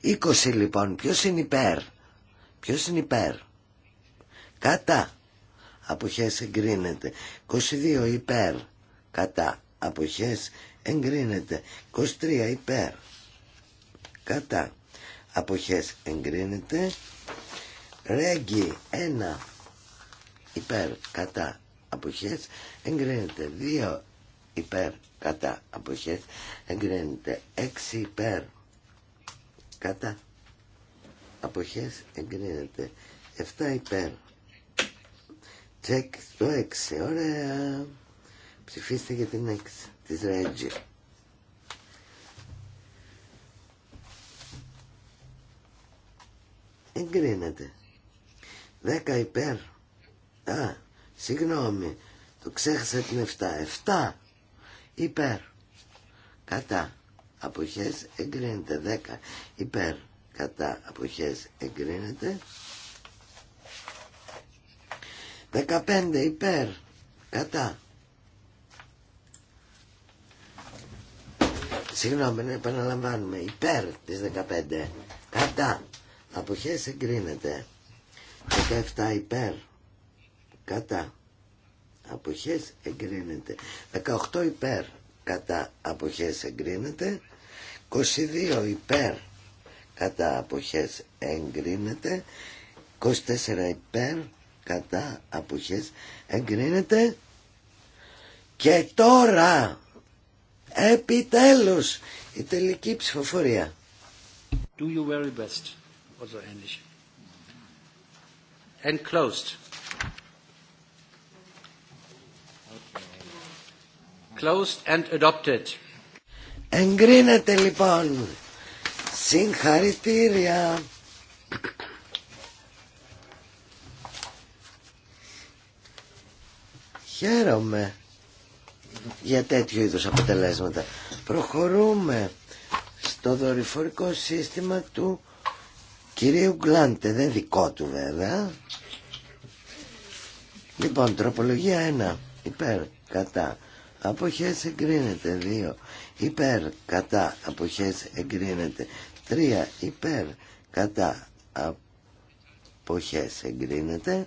Είκοσι λοιπόν, ποιος είναι υπέρ, ποιος είναι υπέρ, κατά αποχές εγκρίνεται 22 υπέρ κατά αποχές εγκρίνεται 23 υπέρ κατά αποχές εγκρίνεται ρέγγι 1 υπέρ κατά αποχές εγκρίνεται 2 υπέρ κατά αποχές εγκρίνεται 6 υπέρ κατά αποχές εγκρίνεται 7 υπέρ Τσεκ το 6. Ωραία. Ψηφίστε για την 6 της Ρέτζη. Εγκρίνεται. 10 υπέρ. Α, συγγνώμη. Το ξέχασα την 7. 7 υπέρ. Κατά. Αποχές εγκρίνεται. 10 υπέρ. Κατά. Αποχές εγκρίνεται. 15 υπέρ κατά Συγγνώμη, να επαναλαμβάνουμε υπέρ της 15 κατά αποχές εγκρίνεται 17 υπέρ κατά αποχές εγκρίνεται 18 υπέρ κατά αποχές εγκρίνεται 22 υπέρ κατά αποχές εγκρίνεται 24 υπέρ κατά αποχές εγκρίνεται και τώρα επιτέλους η τελική ψηφοφορία Do your very best also ähnlich and closed closed and adopted εγκρίνεται λοιπόν συγχαρητήρια Χαίρομαι για τέτοιου είδους αποτελέσματα. Προχωρούμε στο δορυφορικό σύστημα του κυρίου Γκλάντε, δεν δικό του βέβαια. Λοιπόν, τροπολογία 1, υπέρ, κατά, αποχές εγκρίνεται, 2, υπέρ, κατά, αποχές εγκρίνεται, 3, υπέρ, κατά, αποχές εγκρίνεται,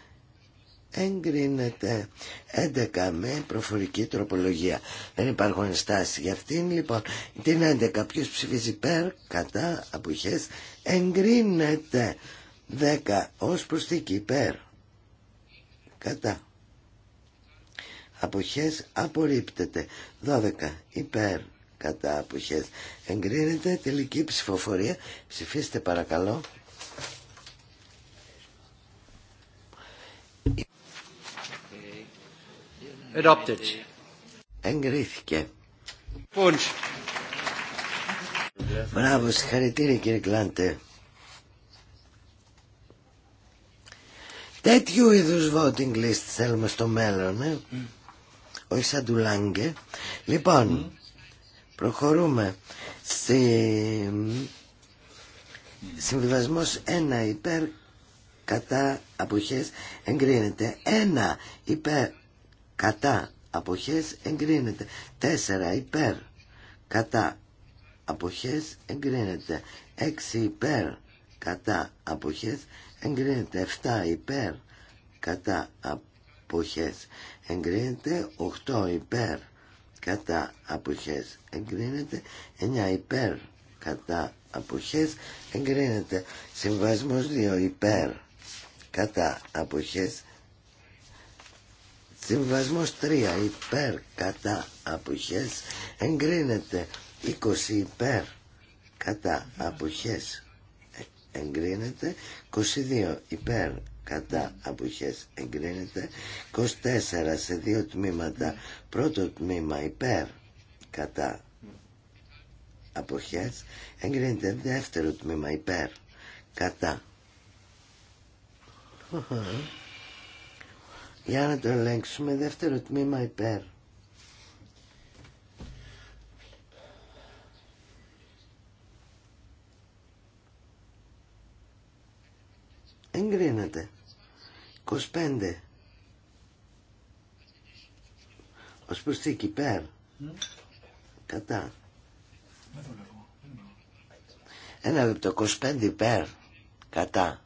εγκρίνεται 11 με προφορική τροπολογία δεν υπάρχουν στάσεις για αυτήν λοιπόν την 11 ποιος ψηφίζει υπέρ κατά αποχές εγκρίνεται 10 ως προστίκη υπέρ κατά αποχές απορρίπτεται 12 υπέρ κατά αποχές εγκρίνεται τελική ψηφοφορία ψηφίστε παρακαλώ Adopted. Εγκρίθηκε. Πούντς. Μπράβο, συγχαρητήρια κύριε Κλάντε. Τέτοιου είδους voting list θέλουμε στο μέλλον, ε. Mm. Όχι σαν του Λάγκε. Λοιπόν, προχωρούμε. Στη... Συμβιβασμός 1 υπέρ κατά αποχές εγκρίνεται. 1 υπέρ κατά αποχές εγκρίνεται Τέσσερα υπέρ κατά αποχές εγκρίνεται Έξι υπέρ κατά αποχές εγκρίνεται Εφτά υπέρ κατά αποχές εγκρίνεται 8 υπέρ κατά αποχές εγκρίνεται Εννιά υπέρ κατά αποχές εγκρίνεται συμβασμός 2 υπέρ κατά αποχές Συμβασμό 3 υπέρ κατά αποχέ εγκρίνεται 20 υπέρ κατά αποχέ ε, εγκρίνεται 22 υπέρ κατά αποχέ εγκρίνεται 24 σε δύο τμήματα πρώτο τμήμα υπέρ κατά αποχέ εγκρίνεται δεύτερο τμήμα υπέρ κατά για να το ελέγξουμε δεύτερο τμήμα υπέρ. Εγκρίνεται. 25. Ως πέρα, υπέρ. Κατά. Ένα λεπτό. 25 υπέρ. Κατά.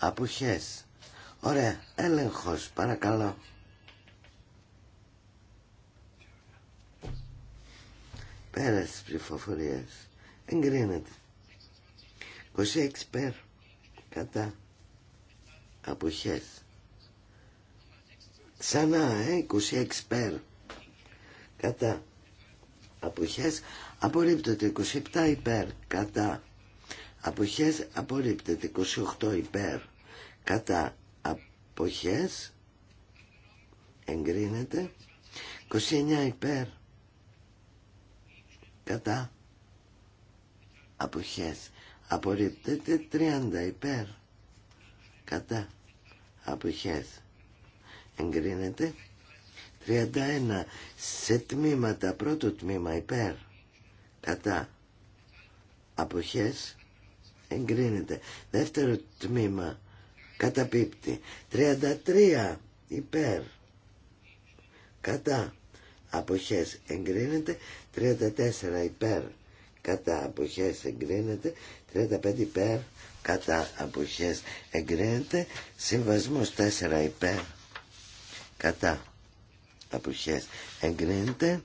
Αποχές. Ωραία. Έλεγχος. Παρακαλώ. Πέρα στις πληροφορίες. Εγκρίνεται. 26 πέρ. Κατά. Αποχές. Ξανά, ε, 26 πέρ. Κατά. Αποχές. Απορρίπτεται 27 υπέρ. Κατά αποχές απορρίπτεται 28 υπέρ κατά αποχές εγκρίνεται 29 υπέρ κατά αποχές απορρίπτεται 30 υπέρ κατά αποχές εγκρίνεται 31 σε τμήματα πρώτο τμήμα υπέρ κατά αποχές εγκρίνεται. Δεύτερο τμήμα καταπίπτει. 33 υπέρ κατά αποχές εγκρίνεται. 34 υπέρ κατά αποχές εγκρίνεται. 35 υπέρ κατά αποχές εγκρίνεται. Συμβασμός 4 υπέρ κατά αποχές εγκρίνεται.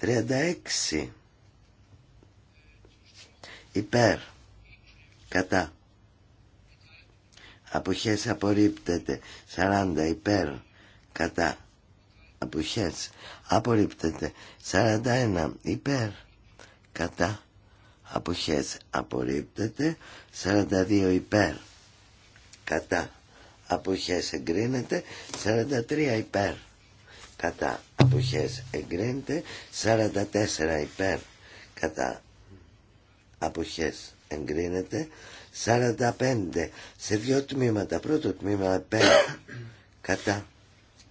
36 υπέρ κατά αποχές απορρίπτεται 40 υπέρ κατά αποχές απορρίπτεται 41 υπέρ κατά αποχές απορρίπτεται 42 υπέρ κατά αποχές εγκρίνεται 43 υπέρ κατά αποχές εγκρίνεται 44 υπέρ κατά αποχές εγκρίνεται 45 σε δύο τμήματα πρώτο τμήμα υπέρ κατά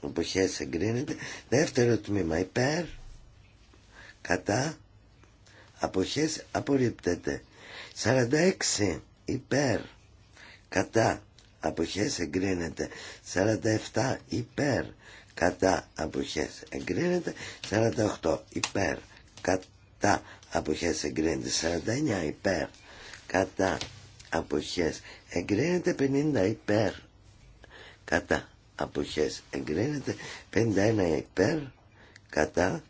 εποχές εγκρίνεται δεύτερο τμήμα υπέρ κατά αποχές απορρίπτεται 46 υπέρ κατά αποχές εγκρίνεται 47 υπέρ κατά αποχές εγκρίνεται 48 υπέρ κατά αποχές εγκρίνεται 49 υπέρ κατά αποχές εγκρίνεται 50 υπέρ κατά αποχές εγκρίνεται 51 υπέρ κατά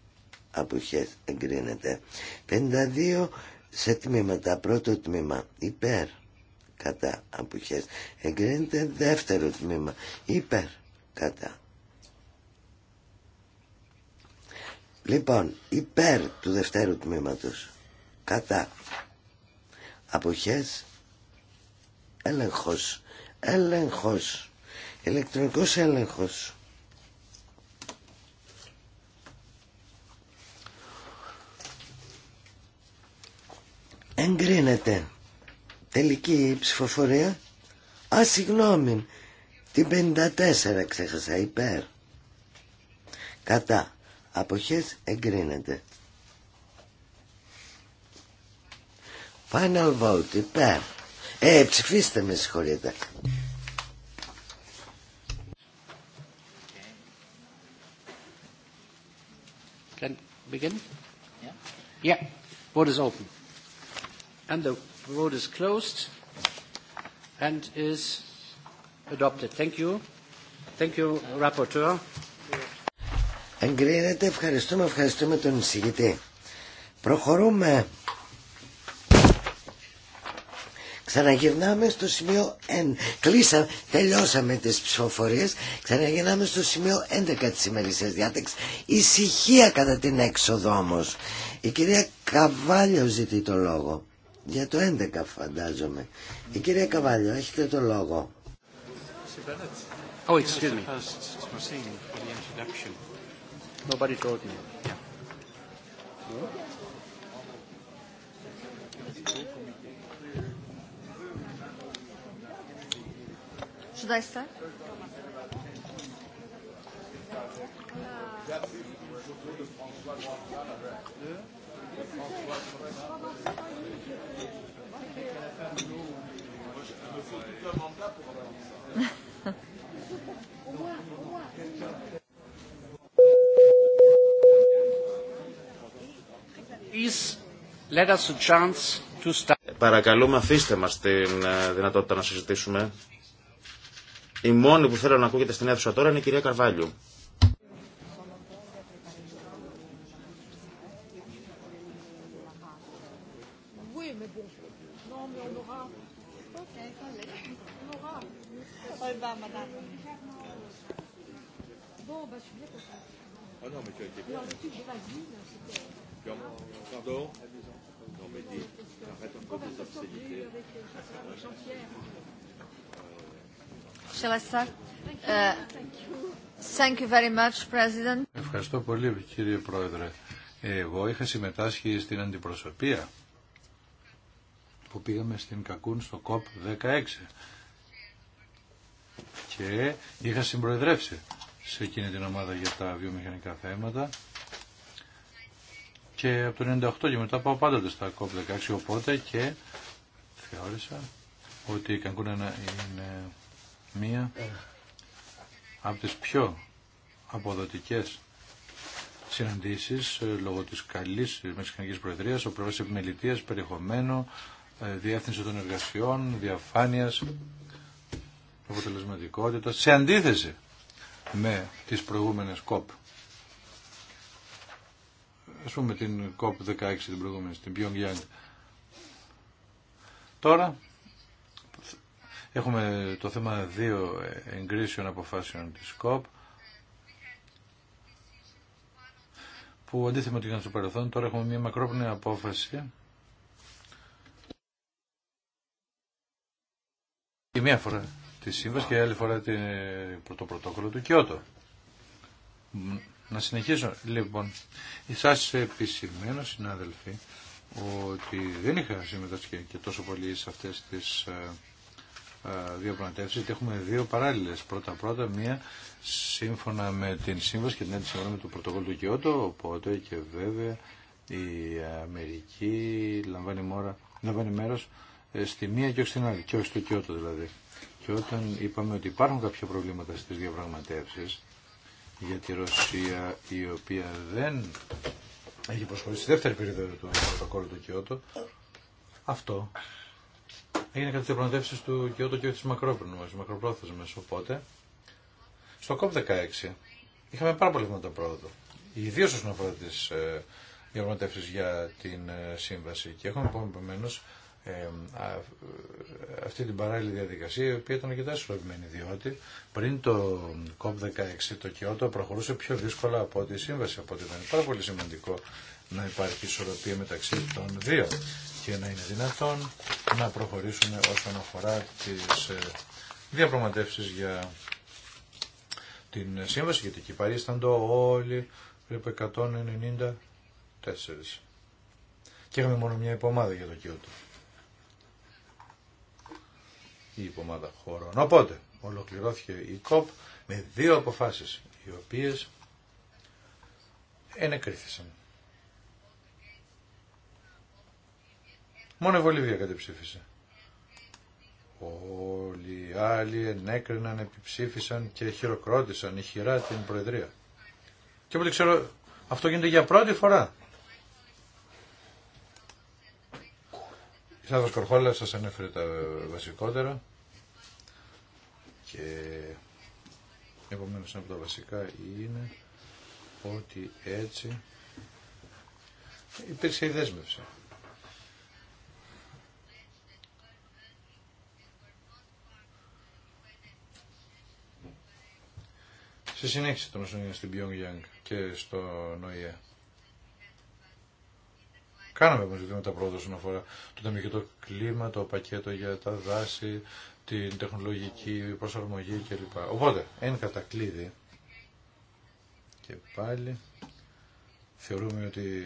αποχές εγκρίνεται 52 σε τμήματα πρώτο τμήμα υπέρ κατά αποχές εγκρίνεται δεύτερο τμήμα υπέρ κατά λοιπόν υπέρ του δευτέρου τμήματος κατά αποχές έλεγχος έλεγχος ηλεκτρονικός έλεγχος εγκρίνεται τελική ψηφοφορία α συγγνώμη την 54 ξέχασα υπέρ κατά αποχές εγκρίνεται Final vote υπέρ. Ε, ψηφίστε με συγχωρείτε. Can begin? Yeah. Yeah. Vote is open. And the vote is closed and is adopted. Thank you. Thank you, Rapporteur. Εγκρίνεται. Ευχαριστούμε. Ευχαριστούμε τον εισηγητή. Προχωρούμε Ξαναγυρνάμε στο σημείο 1. Κλείσα, τελειώσαμε τις ψηφοφορίες. Ξαναγυρνάμε στο σημείο 11 τη ημερησία διάταξη. Ησυχία κατά την έξοδο όμω. Η κυρία Καβάλιο ζητεί το λόγο. Για το 11 φαντάζομαι. Η κυρία Καβάλιο, έχετε το λόγο. Oh, Should I start? let us a chance to start. Παρακαλούμε αφήστε μας την ε, δυνατότητα να συζητήσουμε. Η μόνη που θέλω να ακούγεται στην αίθουσα τώρα είναι η κυρία Καρβάλιου. Uh, Ευχαριστώ πολύ, κύριε Πρόεδρε. Εγώ είχα συμμετάσχει στην αντιπροσωπεία που πήγαμε στην Κακούν στο COP16 και είχα συμπροεδρεύσει σε εκείνη την ομάδα για τα βιομηχανικά θέματα και από το 98 και μετά πάω πάντοτε στα COP16 οπότε και θεώρησα ότι η Κακούν είναι μία από τις πιο αποδοτικές συναντήσεις ε, λόγω της καλής Μεσικανικής Προεδρίας, ο Πρόεδρος Επιμελητίας, περιεχομένο, ε, διεύθυνση των εργασιών, διαφάνειας, αποτελεσματικότητα, σε αντίθεση με τις προηγούμενες κόπ. Ας πούμε την κόπ 16 την προηγούμενη, στην Pyongyang. Τώρα Έχουμε το θέμα δύο εγκρίσεων αποφάσεων της ΚΟΠ που αντίθετα με ήταν στο παρελθόν τώρα έχουμε μια μακρόπνοη απόφαση η μία φορά τη σύμβαση και η άλλη φορά το πρωτόκολλο του Κιώτο. Να συνεχίσω. Λοιπόν, σα επισημαίνω συνάδελφοι ότι δεν είχα συμμετασχεί και τόσο πολύ σε αυτές τις ε, διαπραγματεύσει, έχουμε δύο παράλληλε. Πρώτα-πρώτα, μία σύμφωνα με την σύμβαση και την ένταση με το πρωτοκόλλο του Κιώτο, οπότε και βέβαια η Αμερική λαμβάνει, μόρα, λαμβάνει μέρος ε, στη μία και όχι στην άλλη, και όχι στο Κιώτο δηλαδή. Και όταν είπαμε ότι υπάρχουν κάποια προβλήματα στις διαπραγματεύσεις για τη Ρωσία η οποία δεν έχει προσχωρήσει στη δεύτερη περίοδο του πρωτοκόλλου του Κιώτο, αυτό έγινε κατά τι διαπραγματεύσει του Κιώτο και όχι τη μακρόπρόθεσμε. Οπότε, στο COP16 είχαμε πάρα πολύ δυνατό πρόοδο. Ιδίω όσον αφορά τι ε, διαπραγματεύσει για την ε, σύμβαση. Και έχουμε λοιπόν, επομένω ε, ε, αυτή την παράλληλη διαδικασία, η οποία ήταν αρκετά συλλογημένη, διότι πριν το COP16 το Κιώτο προχωρούσε πιο δύσκολα από ό,τι η σύμβαση. Οπότε ήταν πάρα πολύ σημαντικό να υπάρχει ισορροπία μεταξύ των δύο και να είναι δυνατόν να προχωρήσουμε όσον αφορά τις ε, διαπραγματεύσεις για την σύμβαση, γιατί εκεί παρίσταντο όλοι περίπου 194. Και είχαμε μόνο μια υπομάδα για το Κιώτο. Η υπομάδα χωρών. Οπότε, ολοκληρώθηκε η ΚΟΠ με δύο αποφάσεις, οι οποίες ενεκρίθησαν. Μόνο η Βολιβία κατεψήφισε. Όλοι οι άλλοι ενέκριναν, επιψήφισαν και χειροκρότησαν η χειρά την Προεδρία. Και από ό,τι ξέρω αυτό γίνεται για πρώτη φορά. Η Σάδος σας ανέφερε τα βασικότερα και επομένως από τα βασικά είναι ότι έτσι υπήρξε η δέσμευση. στη συνέχιση των όσων στην Pyongyang και στο ΝΟΙΕ. Κάναμε όμω ζητήματα πρόοδο όσον αφορά το ταμείο κλίμα, το πακέτο για τα δάση, την τεχνολογική προσαρμογή κλπ. Οπότε, εν κατακλείδη και πάλι θεωρούμε ότι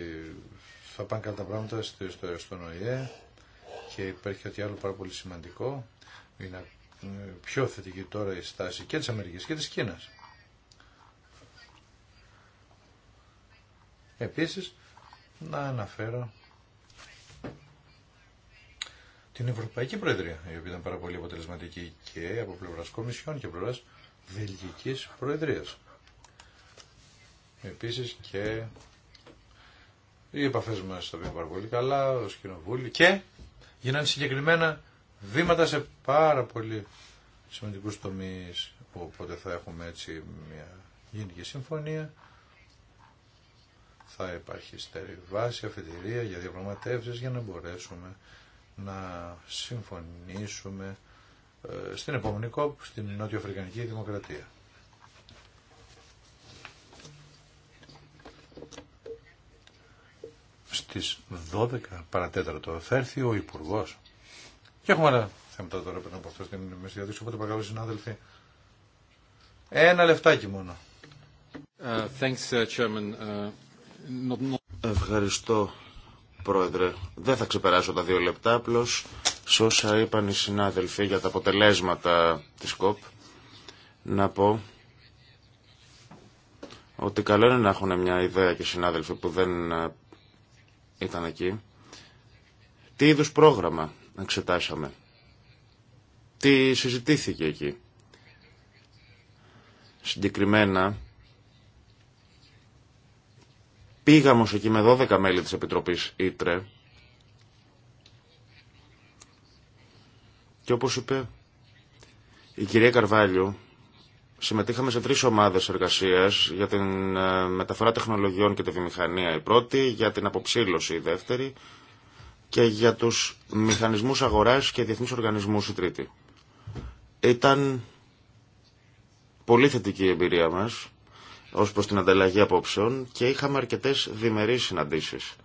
θα πάνε καλά τα πράγματα στο, στο, και υπάρχει κάτι άλλο πάρα πολύ σημαντικό. Είναι πιο θετική τώρα η στάση και της Αμερικής και της Κίνας. Επίσης, να αναφέρω την Ευρωπαϊκή Προεδρία, η οποία ήταν πάρα πολύ αποτελεσματική και από πλευράς Κομισιόν και πλευράς Βελγικής Προεδρίας. Επίσης και οι επαφές μας τα πήγαν πάρα πολύ καλά, ο Σκηνοβούλη και γίνανε συγκεκριμένα βήματα σε πάρα πολύ σημαντικούς τομείς, οπότε θα έχουμε έτσι μια γενική συμφωνία θα υπάρχει στέρη βάση, αφετηρία για διαπραγματεύσεις για να μπορέσουμε να συμφωνήσουμε ε, στην επόμενη κόπ στην Νότιο Αφρικανική Δημοκρατία. Στις 12 παρατέταρτο θα έρθει ο υπουργό. Και έχουμε άλλα θέματα τώρα πριν από αυτό στην Μεσδιαδίξη, οπότε παρακαλώ συνάδελφοι. Ένα λεφτάκι μόνο. Uh, thanks, uh, chairman. Uh, Ευχαριστώ, Πρόεδρε. Δεν θα ξεπεράσω τα δύο λεπτά, απλώ σε όσα είπαν οι συνάδελφοι για τα αποτελέσματα της ΚΟΠ, να πω ότι καλό είναι να έχουν μια ιδέα και συνάδελφοι που δεν ε, ήταν εκεί. Τι είδους πρόγραμμα εξετάσαμε. Τι συζητήθηκε εκεί. Συγκεκριμένα, Πήγαμε ως εκεί με 12 μέλη της Επιτροπής Ήτρε και όπω είπε η κυρία Καρβάλιο συμμετείχαμε σε τρεις ομάδες εργασίας για την ε, μεταφορά τεχνολογιών και τη βιομηχανία η πρώτη, για την αποψήλωση η δεύτερη και για τους μηχανισμούς αγοράς και διεθνεί οργανισμού η τρίτη. Ήταν πολύ θετική η εμπειρία μας ως προς την ανταλλαγή απόψεων και είχαμε αρκετές διμερείς συναντήσεις.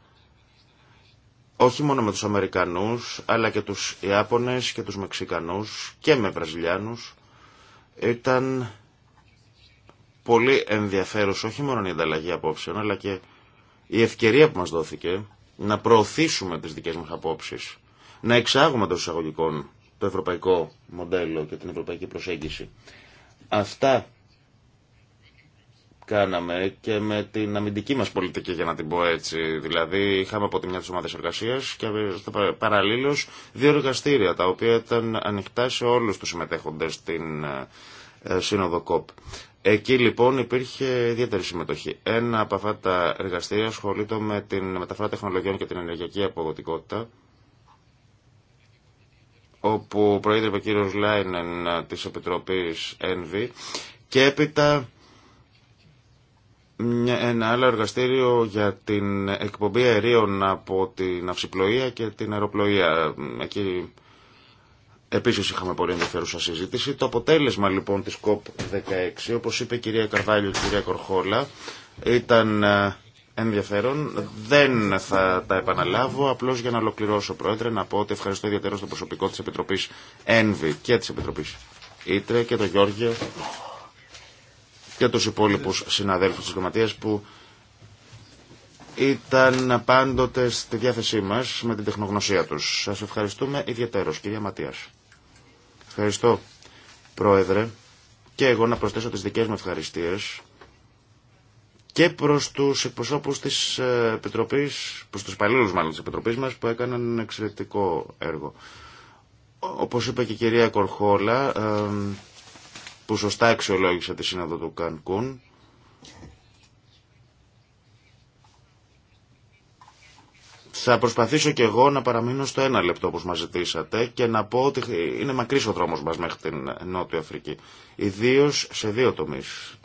Όχι μόνο με τους Αμερικανούς, αλλά και τους Ιάπωνες και τους Μεξικανούς και με Βραζιλιάνους. Ήταν πολύ ενδιαφέρον όχι μόνο η ανταλλαγή απόψεων, αλλά και η ευκαιρία που μας δόθηκε να προωθήσουμε τις δικές μας απόψεις, να εξάγουμε των εισαγωγικών το ευρωπαϊκό μοντέλο και την ευρωπαϊκή προσέγγιση. Αυτά κάναμε και με την αμυντική μας πολιτική για να την πω έτσι. Δηλαδή είχαμε από τη μια της ομάδας εργασίας και παραλλήλως δύο εργαστήρια τα οποία ήταν ανοιχτά σε όλους τους συμμετέχοντες στην ε, Σύνοδο ΚΟΠ. Εκεί λοιπόν υπήρχε ιδιαίτερη συμμετοχή. Ένα από αυτά τα εργαστήρια ασχολείται με την μεταφορά τεχνολογιών και την ενεργειακή αποδοτικότητα όπου προείδρευε ο κύριος Λάινεν ε, της Επιτροπής ΕΝΒΗ και έπειτα ένα άλλο εργαστήριο για την εκπομπή αερίων από την αυσιπλοεία και την αεροπλοεία. Εκεί επίσης είχαμε πολύ ενδιαφέρουσα συζήτηση. Το αποτέλεσμα λοιπόν της COP16, όπως είπε η κυρία Καρβάλιο και η κυρία Κορχόλα, ήταν ε, ενδιαφέρον. Δεν θα τα επαναλάβω, απλώς για να ολοκληρώσω πρόεδρε, να πω ότι ευχαριστώ ιδιαίτερα στο προσωπικό της Επιτροπής ΕΝΒΗ και της Επιτροπής Ήτρε και το Γιώργιο και τους υπόλοιπους συναδέλφους της Γραμματείας που ήταν πάντοτε στη διάθεσή μας με την τεχνογνωσία τους. Σας ευχαριστούμε ιδιαίτερος, κυρία Ματίας. Ευχαριστώ, Πρόεδρε, και εγώ να προσθέσω τις δικές μου ευχαριστίες και προς τους εκπροσώπους της ε, Επιτροπής, προς τους υπαλλήλους μάλλον της Επιτροπής μας που έκαναν εξαιρετικό έργο. Όπως είπε και η κυρία Κορχόλα, ε, που σωστά αξιολόγησε τη σύνοδο του Κανκούν. Θα προσπαθήσω και εγώ να παραμείνω στο ένα λεπτό όπως μας ζητήσατε και να πω ότι είναι μακρύς ο δρόμος μας μέχρι την Νότια Αφρική. Ιδίως σε δύο τομείς,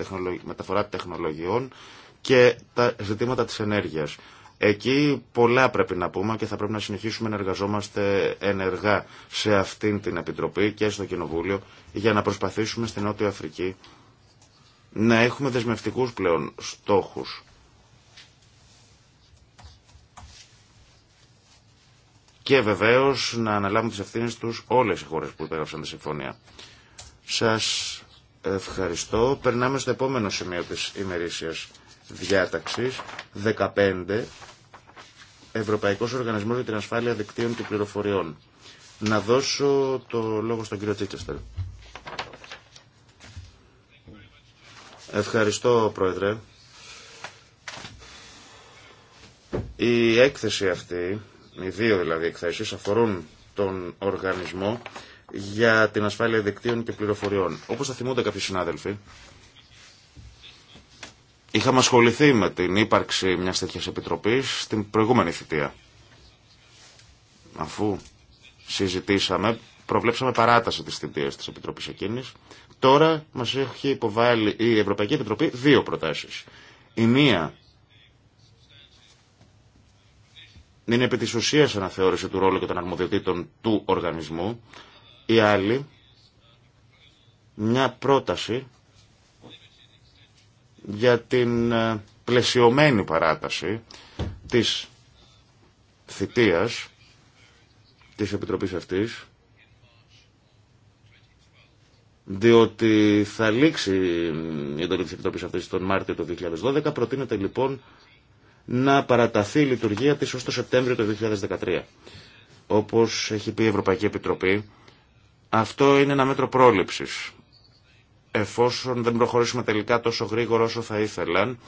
μεταφορά τεχνολογιών και τα ζητήματα της ενέργειας. Εκεί πολλά πρέπει να πούμε και θα πρέπει να συνεχίσουμε να εργαζόμαστε ενεργά σε αυτήν την Επιτροπή και στο Κοινοβούλιο για να προσπαθήσουμε στην Νότια Αφρική να έχουμε δεσμευτικούς πλέον στόχους. Και βεβαίως να αναλάβουν τις ευθύνες τους όλες οι χώρες που υπέγραψαν τη συμφωνία. Σας ευχαριστώ. Περνάμε στο επόμενο σημείο της ημερήσιας διάταξης, 15 Ευρωπαϊκός Οργανισμός για την Ασφάλεια Δικτύων και Πληροφοριών. Να δώσω το λόγο στον κύριο Τσίτσεστερ. Ευχαριστώ, Πρόεδρε. Η έκθεση αυτή, οι δύο δηλαδή εκθέσεις, αφορούν τον οργανισμό για την ασφάλεια δικτύων και πληροφοριών. Όπως θα θυμούνται κάποιοι συνάδελφοι, Είχαμε ασχοληθεί με την ύπαρξη μιας τέτοιας επιτροπής στην προηγούμενη θητεία. Αφού συζητήσαμε, προβλέψαμε παράταση της θητείας της Επιτροπής εκείνης. Τώρα μας έχει υποβάλει η Ευρωπαϊκή Επιτροπή δύο προτάσεις. Η μία είναι επί της ουσίας αναθεώρηση του ρόλου και των αρμοδιοτήτων του οργανισμού. Η άλλη μια πρόταση για την ε, πλαισιωμένη παράταση της θητείας της Επιτροπής αυτής διότι θα λήξει η εντολή της Επιτροπής αυτής τον Μάρτιο του 2012 προτείνεται λοιπόν να παραταθεί η λειτουργία της ως το Σεπτέμβριο του 2013 όπως έχει πει η Ευρωπαϊκή Επιτροπή αυτό είναι ένα μέτρο πρόληψης εφόσον δεν προχωρήσουμε τελικά τόσο γρήγορα όσο θα ήθελαν,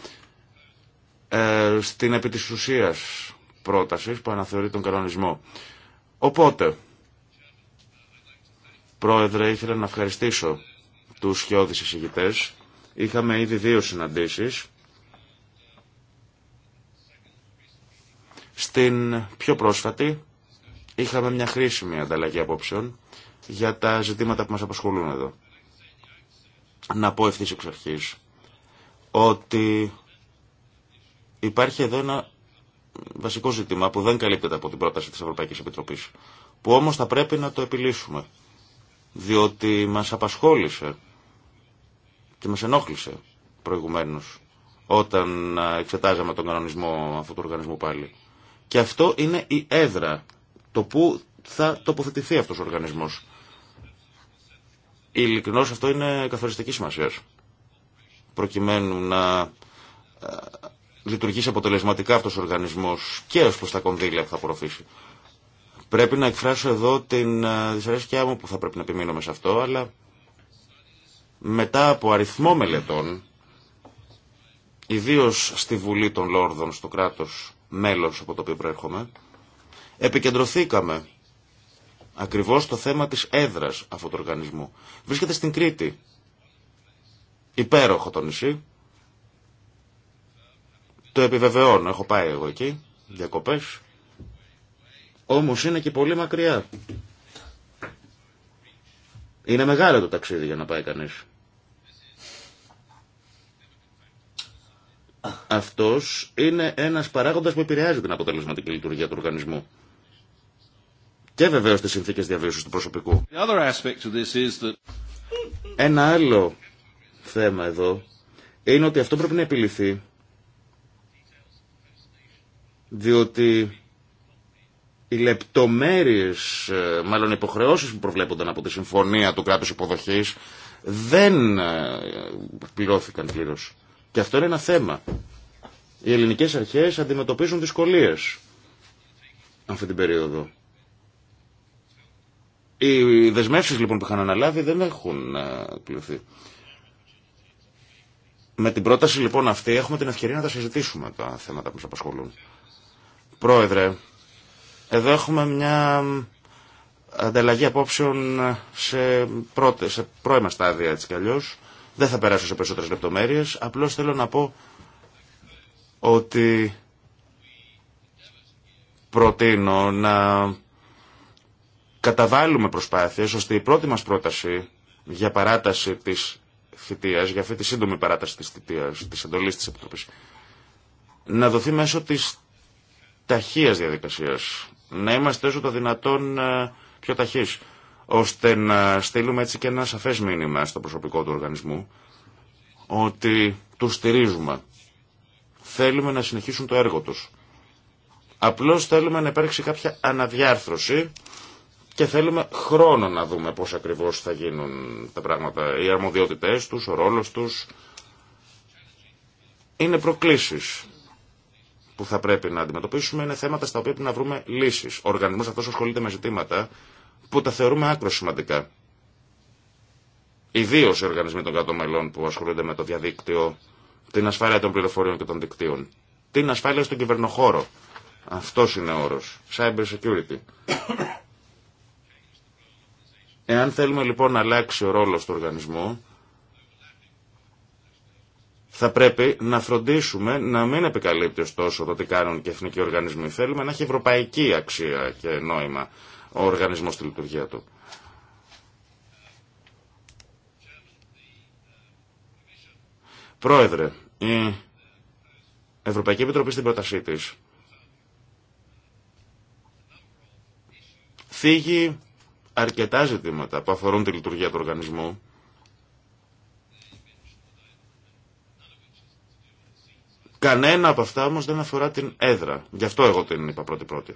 ε, στην επί της πρόταση που αναθεωρεί τον κανονισμό. Οπότε, Πρόεδρε, ήθελα να ευχαριστήσω τους χιώδης εισηγητές. Είχαμε ήδη δύο συναντήσεις. Στην πιο πρόσφατη είχαμε μια χρήσιμη ανταλλαγή απόψεων για τα ζητήματα που μας απασχολούν εδώ να πω ευθύς εξ αρχής ότι υπάρχει εδώ ένα βασικό ζήτημα που δεν καλύπτεται από την πρόταση της Ευρωπαϊκής Επιτροπής, που όμως θα πρέπει να το επιλύσουμε, διότι μας απασχόλησε και μας ενόχλησε προηγουμένως όταν εξετάζαμε τον κανονισμό αυτού του οργανισμού πάλι. Και αυτό είναι η έδρα, το που θα τοποθετηθεί αυτός ο οργανισμός ειλικρινώ αυτό είναι καθοριστική σημασία. Προκειμένου να ε, λειτουργήσει αποτελεσματικά αυτό ο οργανισμός και ω προ τα κονδύλια που θα απορροφήσει. Πρέπει να εκφράσω εδώ την ε, δυσαρέσκειά μου που θα πρέπει να επιμείνω σε αυτό, αλλά μετά από αριθμό μελετών, ιδίω στη Βουλή των Λόρδων, στο κράτο μέλο από το οποίο προέρχομαι, επικεντρωθήκαμε Ακριβώς το θέμα της έδρας αυτού του οργανισμού. Βρίσκεται στην Κρήτη. Υπέροχο το νησί. Το επιβεβαιώνω. Έχω πάει εγώ εκεί. Διακοπές. Όμως είναι και πολύ μακριά. Είναι μεγάλο το ταξίδι για να πάει κανείς. Αυτός είναι ένας παράγοντας που επηρεάζει την αποτελεσματική λειτουργία του οργανισμού και βεβαίως τις συνθήκες διαβίωσης του προσωπικού. Ένα άλλο θέμα εδώ είναι ότι αυτό πρέπει να επιληθεί διότι οι λεπτομέρειες, ε, μάλλον οι υποχρεώσεις που προβλέπονταν από τη συμφωνία του κράτους υποδοχής δεν ε, πληρώθηκαν πλήρως. Και αυτό είναι ένα θέμα. Οι ελληνικές αρχές αντιμετωπίζουν δυσκολίες αυτή την περίοδο. Οι δεσμεύσει λοιπόν που είχαν αναλάβει δεν έχουν πληρωθεί. Ε, Με την πρόταση λοιπόν αυτή έχουμε την ευκαιρία να τα συζητήσουμε τα θέματα που μας απασχολούν. Πρόεδρε, εδώ έχουμε μια ανταλλαγή απόψεων ε, σε, πρώτε, σε πρώιμα στάδια έτσι κι αλλιώς. Δεν θα περάσω σε περισσότερες λεπτομέρειες, απλώς θέλω να πω ότι προτείνω να καταβάλουμε προσπάθειες ώστε η πρώτη μας πρόταση για παράταση της θητείας, για αυτή τη σύντομη παράταση της θητείας, της εντολής της Επιτροπής, να δοθεί μέσω της ταχείας διαδικασίας. Να είμαστε όσο το δυνατόν ε, πιο ταχείς, ώστε να στείλουμε έτσι και ένα σαφές μήνυμα στο προσωπικό του οργανισμού, ότι του στηρίζουμε. Θέλουμε να συνεχίσουν το έργο τους. Απλώς θέλουμε να υπάρξει κάποια αναδιάρθρωση και θέλουμε χρόνο να δούμε πώς ακριβώς θα γίνουν τα πράγματα. Οι αρμοδιότητές τους, ο ρόλος τους είναι προκλήσεις που θα πρέπει να αντιμετωπίσουμε. Είναι θέματα στα οποία πρέπει να βρούμε λύσεις. Ο οργανισμός αυτός ασχολείται με ζητήματα που τα θεωρούμε άκρο σημαντικά. Ιδίω οι οργανισμοί των κάτω μελών που ασχολούνται με το διαδίκτυο, την ασφάλεια των πληροφοριών και των δικτύων, την ασφάλεια στον κυβερνοχώρο. Αυτό είναι ο όρο. Cyber security. Εάν θέλουμε λοιπόν να αλλάξει ο ρόλος του οργανισμού, θα πρέπει να φροντίσουμε να μην επικαλύπτει ωστόσο το τι κάνουν και εθνικοί οργανισμοί. Θέλουμε να έχει ευρωπαϊκή αξία και νόημα ο οργανισμός στη λειτουργία του. Πρόεδρε, η Ευρωπαϊκή Επιτροπή στην πρότασή της θίγει αρκετά ζητήματα που αφορούν τη λειτουργία του οργανισμού Κανένα από αυτά όμως δεν αφορά την έδρα. Γι' αυτό εγώ την είπα πρώτη-πρώτη.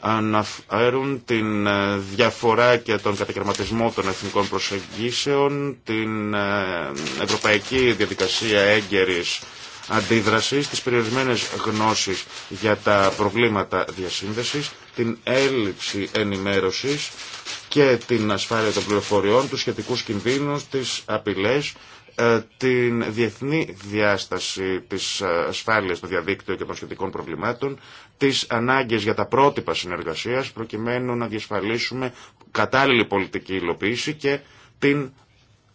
Αναφέρουν την ε, διαφορά και τον κατακαιρματισμό των εθνικών προσεγγίσεων, την ε, ευρωπαϊκή διαδικασία έγκαιρης αντίδραση τις περιορισμένες γνώσεις για τα προβλήματα διασύνδεσης, την έλλειψη ενημέρωσης και την ασφάλεια των πληροφοριών, τους σχετικούς κινδύνους, τις απειλές, ε, την διεθνή διάσταση της ε, ασφάλειας στο διαδίκτυο και των σχετικών προβλημάτων, τις ανάγκες για τα πρότυπα συνεργασίας προκειμένου να διασφαλίσουμε κατάλληλη πολιτική υλοποίηση και την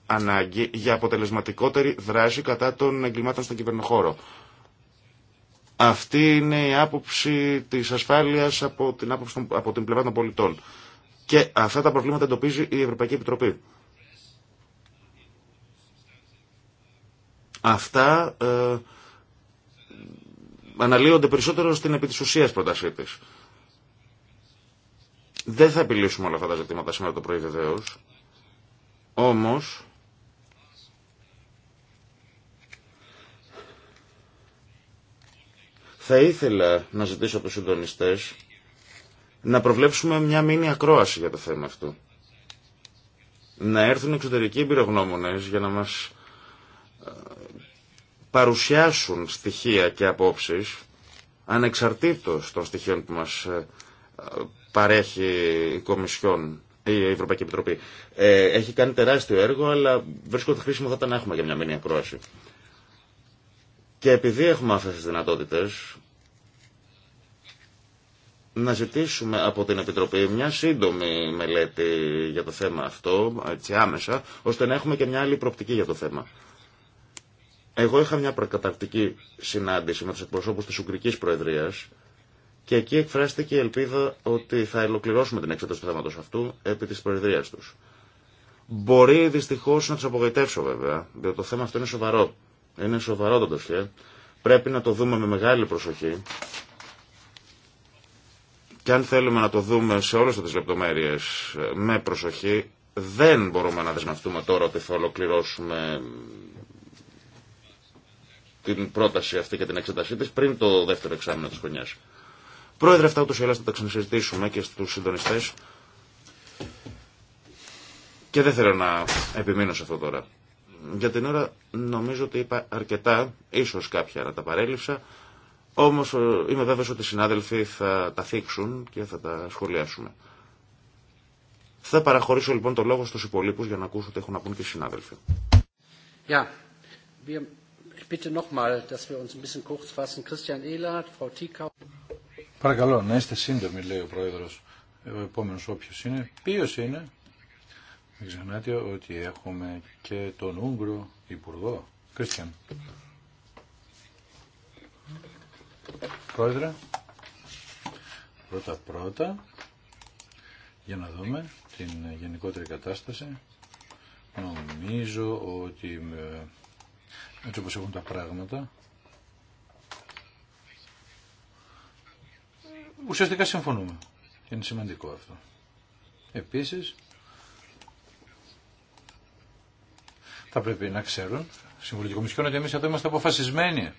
ανάγκη για αποτελεσματικότερη δράση κατά των εγκλημάτων στον κυβερνοχώρο. Αυτή είναι η άποψη της ασφάλειας από την, άποψη από την πλευρά των πολιτών. Και αυτά τα προβλήματα εντοπίζει η Ευρωπαϊκή Επιτροπή. Αυτά ε, αναλύονται περισσότερο στην επί της πρότασή της. Δεν θα επιλύσουμε όλα αυτά τα ζητήματα σήμερα το πρωί βεβαίω. Όμως, Θα ήθελα να ζητήσω από τους συντονιστές να προβλέψουμε μια μήνυ ακρόαση για το θέμα αυτό. Να έρθουν εξωτερικοί εμπειρογνώμονες για να μας ε, παρουσιάσουν στοιχεία και απόψεις ανεξαρτήτως των στοιχείων που μας ε, παρέχει η Κομισιόν η Ευρωπαϊκή Επιτροπή. Ε, έχει κάνει τεράστιο έργο, αλλά βρίσκω ότι χρήσιμο θα τα να έχουμε για μια μήνυα ακρόαση. Και επειδή έχουμε αυτές τις δυνατότητες, να ζητήσουμε από την Επιτροπή μια σύντομη μελέτη για το θέμα αυτό, έτσι άμεσα, ώστε να έχουμε και μια άλλη προοπτική για το θέμα. Εγώ είχα μια προκαταρκτική συνάντηση με τους εκπροσώπους της Ουγγρικής Προεδρίας και εκεί εκφράστηκε η ελπίδα ότι θα ελοκληρώσουμε την εξέταση του θέματος αυτού επί της Προεδρίας τους. Μπορεί δυστυχώς να τους απογοητεύσω βέβαια, διότι το θέμα αυτό είναι σοβαρό. Είναι σοβαρό το Πρέπει να το δούμε με μεγάλη προσοχή. Και αν θέλουμε να το δούμε σε όλες τις λεπτομέρειες με προσοχή, δεν μπορούμε να δεσμευτούμε τώρα ότι θα ολοκληρώσουμε την πρόταση αυτή και την εξετασή της πριν το δεύτερο εξάμεινο της χρονιάς. Πρόεδρε, αυτά ούτως ή θα τα ξανασυζητήσουμε και στους συντονιστές. Και δεν θέλω να επιμείνω σε αυτό τώρα. Για την ώρα νομίζω ότι είπα αρκετά, ίσως κάποια να τα παρέλειψα, όμως ε, είμαι βέβαιος ότι οι συνάδελφοι θα τα θίξουν και θα τα σχολιάσουμε. Θα παραχωρήσω λοιπόν το λόγο στους υπολείπους για να ακούσω τι έχουν να πούν και οι συνάδελφοι. ich bitte nochmal, dass wir uns ein bisschen kurz fassen. Christian Ehlert, Frau Tikau. Παρακαλώ, να είστε σύντομοι, λέει ο Πρόεδρος. Ο επόμενος όποιος είναι. Ποιος είναι. Μην ξεχνάτε ότι έχουμε και τον Ούγγρο Υπουργό. Κρίστιαν. Πρόεδρε, πρώτα-πρώτα, για να δούμε την γενικότερη κατάσταση. Νομίζω ότι ε, έτσι όπως έχουν τα πράγματα, ουσιαστικά συμφωνούμε. Είναι σημαντικό αυτό. Επίσης, θα πρέπει να ξέρουν, Συμβουλή Κομισιόν, ότι εμείς εδώ είμαστε αποφασισμένοι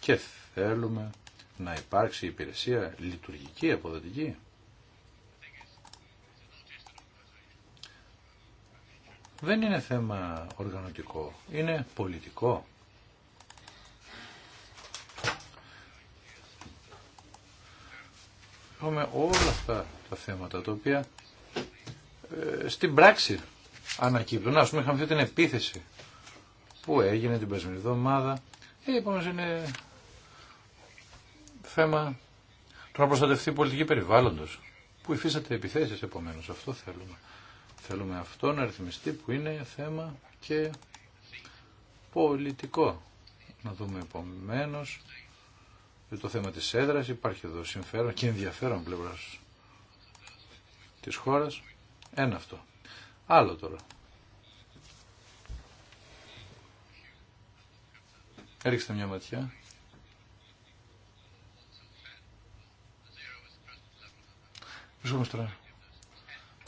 και θέλουμε να υπάρξει υπηρεσία λειτουργική, αποδοτική. Δεν είναι θέμα οργανωτικό, είναι πολιτικό. Έχουμε όλα αυτά τα θέματα τα οποία ε, στην πράξη ανακύπτουν. α πούμε είχαμε αυτή την επίθεση που έγινε την περσμένη εβδομάδα. Ε, επομένως λοιπόν, είναι θέμα του να προστατευτεί η πολιτική περιβάλλοντος που υφίσταται επιθέσεις επομένως. Αυτό θέλουμε. Θέλουμε αυτό να ρυθμιστεί που είναι θέμα και πολιτικό. Να δούμε επομένω το θέμα της έδρας. Υπάρχει εδώ συμφέρον και ενδιαφέρον πλευράς της χώρας. Ένα αυτό. Άλλο τώρα. Έριξτε μια ματιά. Βρισκόμαστε τώρα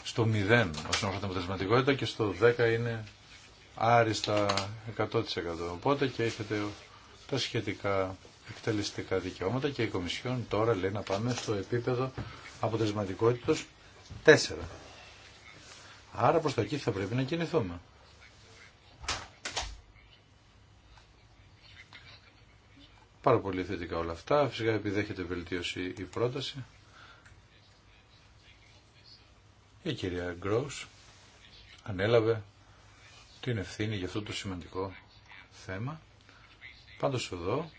στο 0 όσον αφορά την αποτελεσματικότητα και στο 10 είναι άριστα 100%. Οπότε και έχετε τα σχετικά εκτελεστικά δικαιώματα και η Κομισιόν τώρα λέει να πάμε στο επίπεδο αποτελεσματικότητας 4. Άρα προς τα εκεί θα πρέπει να κινηθούμε. Πάρα πολύ θετικά όλα αυτά. Φυσικά επιδέχεται βελτίωση η πρόταση. Η κυρία Γκρός ανέλαβε την ευθύνη για αυτό το σημαντικό θέμα. Πάντως εδώ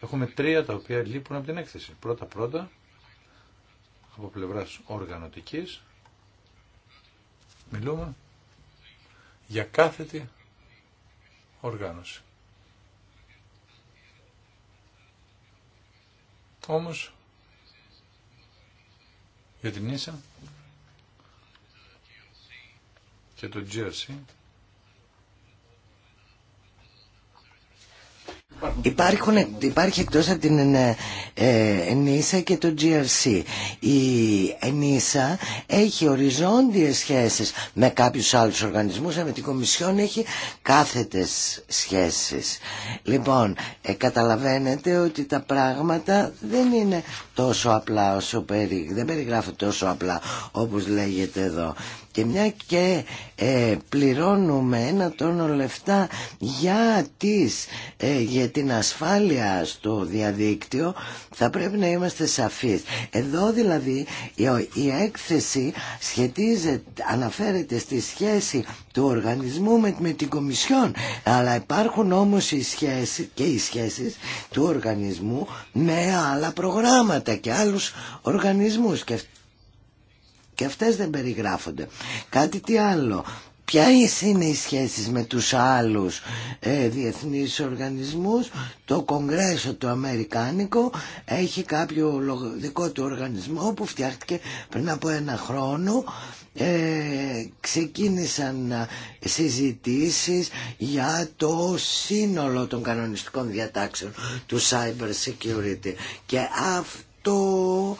έχουμε τρία τα οποία λείπουν από την έκθεση. Πρώτα-πρώτα από πλευράς οργανωτικής Μιλούμε για κάθετη οργάνωση. Όμως, για την ίσα και το GRC Υπάρχουν, υπάρχει εκτό από την ε, ε, ΕΝΙΣΑ και το GRC. Η ΕΝΙΣΑ έχει οριζόντιες σχέσεις με κάποιους άλλους οργανισμούς, αλλά με την Κομισιόν έχει κάθετες σχέσεις. Λοιπόν, ε, καταλαβαίνετε ότι τα πράγματα δεν είναι τόσο απλά όσο περι, δεν περιγράφονται τόσο απλά όπως λέγεται εδώ και μια και ε, πληρώνουμε ένα τόνο λεφτά για, τις, ε, για την ασφάλεια στο διαδίκτυο θα πρέπει να είμαστε σαφείς. Εδώ δηλαδή η, η έκθεση σχετίζεται, αναφέρεται στη σχέση του οργανισμού με, με την Κομισιόν αλλά υπάρχουν όμως οι σχέσεις, και οι σχέσεις του οργανισμού με άλλα προγράμματα και άλλους οργανισμούς και αυτές δεν περιγράφονται. Κάτι τι άλλο. Ποια είναι οι σχέσεις με τους άλλους ε, διεθνείς οργανισμούς. Το Κογκρέσο το Αμερικάνικο έχει κάποιο δικό του οργανισμό που φτιάχτηκε πριν από ένα χρόνο. Ε, ξεκίνησαν ε, συζητήσεις για το σύνολο των κανονιστικών διατάξεων του cyber security και αυτό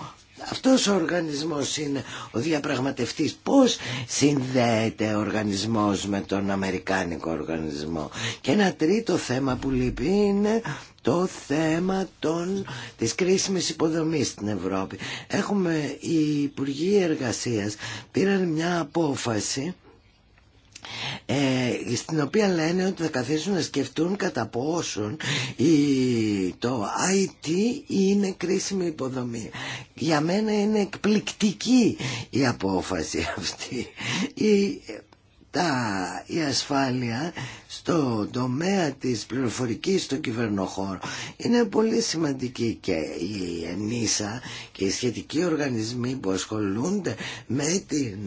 αυτός ο οργανισμός είναι ο διαπραγματευτής. Πώς συνδέεται ο οργανισμός με τον Αμερικάνικο οργανισμό. Και ένα τρίτο θέμα που λείπει είναι το θέμα των, της κρίσιμης υποδομής στην Ευρώπη. Έχουμε, οι Υπουργοί Εργασίας πήραν μια απόφαση ε, στην οποία λένε ότι θα καθίσουν να σκεφτούν κατά πόσον η, το IT είναι κρίσιμη υποδομή. Για μένα είναι εκπληκτική η απόφαση αυτή η ασφάλεια στο τομέα της πληροφορικής στο κυβερνοχώρο είναι πολύ σημαντική και η ΕΝΙΣΑ και οι σχετικοί οργανισμοί που ασχολούνται με την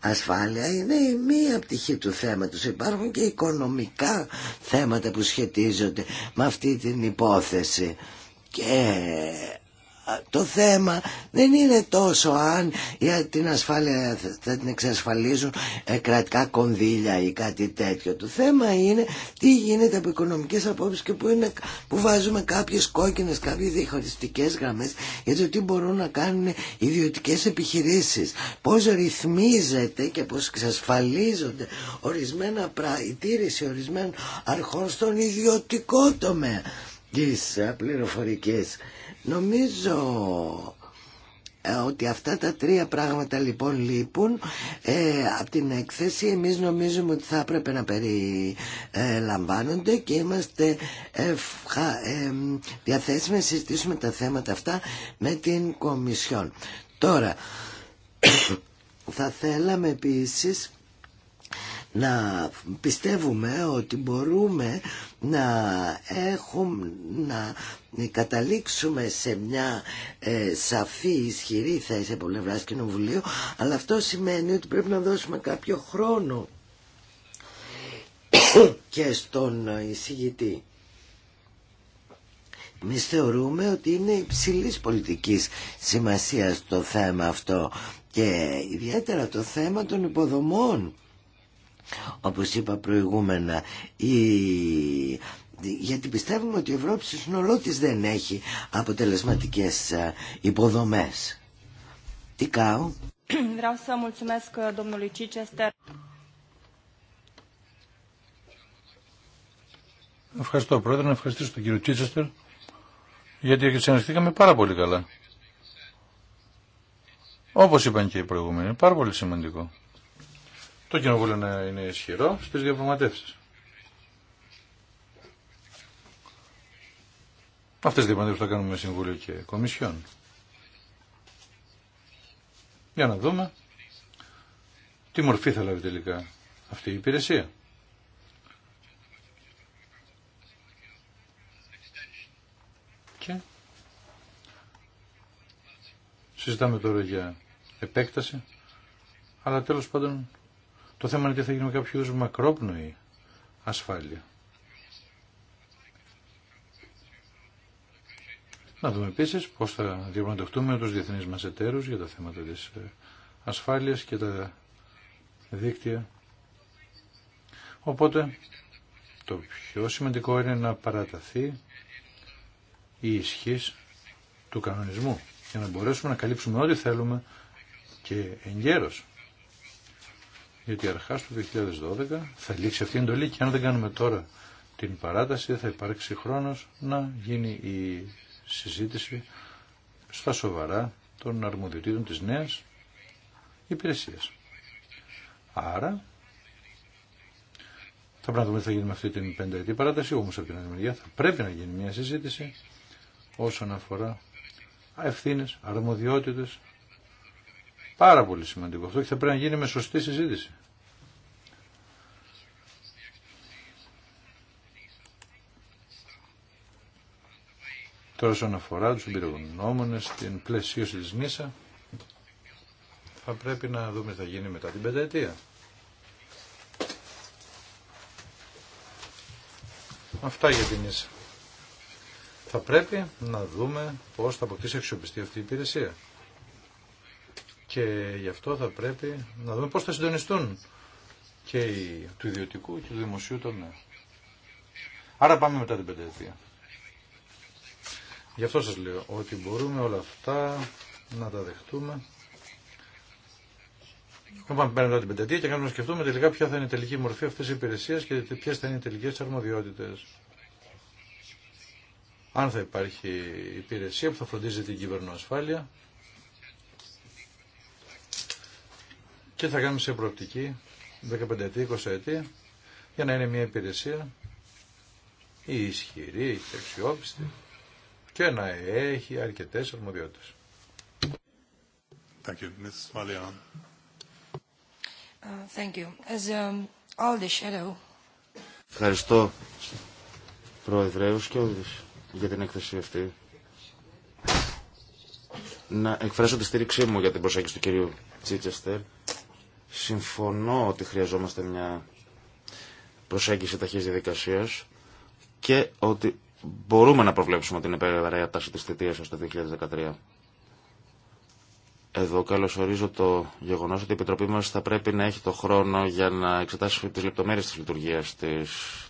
ασφάλεια είναι η μία πτυχή του θέματος. Υπάρχουν και οικονομικά θέματα που σχετίζονται με αυτή την υπόθεση και το θέμα δεν είναι τόσο αν για την ασφάλεια θα την εξασφαλίζουν ε, κρατικά κονδύλια ή κάτι τέτοιο. Το θέμα είναι τι γίνεται από οικονομικές απόψεις και που, είναι, που βάζουμε κάποιες κόκκινες, κάποιες διαχωριστικές γραμμές για το τι μπορούν να κάνουν ιδιωτικές επιχειρήσεις. Πώς ρυθμίζεται και πώς εξασφαλίζονται ορισμένα πρα... η τήρηση ορισμένων αρχών στον ιδιωτικό τομέα της ε, πληροφορικής. Νομίζω ε, ότι αυτά τα τρία πράγματα λοιπόν λείπουν ε, από την έκθεση εμείς νομίζουμε ότι θα έπρεπε να περιλαμβάνονται και είμαστε ε, διαθέσιμοι να συζητήσουμε τα θέματα αυτά με την Κομισιόν. Τώρα θα θέλαμε επίσης να πιστεύουμε ότι μπορούμε να έχουμε να καταλήξουμε σε μια ε, σαφή ισχυρή θέση από πλευρά κοινοβουλίου αλλά αυτό σημαίνει ότι πρέπει να δώσουμε κάποιο χρόνο και στον εισηγητή. Εμεί θεωρούμε ότι είναι υψηλή πολιτικής σημασίας το θέμα αυτό και ιδιαίτερα το θέμα των υποδομών όπως είπα προηγούμενα, γιατί πιστεύουμε ότι η Ευρώπη στο σύνολό της δεν έχει αποτελεσματικές ε, υποδομές. Τι κάω. Uh, Ευχαριστώ πρόεδρε, να ευχαριστήσω τον κύριο Τσίτσεστερ γιατί συνεργαστήκαμε πάρα πολύ καλά. Όπως είπαν και οι προηγούμενοι, πάρα πολύ σημαντικό το κοινοβούλιο να είναι ισχυρό στις διαπραγματεύσεις. Αυτές οι διαπραγματεύσεις θα κάνουμε με Συμβούλιο και Κομισιόν. Για να δούμε τι μορφή θα λάβει τελικά αυτή η υπηρεσία. Και συζητάμε τώρα για επέκταση, αλλά τέλος πάντων το θέμα είναι τι θα γίνει με κάποιο μακρόπνοη ασφάλεια. Να δούμε επίση πώ θα διαπραγματευτούμε με του διεθνεί μα εταίρου για τα θέματα τη ε, ασφάλεια και τα δίκτυα. Οπότε το πιο σημαντικό είναι να παραταθεί η ισχύς του κανονισμού για να μπορέσουμε να καλύψουμε ό,τι θέλουμε και εγκαίρως γιατί αρχά του 2012 θα λήξει αυτή η εντολή και αν δεν κάνουμε τώρα την παράταση θα υπάρξει χρόνος να γίνει η συζήτηση στα σοβαρά των αρμοδιοτήτων της νέας υπηρεσίας. Άρα θα πρέπει να δούμε τι θα γίνει με αυτή την πενταετή παράταση, όμως από την άλλη θα πρέπει να γίνει μια συζήτηση όσον αφορά ευθύνες, αρμοδιότητες Πάρα πολύ σημαντικό αυτό και θα πρέπει να γίνει με σωστή συζήτηση. Τώρα όσον αφορά τους εμπειρογνώμονες την πλαισίωση της Νίσα θα πρέπει να δούμε τι θα γίνει μετά την πενταετία. Αυτά για την Νίσα. Θα πρέπει να δούμε πώς θα αποκτήσει αξιοπιστή αυτή η υπηρεσία. Και γι' αυτό θα πρέπει να δούμε πώς θα συντονιστούν και οι, του ιδιωτικού και του δημοσίου τομέα. Άρα πάμε μετά την πενταετία. Γι' αυτό σας λέω ότι μπορούμε όλα αυτά να τα δεχτούμε. Να πάμε μετά την πενταετία και να σκεφτούμε τελικά ποια θα είναι η τελική μορφή αυτής της υπηρεσίας και ποιε θα είναι οι τελικές αρμοδιότητες. Αν θα υπάρχει υπηρεσία που θα φροντίζει την κυβερνοασφάλεια, και θα κάνουμε σε προοπτική 15 20 ετή για να είναι μια υπηρεσία ισχυρή και αξιόπιστη και να έχει αρκετές αρμοδιότητες. Thank you. Uh, thank you. As, um, Ευχαριστώ, Πρόεδρε, και όλους για την έκθεση αυτή. Να εκφράσω τη στήριξή μου για την προσέγγιση του κυρίου Τσίτσεστερ Συμφωνώ ότι χρειαζόμαστε μια προσέγγιση ταχύς διαδικασίας και ότι μπορούμε να προβλέψουμε την υπεραραία τάση της θητείας ως το 2013. Εδώ καλωσορίζω το γεγονός ότι η Επιτροπή μας θα πρέπει να έχει το χρόνο για να εξετάσει τις λεπτομέρειες της λειτουργίας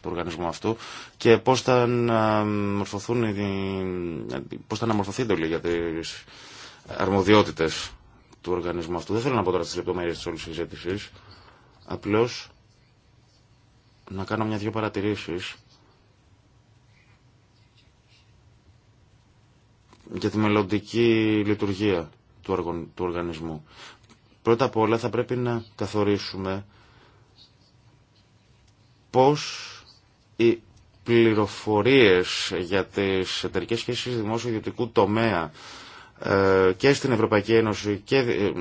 του οργανισμού αυτού και πώς θα, πώς θα αναμορφωθεί εντολή για τις αρμοδιότητες του οργανισμού αυτού. Δεν θέλω να πω τώρα τι λεπτομέρειε τη όλη συζήτηση. Απλώ να κάνω μια-δυο παρατηρήσει για τη μελλοντική λειτουργία του οργανισμού. Πρώτα απ' όλα θα πρέπει να καθορίσουμε πώς οι πληροφορίες για τις εταιρικές σχέσεις δημόσιο-ιδιωτικού τομέα ε, και στην Ευρωπαϊκή Ένωση και ε,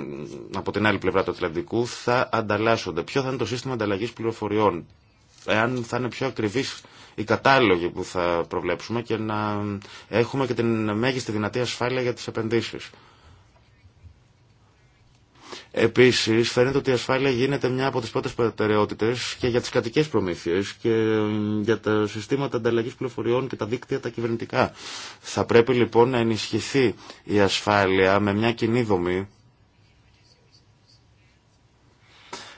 από την άλλη πλευρά του Ατλαντικού θα ανταλλάσσονται. Ποιο θα είναι το σύστημα ανταλλαγής πληροφοριών, εάν θα είναι πιο ακριβής οι κατάλογοι που θα προβλέψουμε και να έχουμε και την μέγιστη δυνατή ασφάλεια για τις επενδύσεις. Επίση, φαίνεται ότι η ασφάλεια γίνεται μια από τι πρώτε προτεραιότητε και για τι κρατικέ προμήθειε και για τα συστήματα ανταλλαγή πληροφοριών και τα δίκτυα τα κυβερνητικά. Θα πρέπει λοιπόν να ενισχυθεί η ασφάλεια με μια κοινή δομή.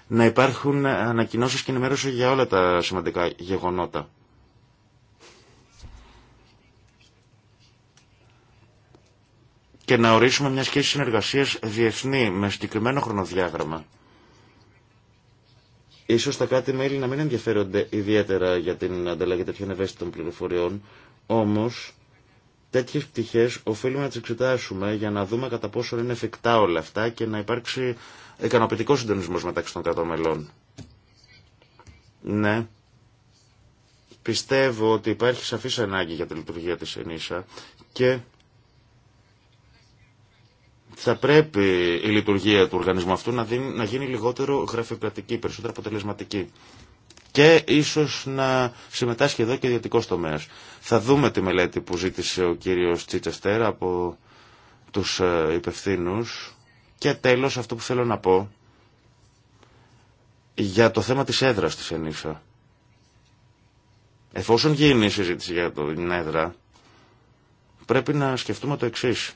Να υπάρχουν ανακοινώσει και ενημέρωση για όλα τα σημαντικά γεγονότα. και να ορίσουμε μια σχέση συνεργασίας διεθνή με συγκεκριμένο χρονοδιάγραμμα. Ίσως τα κάτι μέλη να μην ενδιαφέρονται ιδιαίτερα για την ανταλλαγή τέτοιων ευαίσθητων πληροφοριών, όμως τέτοιες πτυχές οφείλουμε να τις εξετάσουμε για να δούμε κατά πόσο είναι εφικτά όλα αυτά και να υπάρξει ικανοποιητικό συντονισμός μεταξύ των κρατών μελών. Ναι. Πιστεύω ότι υπάρχει σαφής ανάγκη για τη λειτουργία της ΕΝΗΣΑ και θα πρέπει η λειτουργία του οργανισμού αυτού να, να γίνει λιγότερο γραφειοκρατική, περισσότερο αποτελεσματική. Και ίσω να συμμετάσχει εδώ και ιδιωτικό τομέα. Θα δούμε τη μελέτη που ζήτησε ο κύριο Τσίτσεστερ από του ε, υπευθύνου. Και τέλο, αυτό που θέλω να πω για το θέμα της έδρας της ΕΝΗΣΑ. Εφόσον γίνει η συζήτηση για την έδρα, πρέπει να σκεφτούμε το εξής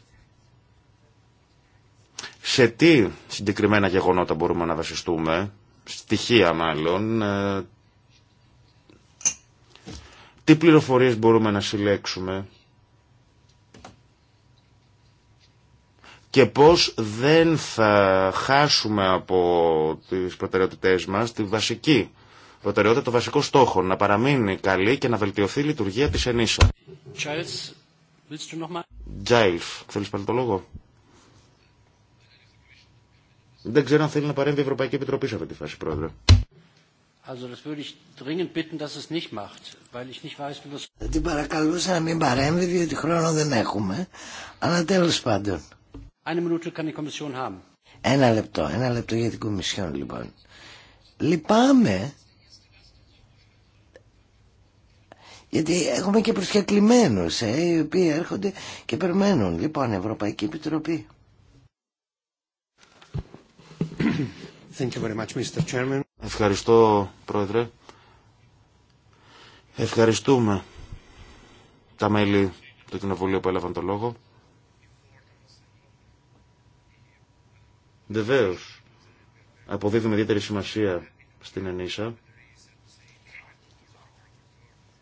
σε τι συγκεκριμένα γεγονότα μπορούμε να βασιστούμε, στοιχεία μάλλον, ε, τι πληροφορίες μπορούμε να συλλέξουμε και πώς δεν θα χάσουμε από τις προτεραιότητές μας τη βασική προτεραιότητα, το βασικό στόχο, να παραμείνει καλή και να βελτιωθεί η λειτουργία της ΕΝΗΣΑ. Giles, θέλεις πάλι το λόγο? Δεν ξέρω αν θέλει να παρέμβει η Ευρωπαϊκή Επιτροπή σε αυτή τη φάση, Πρόεδρε. Θα την παρακαλούσα να μην παρέμβει, διότι χρόνο δεν έχουμε. Αλλά τέλος πάντων. Ένα λεπτό, ένα λεπτό για την Κομισιόν, λοιπόν. Λυπάμαι, γιατί έχουμε και προσκεκλημένους, ε, οι οποίοι έρχονται και περιμένουν. Λοιπόν, Ευρωπαϊκή Επιτροπή. Ευχαριστώ, Πρόεδρε. Ευχαριστούμε τα μέλη του Κοινοβουλίου που έλαβαν το λόγο. Βεβαίω, αποδίδουμε ιδιαίτερη σημασία στην ενίσα.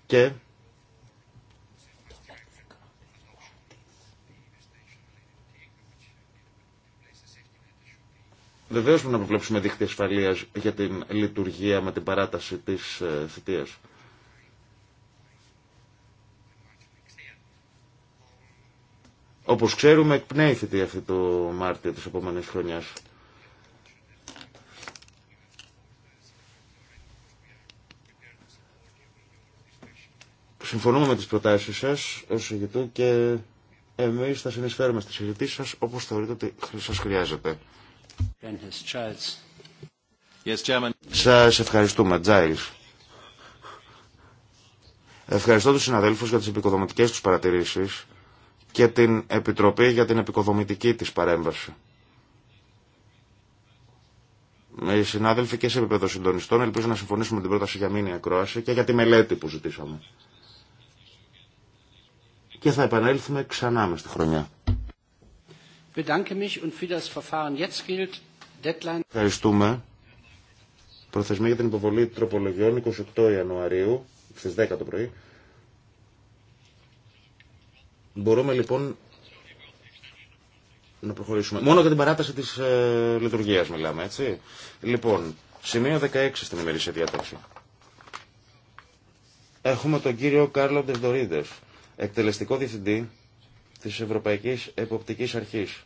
και Βεβαίω πρέπει να προβλέψουμε δίχτυα ασφαλεία για την λειτουργία με την παράταση τη ε, θητεία. Όπω ξέρουμε, εκπνέει η θητεία αυτή το Μάρτιο τη επόμενη χρονιά. Συμφωνούμε με τις προτάσεις σας ως ηγετού και εμείς θα συνεισφέρουμε στις συζητήσεις σας όπως θεωρείτε ότι σας χρειάζεται. Σα Σας ευχαριστούμε, Τζαίλ. Ευχαριστώ τους συναδέλφους για τις επικοδομητικές τους παρατηρήσεις και την Επιτροπή για την επικοδομητική της παρέμβαση. Οι συνάδελφοι και σε επίπεδο συντονιστών ελπίζω να συμφωνήσουμε με την πρόταση για μήνυα ακρόαση και για τη μελέτη που ζητήσαμε. Και θα επανέλθουμε ξανά με στη χρονιά. Ευχαριστούμε. Προθεσμή για την υποβολή τροπολογιών 28 Ιανουαρίου στις 10 το πρωί. Μπορούμε λοιπόν να προχωρήσουμε. Μόνο για την παράταση της ε, λειτουργίας μιλάμε, έτσι. Λοιπόν, σημείο 16 στην ημερήσια διάταξη. Έχουμε τον κύριο Κάρλο Ντεσδορίδες, εκτελεστικό διευθυντή της Ευρωπαϊκής Εποπτικής Αρχής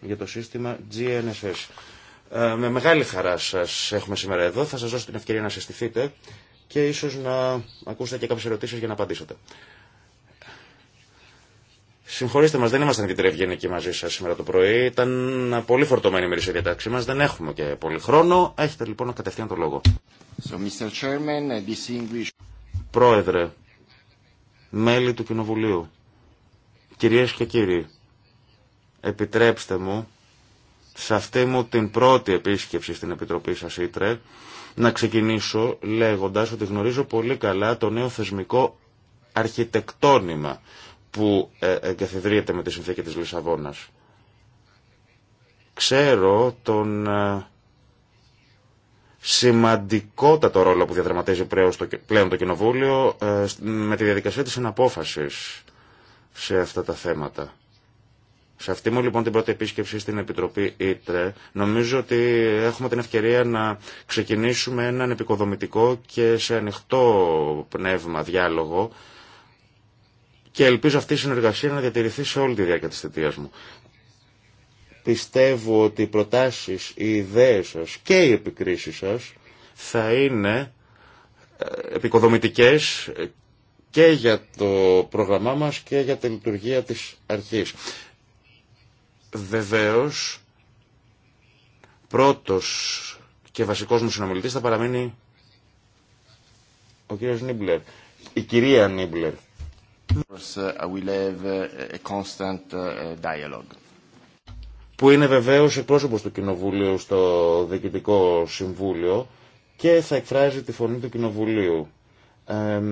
για το σύστημα GNSS. Ε, με μεγάλη χαρά σας έχουμε σήμερα εδώ. Θα σας δώσω την ευκαιρία να συστηθείτε και ίσως να ακούσετε και κάποιες ερωτήσεις για να απαντήσετε. Συγχωρήστε μας, δεν ήμασταν και τρευγενικοί μαζί σας σήμερα το πρωί. Ήταν πολύ φορτωμένη η μερίσια διατάξη μας, δεν έχουμε και πολύ χρόνο. Έχετε λοιπόν κατευθείαν το λόγο. So, Mr. Chairman, uh, Πρόεδρε, μέλη του Κοινοβουλίου, κυρίες και κύριοι, επιτρέψτε μου σε αυτή μου την πρώτη επίσκεψη στην Επιτροπή σας Ήτρε να ξεκινήσω λέγοντας ότι γνωρίζω πολύ καλά το νέο θεσμικό αρχιτεκτόνημα που ε, εγκαθιδρύεται με τη συνθήκη της Λισαβόνας. Ξέρω τον ε, σημαντικότατο ρόλο που διαδραματίζει πλέον το Κοινοβούλιο ε, με τη διαδικασία της αναπόφασης σε αυτά τα θέματα. Σε αυτή μου λοιπόν την πρώτη επίσκεψη στην Επιτροπή Ήτρε, νομίζω ότι έχουμε την ευκαιρία να ξεκινήσουμε έναν επικοδομητικό και σε ανοιχτό πνεύμα διάλογο και ελπίζω αυτή η συνεργασία να διατηρηθεί σε όλη τη διάρκεια της θητείας μου. Πιστεύω ότι οι προτάσεις, οι ιδέες σας και οι επικρίσεις σας θα είναι ε, επικοδομητικές και για το πρόγραμμά μας και για τη λειτουργία της αρχής. Βεβαίως, πρώτος και βασικός μου συνομιλητής θα παραμείνει ο κύριος Νίμπλερ, η κυρία Νίμπλερ. Uh, Που είναι βεβαίως εκπρόσωπος του Κοινοβουλίου στο Διοικητικό Συμβούλιο και θα εκφράζει τη φωνή του Κοινοβουλίου. Ε,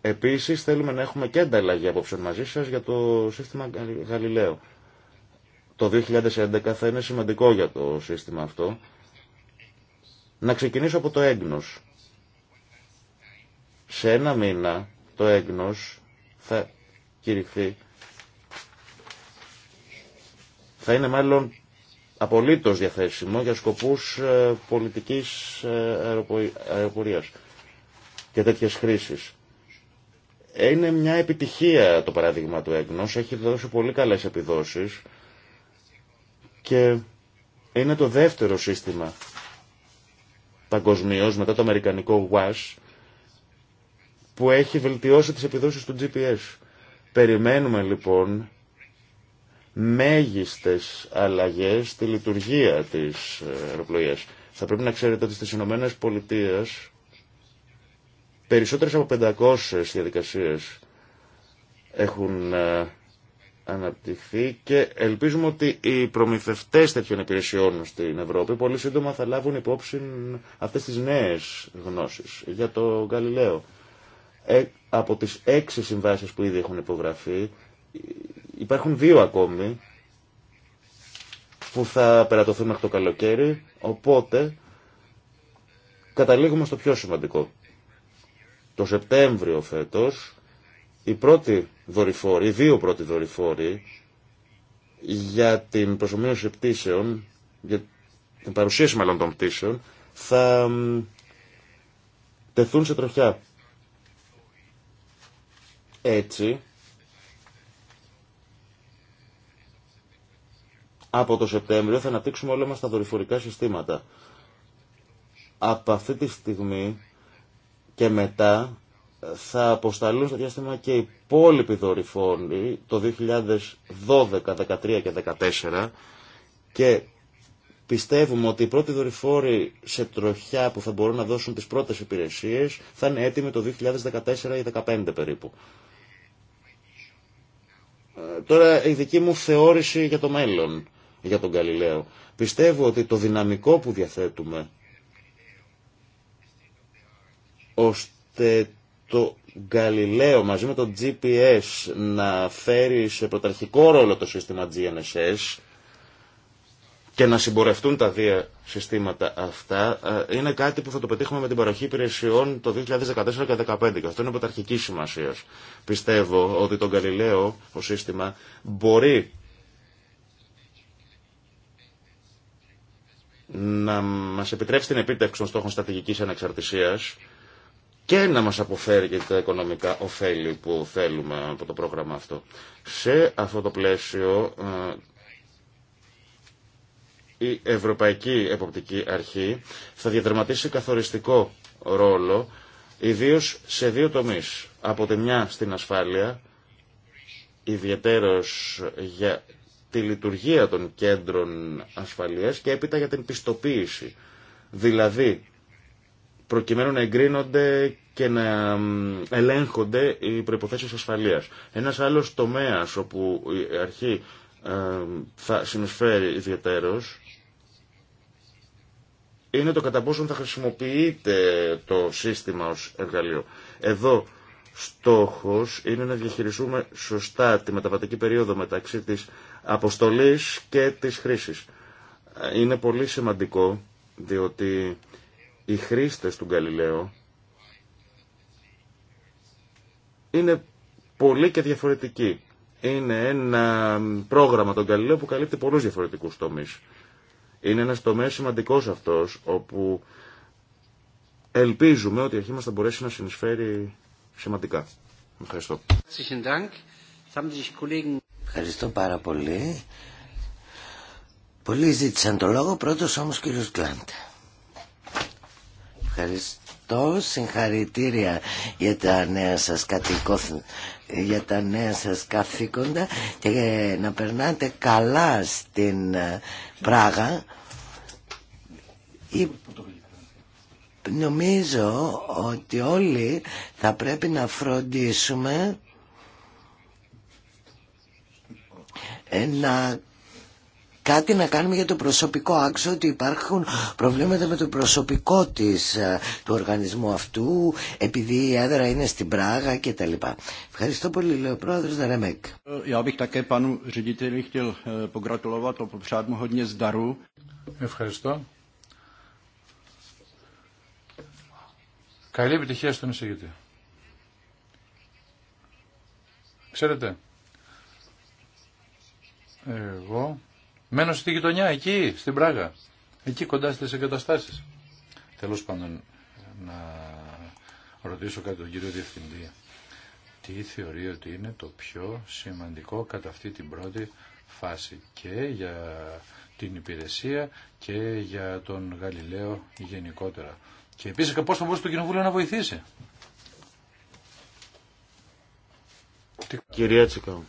επίσης θέλουμε να έχουμε και ανταλλαγή απόψε μαζί σας για το σύστημα Γαλιλαίου το 2011 θα είναι σημαντικό για το σύστημα αυτό. Να ξεκινήσω από το έγνος. Σε ένα μήνα το έγνος θα κηρυχθεί. Θα είναι μάλλον απολύτως διαθέσιμο για σκοπούς ε, πολιτικής ε, αεροπορίας και τέτοιες χρήσεις. Είναι μια επιτυχία το παράδειγμα του έγνος, έχει δώσει πολύ καλές επιδόσεις και είναι το δεύτερο σύστημα παγκοσμίω μετά το αμερικανικό WASH που έχει βελτιώσει τις επιδόσεις του GPS. Περιμένουμε λοιπόν μέγιστες αλλαγές στη λειτουργία της ε, αεροπλοείας. Θα πρέπει να ξέρετε ότι στις Ηνωμένε Πολιτείε περισσότερες από 500 διαδικασίες έχουν ε, αναπτυχθεί και ελπίζουμε ότι οι προμηθευτές τέτοιων υπηρεσιών στην Ευρώπη πολύ σύντομα θα λάβουν υπόψη αυτές τις νέες γνώσεις για το Γαλιλαίο. Ε, από τις έξι συμβάσεις που ήδη έχουν υπογραφεί υπάρχουν δύο ακόμη που θα περατωθούν μέχρι το καλοκαίρι οπότε καταλήγουμε στο πιο σημαντικό. Το Σεπτέμβριο φέτος η πρώτη δορυφόροι, δύο πρώτοι δορυφόροι, για την προσωμείωση πτήσεων, για την παρουσίαση μάλλον των πτήσεων, θα τεθούν σε τροχιά. Έτσι, από το Σεπτέμβριο θα αναπτύξουμε όλα μας τα δορυφορικά συστήματα. Από αυτή τη στιγμή και μετά θα αποσταλούν στο διάστημα και οι υπόλοιποι δορυφόροι το 2012, 2013 και 2014 και πιστεύουμε ότι οι πρώτοι δορυφόροι σε τροχιά που θα μπορούν να δώσουν τις πρώτες υπηρεσίες θα είναι έτοιμοι το 2014 ή 2015 περίπου. Ε, τώρα η δική μου θεώρηση για το μέλλον, για τον Καλλιλέο. Πιστεύω ότι το δυναμικό που διαθέτουμε ώστε το Galileo μαζί με το GPS να φέρει σε πρωταρχικό ρόλο το σύστημα GNSS και να συμπορευτούν τα δύο συστήματα αυτά ε, είναι κάτι που θα το πετύχουμε με την παροχή υπηρεσιών το 2014 και 2015 και αυτό είναι πρωταρχική σημασία. Πιστεύω ότι το Galileo, το σύστημα, μπορεί να μας επιτρέψει την επίτευξη των στόχων στρατηγικής ανεξαρτησίας και να μας αποφέρει και τα οικονομικά ωφέλη που θέλουμε από το πρόγραμμα αυτό. Σε αυτό το πλαίσιο ε, η Ευρωπαϊκή Εποπτική Αρχή θα διαδραματίσει καθοριστικό ρόλο ιδίως σε δύο τομείς. Από τη μια στην ασφάλεια, ιδιαίτερος για τη λειτουργία των κέντρων ασφαλείας και έπειτα για την πιστοποίηση. Δηλαδή προκειμένου να εγκρίνονται και να ελέγχονται οι προϋποθέσεις ασφαλείας. Ένας άλλος τομέας όπου η αρχή ε, θα συνεισφέρει ιδιαίτερος είναι το κατά πόσον θα χρησιμοποιείται το σύστημα ως εργαλείο. Εδώ στόχος είναι να διαχειριστούμε σωστά τη μεταβατική περίοδο μεταξύ της αποστολής και της χρήσης. Ε, είναι πολύ σημαντικό διότι οι χρήστες του Γκαλιλαίου είναι πολύ και διαφορετικοί. Είναι ένα πρόγραμμα των Γκαλιλαίο που καλύπτει πολλούς διαφορετικούς τομείς. Είναι ένας τομέας σημαντικός αυτός, όπου ελπίζουμε ότι η αρχή μας θα μπορέσει να συνεισφέρει σημαντικά. Ευχαριστώ. Ευχαριστώ πάρα πολύ. Πολλοί ζήτησαν το λόγο, πρώτος όμως κύριος Κλάντε. Ευχαριστώ. Συγχαρητήρια για τα νέα σας για τα νέα σας καθήκοντα και να περνάτε καλά στην ε, Πράγα. Νομίζω ότι όλοι θα πρέπει να φροντίσουμε ε, να κάτι να κάνουμε για το προσωπικό. άξο ότι υπάρχουν προβλήματα με το προσωπικό της, ε, του οργανισμού αυτού, επειδή η έδρα είναι στην Πράγα κτλ. Ευχαριστώ πολύ, λέει ο πρόεδρος Δαρεμέκ. Ε, ε, Ευχαριστώ. Καλή επιτυχία στον εισηγητή. Ξέρετε, εγώ Μένω στη γειτονιά, εκεί, στην Πράγα. Εκεί κοντά στις εγκαταστάσει. Τέλο πάντων, να ρωτήσω κάτι τον κύριο Διευθυντή. Τι θεωρεί ότι είναι το πιο σημαντικό κατά αυτή την πρώτη φάση και για την υπηρεσία και για τον Γαλιλαίο γενικότερα. Και επίσης πώς θα μπορούσε το Κοινοβούλιο να βοηθήσει. Κυρία Τσικάου.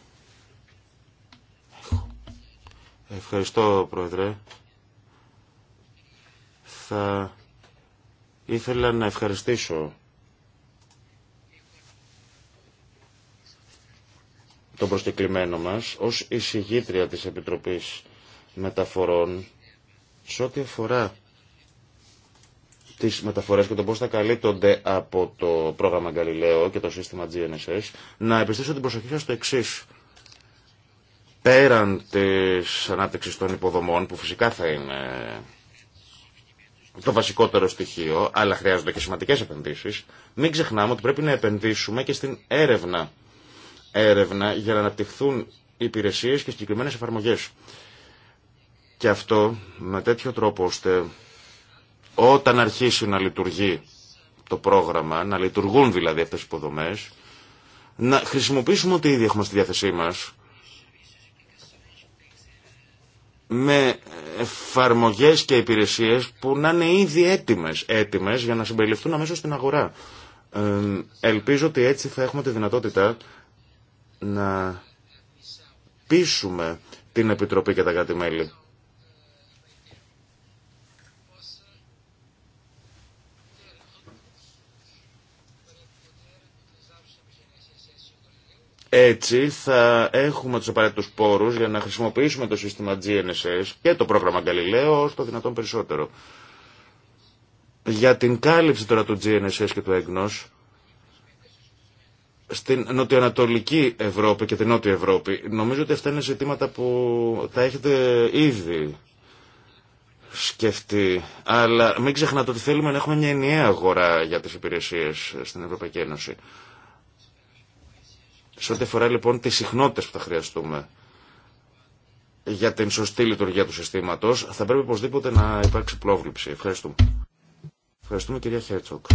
Ευχαριστώ, Πρόεδρε. Θα ήθελα να ευχαριστήσω τον προσκεκλημένο μας ως εισηγήτρια της Επιτροπής Μεταφορών σε ό,τι αφορά τις μεταφορές και το πώς θα καλύπτονται από το πρόγραμμα Galileo και το σύστημα GNSS να επιστήσω την προσοχή σας στο εξής πέραν της ανάπτυξης των υποδομών, που φυσικά θα είναι το βασικότερο στοιχείο, αλλά χρειάζονται και σημαντικές επενδύσεις, μην ξεχνάμε ότι πρέπει να επενδύσουμε και στην έρευνα. Έρευνα για να αναπτυχθούν υπηρεσίες και συγκεκριμένε εφαρμογές. Και αυτό με τέτοιο τρόπο ώστε όταν αρχίσει να λειτουργεί το πρόγραμμα, να λειτουργούν δηλαδή αυτές οι υποδομές, να χρησιμοποιήσουμε ό,τι ήδη έχουμε στη διάθεσή μας, με εφαρμογές και υπηρεσίες που να είναι ήδη έτοιμες, έτοιμες για να συμπεριληφθούν αμέσως στην αγορά. ελπίζω ότι έτσι θα έχουμε τη δυνατότητα να πείσουμε την Επιτροπή και τα κράτη-μέλη Έτσι θα έχουμε τους απαραίτητους πόρους για να χρησιμοποιήσουμε το σύστημα GNSS και το πρόγραμμα Galileo ως το δυνατόν περισσότερο. Για την κάλυψη τώρα του GNSS και του EGNOS, στην νοτιοανατολική Ευρώπη και την νότια Ευρώπη, νομίζω ότι αυτά είναι ζητήματα που τα έχετε ήδη σκεφτεί. Αλλά μην ξεχνάτε ότι θέλουμε να έχουμε μια ενιαία αγορά για τις υπηρεσίες στην Ευρωπαϊκή Ένωση. Σε ό,τι αφορά λοιπόν τι συχνότητε που θα χρειαστούμε για την σωστή λειτουργία του συστήματο, θα πρέπει οπωσδήποτε να υπάρξει πρόβληψη. Ευχαριστούμε. Ευχαριστούμε κυρία Χέρτσοκ.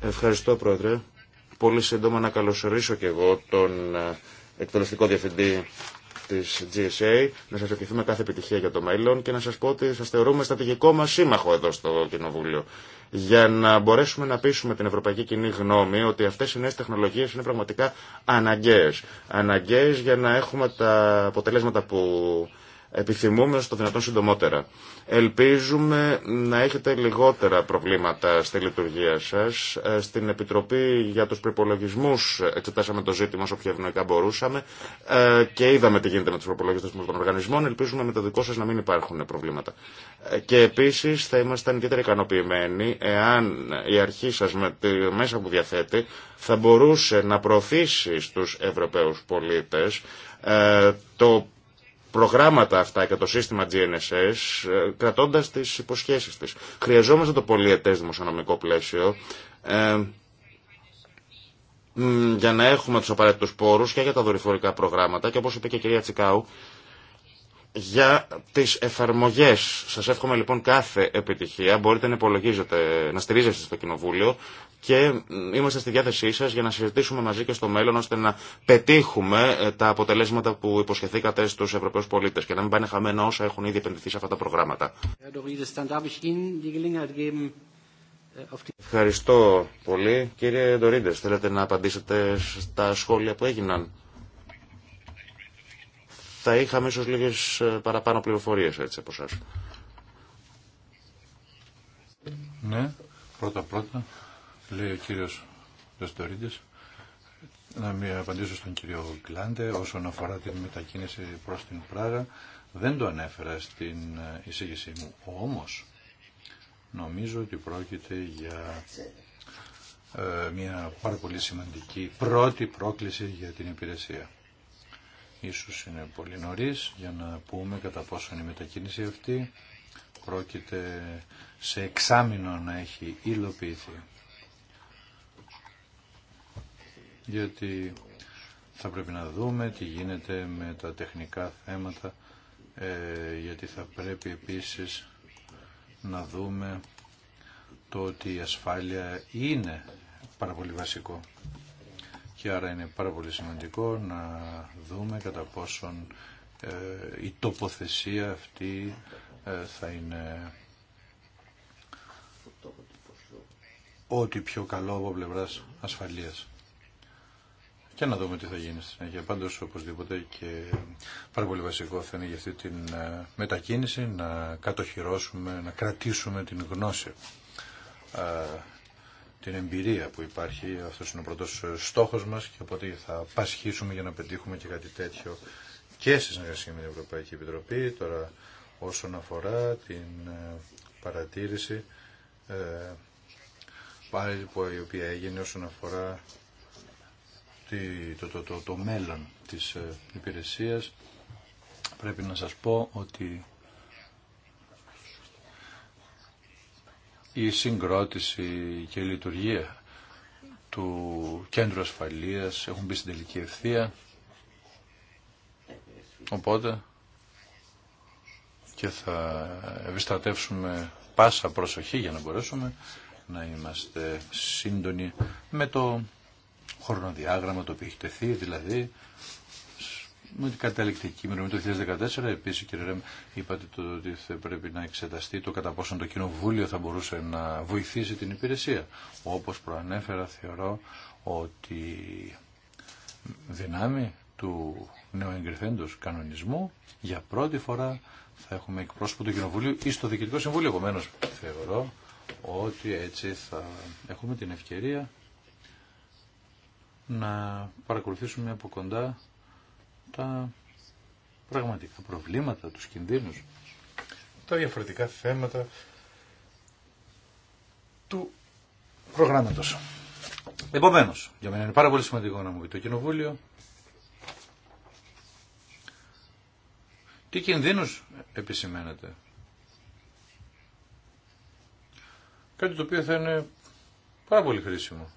Ευχαριστώ πρόεδρε. Πολύ σύντομα να καλωσορίσω και εγώ τον ε, εκτελεστικό διευθυντή της GSA, να σας ευχηθούμε κάθε επιτυχία για το μέλλον και να σας πω ότι σας θεωρούμε στρατηγικό μας σύμμαχο εδώ στο Κοινοβούλιο. Για να μπορέσουμε να πείσουμε την ευρωπαϊκή κοινή γνώμη ότι αυτές οι νέες τεχνολογίες είναι πραγματικά αναγκαίες. Αναγκαίες για να έχουμε τα αποτελέσματα που Επιθυμούμε στο δυνατόν συντομότερα. Ελπίζουμε να έχετε λιγότερα προβλήματα στη λειτουργία σας. Ε, στην Επιτροπή για τους προπολογισμού εξετάσαμε το ζήτημα όσο πιο ευνοϊκά μπορούσαμε ε, και είδαμε τι γίνεται με τους προπολογισμούς των οργανισμών. Ελπίζουμε με το δικό σας να μην υπάρχουν προβλήματα. Ε, και επίσης θα ήμασταν ιδιαίτερα ικανοποιημένοι εάν η αρχή σας με τη μέσα που διαθέτει θα μπορούσε να προωθήσει στου Ευρωπαίους πολίτες το προγράμματα αυτά και το σύστημα GNSS ε, κρατώντας τις υποσχέσεις της. Χρειαζόμαστε το πολιετές δημοσιονομικό πλαίσιο ε, για να έχουμε τους απαραίτητους πόρους και για τα δορυφορικά προγράμματα και όπως είπε και η κυρία Τσικάου για τις εφαρμογές. Σας εύχομαι λοιπόν κάθε επιτυχία. Μπορείτε να υπολογίζετε, να στηρίζεστε στο Κοινοβούλιο και είμαστε στη διάθεσή σας για να συζητήσουμε μαζί και στο μέλλον ώστε να πετύχουμε ε, τα αποτελέσματα που υποσχεθήκατε στους Ευρωπαίους πολίτες και να μην πάνε χαμένα όσα έχουν ήδη επενδυθεί σε αυτά τα προγράμματα. Ευχαριστώ πολύ. Κύριε Ντορίντες, θέλετε να απαντήσετε στα σχόλια που έγιναν θα είχαμε ίσως λίγε ε, παραπάνω πληροφορίε έτσι από εσά. Ναι, πρώτα πρώτα, λέει ο κύριο Δεστορίδης, να μην απαντήσω στον κύριο Γκλάντε όσον αφορά την μετακίνηση προς την Πράγα. Δεν το ανέφερα στην ε, εισήγησή μου, όμως νομίζω ότι πρόκειται για ε, μια πάρα πολύ σημαντική πρώτη πρόκληση για την υπηρεσία. Ίσως είναι πολύ νωρίς για να πούμε κατά πόσο είναι η μετακίνηση αυτή. Πρόκειται σε εξάμεινο να έχει υλοποιηθεί. Γιατί θα πρέπει να δούμε τι γίνεται με τα τεχνικά θέματα, ε, γιατί θα πρέπει επίσης να δούμε το ότι η ασφάλεια είναι πάρα πολύ βασικό και άρα είναι πάρα πολύ σημαντικό να δούμε κατά πόσον ε, η τοποθεσία αυτή ε, θα είναι ό,τι πιο καλό από πλευρά ασφαλείας. Και να δούμε τι θα γίνει στη συνέχεια. Πάντω, οπωσδήποτε και πάρα πολύ βασικό θα είναι για αυτή την ε, μετακίνηση να κατοχυρώσουμε, να κρατήσουμε την γνώση ε, την εμπειρία που υπάρχει. Αυτός είναι ο πρώτος ε, στόχος μας και οπότε θα πασχίσουμε για να πετύχουμε και κάτι τέτοιο και στη συνεργασία με την Ευρωπαϊκή Επιτροπή. Τώρα όσον αφορά την ε, παρατήρηση ε, πάλι που η οποία έγινε όσον αφορά το, το, το, το μέλλον της υπηρεσίας πρέπει να σας πω ότι η συγκρότηση και η λειτουργία του κέντρου ασφαλείας έχουν μπει στην τελική ευθεία. Οπότε και θα ευιστατεύσουμε πάσα προσοχή για να μπορέσουμε να είμαστε σύντονοι με το χρονοδιάγραμμα το οποίο έχει τεθεί, δηλαδή με την καταληκτική κείμενο το 2014. Επίση κύριε Ρέμ, είπατε το ότι θα πρέπει να εξεταστεί το κατά πόσον το Κοινοβούλιο θα μπορούσε να βοηθήσει την υπηρεσία. Όπως προανέφερα, θεωρώ ότι δυνάμει του νέου εγκριθέντο κανονισμού για πρώτη φορά θα έχουμε εκπρόσωπο του Κοινοβουλίου ή στο Διοικητικό Συμβούλιο. Επομένω, θεωρώ ότι έτσι θα έχουμε την ευκαιρία να παρακολουθήσουμε από κοντά τα πραγματικά προβλήματα, τους κινδύνους, τα διαφορετικά θέματα του προγράμματος. Επομένω για μένα είναι πάρα πολύ σημαντικό να μου πει το Κοινοβούλιο τι κινδύνους επισημαίνεται. Κάτι το οποίο θα είναι πάρα πολύ χρήσιμο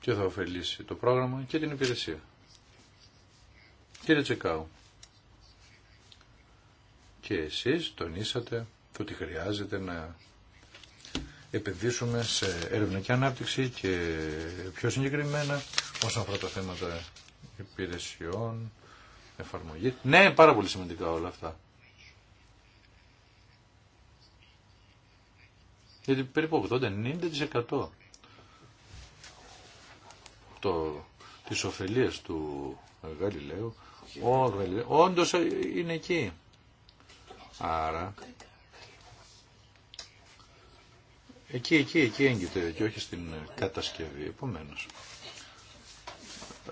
και θα ωφελήσει το πρόγραμμα και την υπηρεσία. Κύριε Τσεκάου, και εσείς τονίσατε το ότι χρειάζεται να επενδύσουμε σε έρευνα ανάπτυξη και πιο συγκεκριμένα όσον αφορά τα θέματα υπηρεσιών, εφαρμογή. Ναι, πάρα πολύ σημαντικά όλα αυτά. Γιατί περίπου 80-90% το, τις του Γαλιλαίου ο, όντως ε, είναι εκεί. Άρα... Εκεί, εκεί, εκεί έγκυται και όχι στην κατασκευή. Επομένως,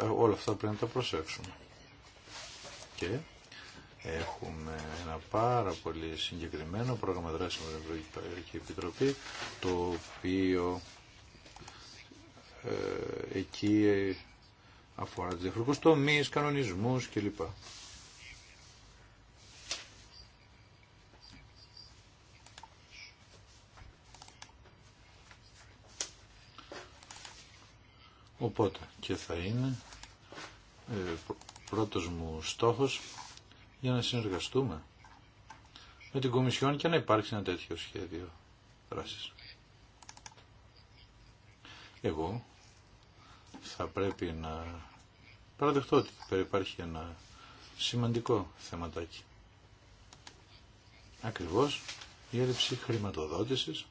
ε, όλα αυτά πρέπει να τα προσέξουμε. Και έχουμε ένα πάρα πολύ συγκεκριμένο πρόγραμμα δράση με την Ευρωπαϊκή Επιτροπή, το οποίο ε, εκεί αφορά τις διαφορετικούς τομείς, κανονισμούς κλπ. Οπότε και θα είναι ε, πρώτος μου στόχος για να συνεργαστούμε με την Κομισιόν και να υπάρξει ένα τέτοιο σχέδιο δράσης. Εγώ θα πρέπει να παραδεχτώ ότι υπάρχει ένα σημαντικό θεματάκι. Ακριβώς η έλλειψη χρηματοδότησης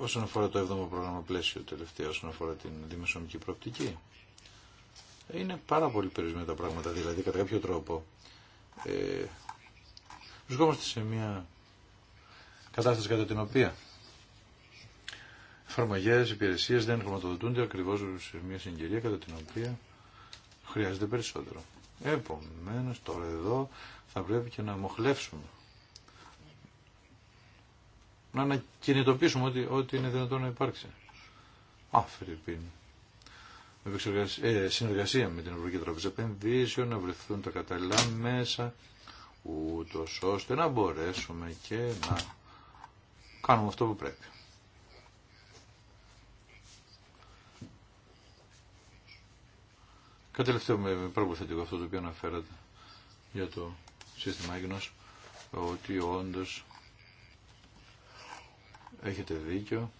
όσον αφορά το 7ο πρόγραμμα πλαίσιο τελευταία, όσον αφορά την δημοσιονομική προοπτική. Είναι πάρα πολύ περιορισμένα τα πράγματα, δηλαδή κατά κάποιο τρόπο ε, βρισκόμαστε σε μια κατάσταση κατά την οποία Φαρμαγέ υπηρεσίε δεν χρηματοδοτούνται ακριβώς σε μια συγκυρία κατά την οποία χρειάζεται περισσότερο. Επομένως τώρα εδώ θα πρέπει και να μοχλεύσουμε. Να ανακινητοποιήσουμε ό,τι, ό,τι είναι δυνατόν να υπάρξει. Αφρυπίν. Ε, συνεργασία με την Ευρωπαϊκή Τραπεζα Επενδύσεων, να βρεθούν τα κατάλληλα μέσα, ούτω ώστε να μπορέσουμε και να κάνουμε αυτό που πρέπει. Κάτι τελευταίο με προποθετικό αυτό το οποίο αναφέρατε για το σύστημα έγνος ότι όντως έχετε δίκιο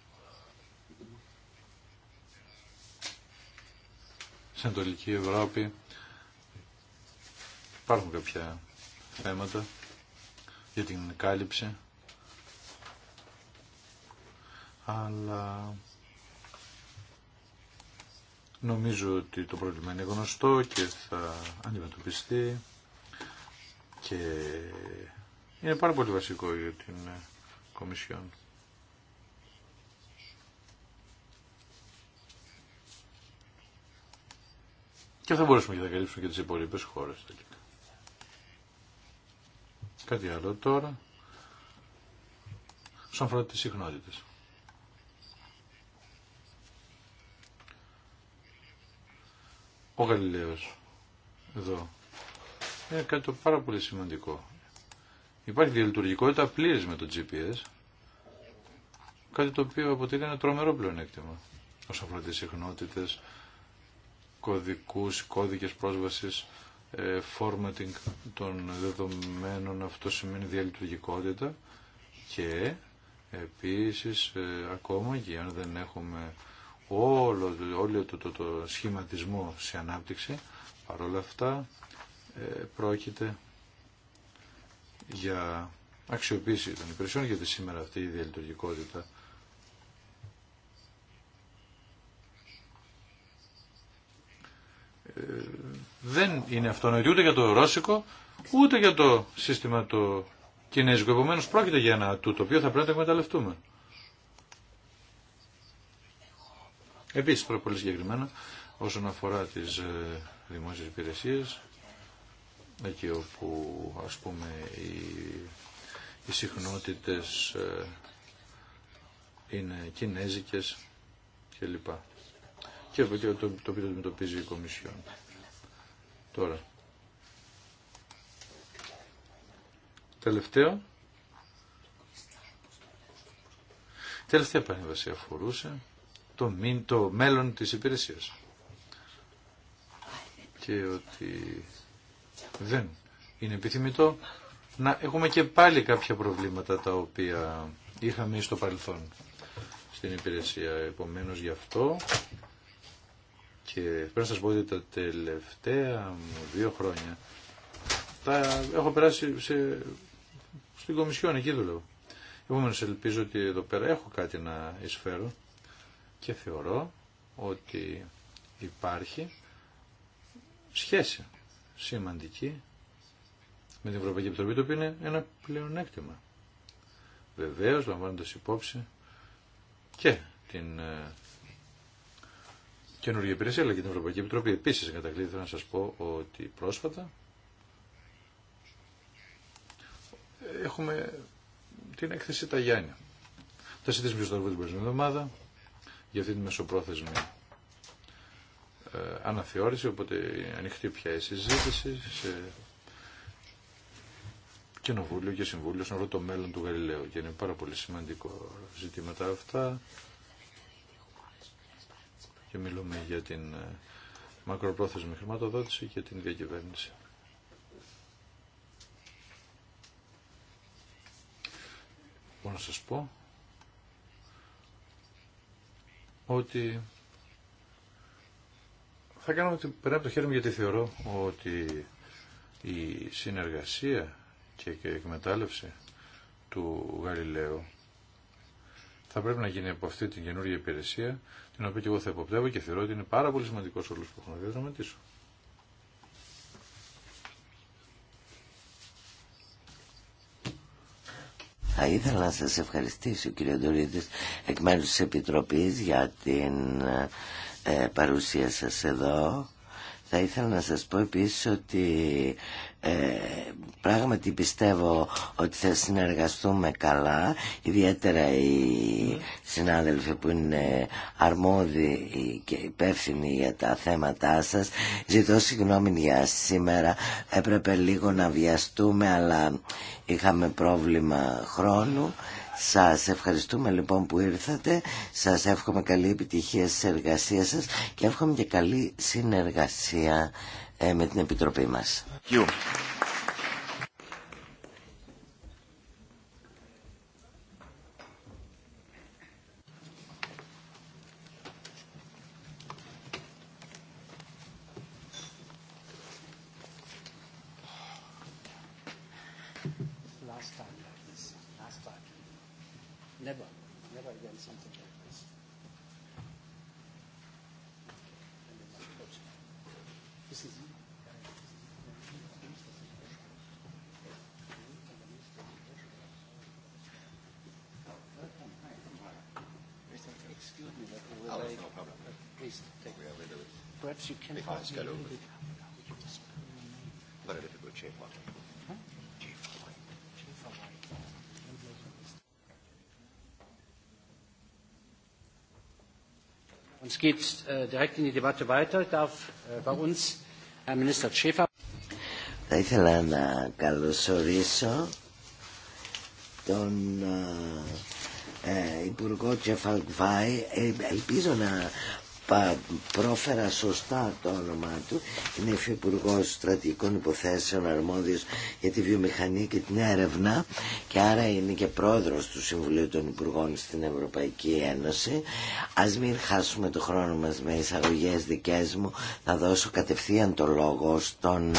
στην Ανατολική Ευρώπη υπάρχουν κάποια θέματα για την κάλυψη αλλά Νομίζω ότι το πρόβλημα είναι γνωστό και θα αντιμετωπιστεί και είναι πάρα πολύ βασικό για την ε, Κομισιόν. Και θα μπορέσουμε και θα καλύψουμε και τις υπόλοιπες χώρες τελικά. Κάτι άλλο τώρα. Σαν φορά τις συχνότητες. ο Γαλιλαίος εδώ. Είναι κάτι το πάρα πολύ σημαντικό. Υπάρχει διαλειτουργικότητα πλήρης με το GPS, κάτι το οποίο αποτελεί ένα τρομερό πλεονέκτημα όσον αφορά τις συχνότητες, κωδικούς, κώδικες πρόσβασης, ε, formatting των δεδομένων, αυτό σημαίνει διαλειτουργικότητα και επίσης ε, ακόμα και αν δεν έχουμε όλο, όλο το, το, το, σχηματισμό σε ανάπτυξη. παρόλα αυτά ε, πρόκειται για αξιοποίηση των υπηρεσιών γιατί σήμερα αυτή η διαλειτουργικότητα ε, δεν είναι αυτονοητή ούτε για το ρώσικο ούτε για το σύστημα το κινέζικο. Επομένως πρόκειται για ένα τούτο το οποίο θα πρέπει να το εκμεταλλευτούμε. Επίσης, τώρα πολύ συγκεκριμένα, όσον αφορά τις ε, δημόσιες υπηρεσίες, εκεί όπου ας πούμε οι, οι συχνότητες ε, είναι κινέζικες κλπ. Και το, το, το οποίο αντιμετωπίζει η Κομισιόν. Τώρα. Τελευταίο. Τελευταία παρέμβαση αφορούσε το, το μέλλον της υπηρεσίας. Και ότι δεν είναι επιθυμητό να έχουμε και πάλι κάποια προβλήματα τα οποία είχαμε στο παρελθόν στην υπηρεσία. Επομένως γι' αυτό και πρέπει να σας πω ότι τα τελευταία δύο χρόνια τα έχω περάσει σε, στην Κομισιόν, εκεί δουλεύω. Επομένως ελπίζω ότι εδώ πέρα έχω κάτι να εισφέρω και θεωρώ ότι υπάρχει σχέση σημαντική με την Ευρωπαϊκή Επιτροπή, το οποίο είναι ένα πλεονέκτημα. Βεβαίως, λαμβάνοντας υπόψη και την ε, καινούργια υπηρεσία, αλλά και την Ευρωπαϊκή Επιτροπή. Επίσης, κατακλείδη, να σας πω ότι πρόσφατα έχουμε την έκθεση Ταγιάννη. Θα συζητήσουμε στο την προηγούμενη εβδομάδα για αυτή τη μεσοπρόθεσμη ε, αναθεώρηση, οπότε ανοιχτή πια η συζήτηση σε κοινοβούλιο και συμβούλιο σε όλο το μέλλον του Γαλιλαίου και είναι πάρα πολύ σημαντικό ζητήματα αυτά και μιλούμε για την ε, μακροπρόθεσμη χρηματοδότηση και την διακυβέρνηση. Μπορώ να σας πω ότι θα κάνω ότι περνάει από το χέρι μου γιατί θεωρώ ότι η συνεργασία και η εκμετάλλευση του Γαλιλαίου θα πρέπει να γίνει από αυτή την καινούργια υπηρεσία, την οποία και εγώ θα υποπτεύω και θεωρώ ότι είναι πάρα πολύ σημαντικό όλος που έχω να διαδραματίσω. Θα ήθελα να σας ευχαριστήσω κύριε Ντορίδης εκ μέρους της Επιτροπής για την ε, παρουσία σας εδώ. Θα ήθελα να σας πω επίσης ότι ε, πράγματι πιστεύω ότι θα συνεργαστούμε καλά, ιδιαίτερα οι συνάδελφοι που είναι αρμόδιοι και υπεύθυνοι για τα θέματά σας. Ζητώ συγγνώμη για σήμερα, έπρεπε λίγο να βιαστούμε, αλλά είχαμε πρόβλημα χρόνου. Σας ευχαριστούμε λοιπόν που ήρθατε, σας εύχομαι καλή επιτυχία στις εργασίες σας και εύχομαι και καλή συνεργασία ε, με την Επιτροπή μας. geht direkt in die Debatte weiter. Darf bei uns Herr Minister Schäfer. Θα ήθελα να καλωσορίσω τον ε, Υπουργό Τζεφαλκβάη. ελπίζω να πρόφερα σωστά το όνομά του είναι υφυπουργό στρατηγικών υποθέσεων αρμόδιο για τη βιομηχανία και την έρευνα και άρα είναι και πρόεδρος του Συμβουλίου των Υπουργών στην Ευρωπαϊκή Ένωση Α μην χάσουμε το χρόνο μας με εισαγωγέ δικέ μου θα δώσω κατευθείαν το λόγο στον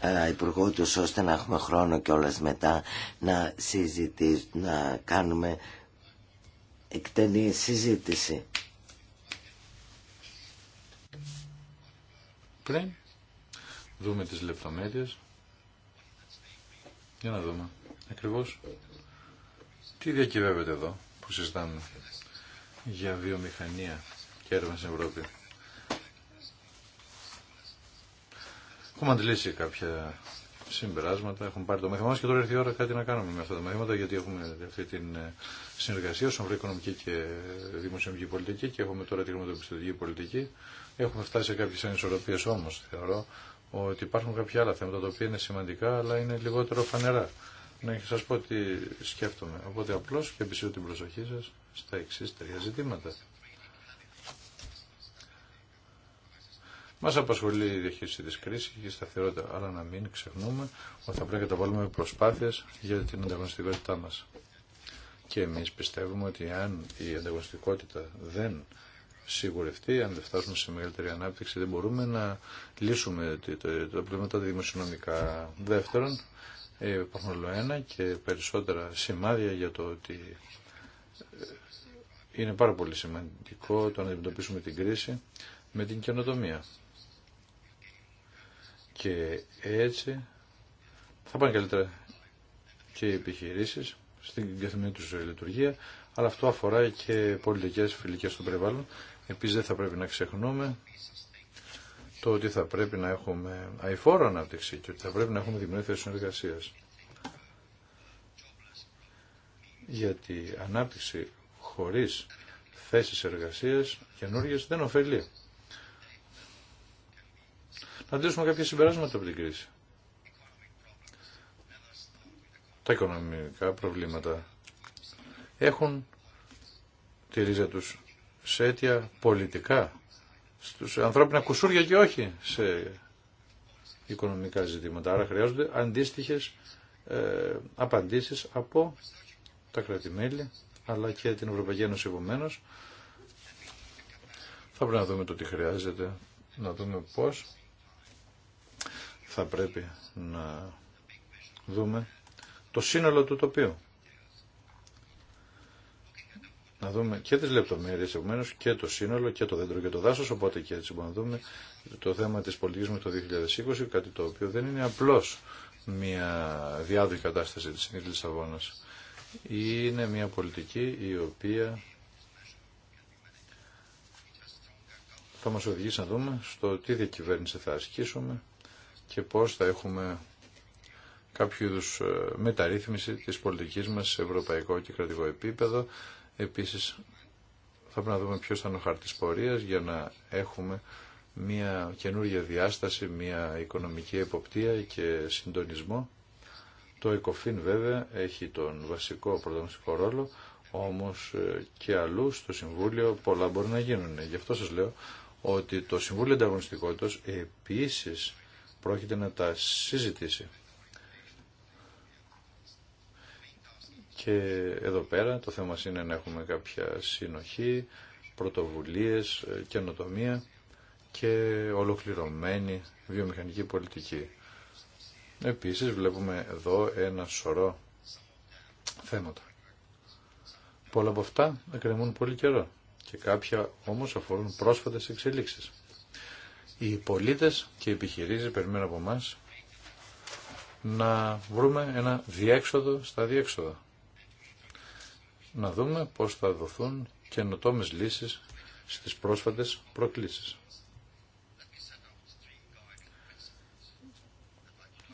ε, Υπουργό του ώστε να έχουμε χρόνο και όλες μετά να συζητήσουμε να κάνουμε εκτενή συζήτηση πριν δούμε τις λεπτομέρειες για να δούμε ακριβώς τι διακυβεύεται εδώ που συζητάμε για βιομηχανία και έρευνα στην Ευρώπη. Έχουμε αντιλήσει κάποια συμπεράσματα, έχουν πάρει το μάθημά μας και τώρα ήρθε η ώρα κάτι να κάνουμε με αυτά τα μαθήματα γιατί έχουμε αυτή την ε, συνεργασία όσον αφορά και δημοσιονομική πολιτική και έχουμε τώρα τη χρηματοπιστωτική πολιτική. Έχουμε φτάσει σε κάποιες ανισορροπίες όμως θεωρώ ότι υπάρχουν κάποια άλλα θέματα τα οποία είναι σημαντικά αλλά είναι λιγότερο φανερά. Να σας πω τι σκέφτομαι. Οπότε απλώς και επισύρω την προσοχή σας στα εξή τρία ζητήματα. Μα απασχολεί η διαχείριση τη κρίση και η σταθερότητα, αλλά να μην ξεχνούμε ότι θα πρέπει να καταβάλουμε προσπάθειε για την ανταγωνιστικότητά μα. Και εμεί πιστεύουμε ότι αν η ανταγωνιστικότητα δεν σιγουρευτεί, αν δεν φτάσουμε σε μεγαλύτερη ανάπτυξη, δεν μπορούμε να λύσουμε τα προβλήματα δημοσιονομικά. Δεύτερον, ε, υπάρχουν όλο ένα και περισσότερα σημάδια για το ότι ε, είναι πάρα πολύ σημαντικό το να αντιμετωπίσουμε την κρίση με την καινοτομία. Και έτσι θα πάνε καλύτερα και οι επιχειρήσεις στην καθημερινή του λειτουργία, αλλά αυτό αφορά και πολιτικέ φιλικές στο περιβάλλον. Επίσης δεν θα πρέπει να ξεχνούμε το ότι θα πρέπει να έχουμε αηφόρο ανάπτυξη και ότι θα πρέπει να έχουμε δημιουργία εργασία. Γιατί ανάπτυξη χωρί θέσει εργασία καινούργιε δεν ωφελεί να δώσουμε κάποια συμπεράσματα από την κρίση. Τα οικονομικά προβλήματα έχουν τη ρίζα τους σε αίτια πολιτικά, στους ανθρώπινα κουσούρια και όχι σε οικονομικά ζητήματα. Άρα χρειάζονται αντίστοιχες ε, απαντήσεις από τα κρατημέλη αλλά και την Ευρωπαϊκή Ένωση επομένω. Θα πρέπει να δούμε το τι χρειάζεται, να δούμε πώς θα πρέπει να δούμε το σύνολο του τοπίου. Να δούμε και τις λεπτομέρειες επομένω και το σύνολο και το δέντρο και το δάσος, οπότε και έτσι μπορούμε να δούμε το θέμα της πολιτικής με το 2020, κάτι το οποίο δεν είναι απλώς μια διάδοχη κατάσταση της Συνήθλης Λισαβόνας. Είναι μια πολιτική η οποία θα μας οδηγήσει να δούμε στο τι διακυβέρνηση θα ασκήσουμε και πώς θα έχουμε κάποιο είδου ε, μεταρρύθμιση της πολιτικής μας σε ευρωπαϊκό και κρατικό επίπεδο. Επίσης θα πρέπει να δούμε ποιος θα είναι ο χάρτης πορείας για να έχουμε μια καινούργια διάσταση, μια οικονομική εποπτεία και συντονισμό. Το ΕΚΟΦΗΝ βέβαια έχει τον βασικό πρωτοδομιστικό ρόλο, όμως ε, και αλλού στο Συμβούλιο πολλά μπορεί να γίνουν. Γι' αυτό σας λέω ότι το Συμβούλιο Ανταγωνιστικότητας επίσης πρόκειται να τα συζητήσει. Και εδώ πέρα το θέμα είναι να έχουμε κάποια συνοχή, πρωτοβουλίες, καινοτομία και ολοκληρωμένη βιομηχανική πολιτική. Επίσης βλέπουμε εδώ ένα σωρό θέματα. Πολλά από αυτά εκκρεμούν πολύ καιρό και κάποια όμως αφορούν πρόσφατες εξελίξεις οι πολίτες και οι επιχειρήσεις περιμένουν από μας να βρούμε ένα διέξοδο στα διέξοδα. Να δούμε πώς θα δοθούν καινοτόμες λύσεις στις πρόσφατες προκλήσεις.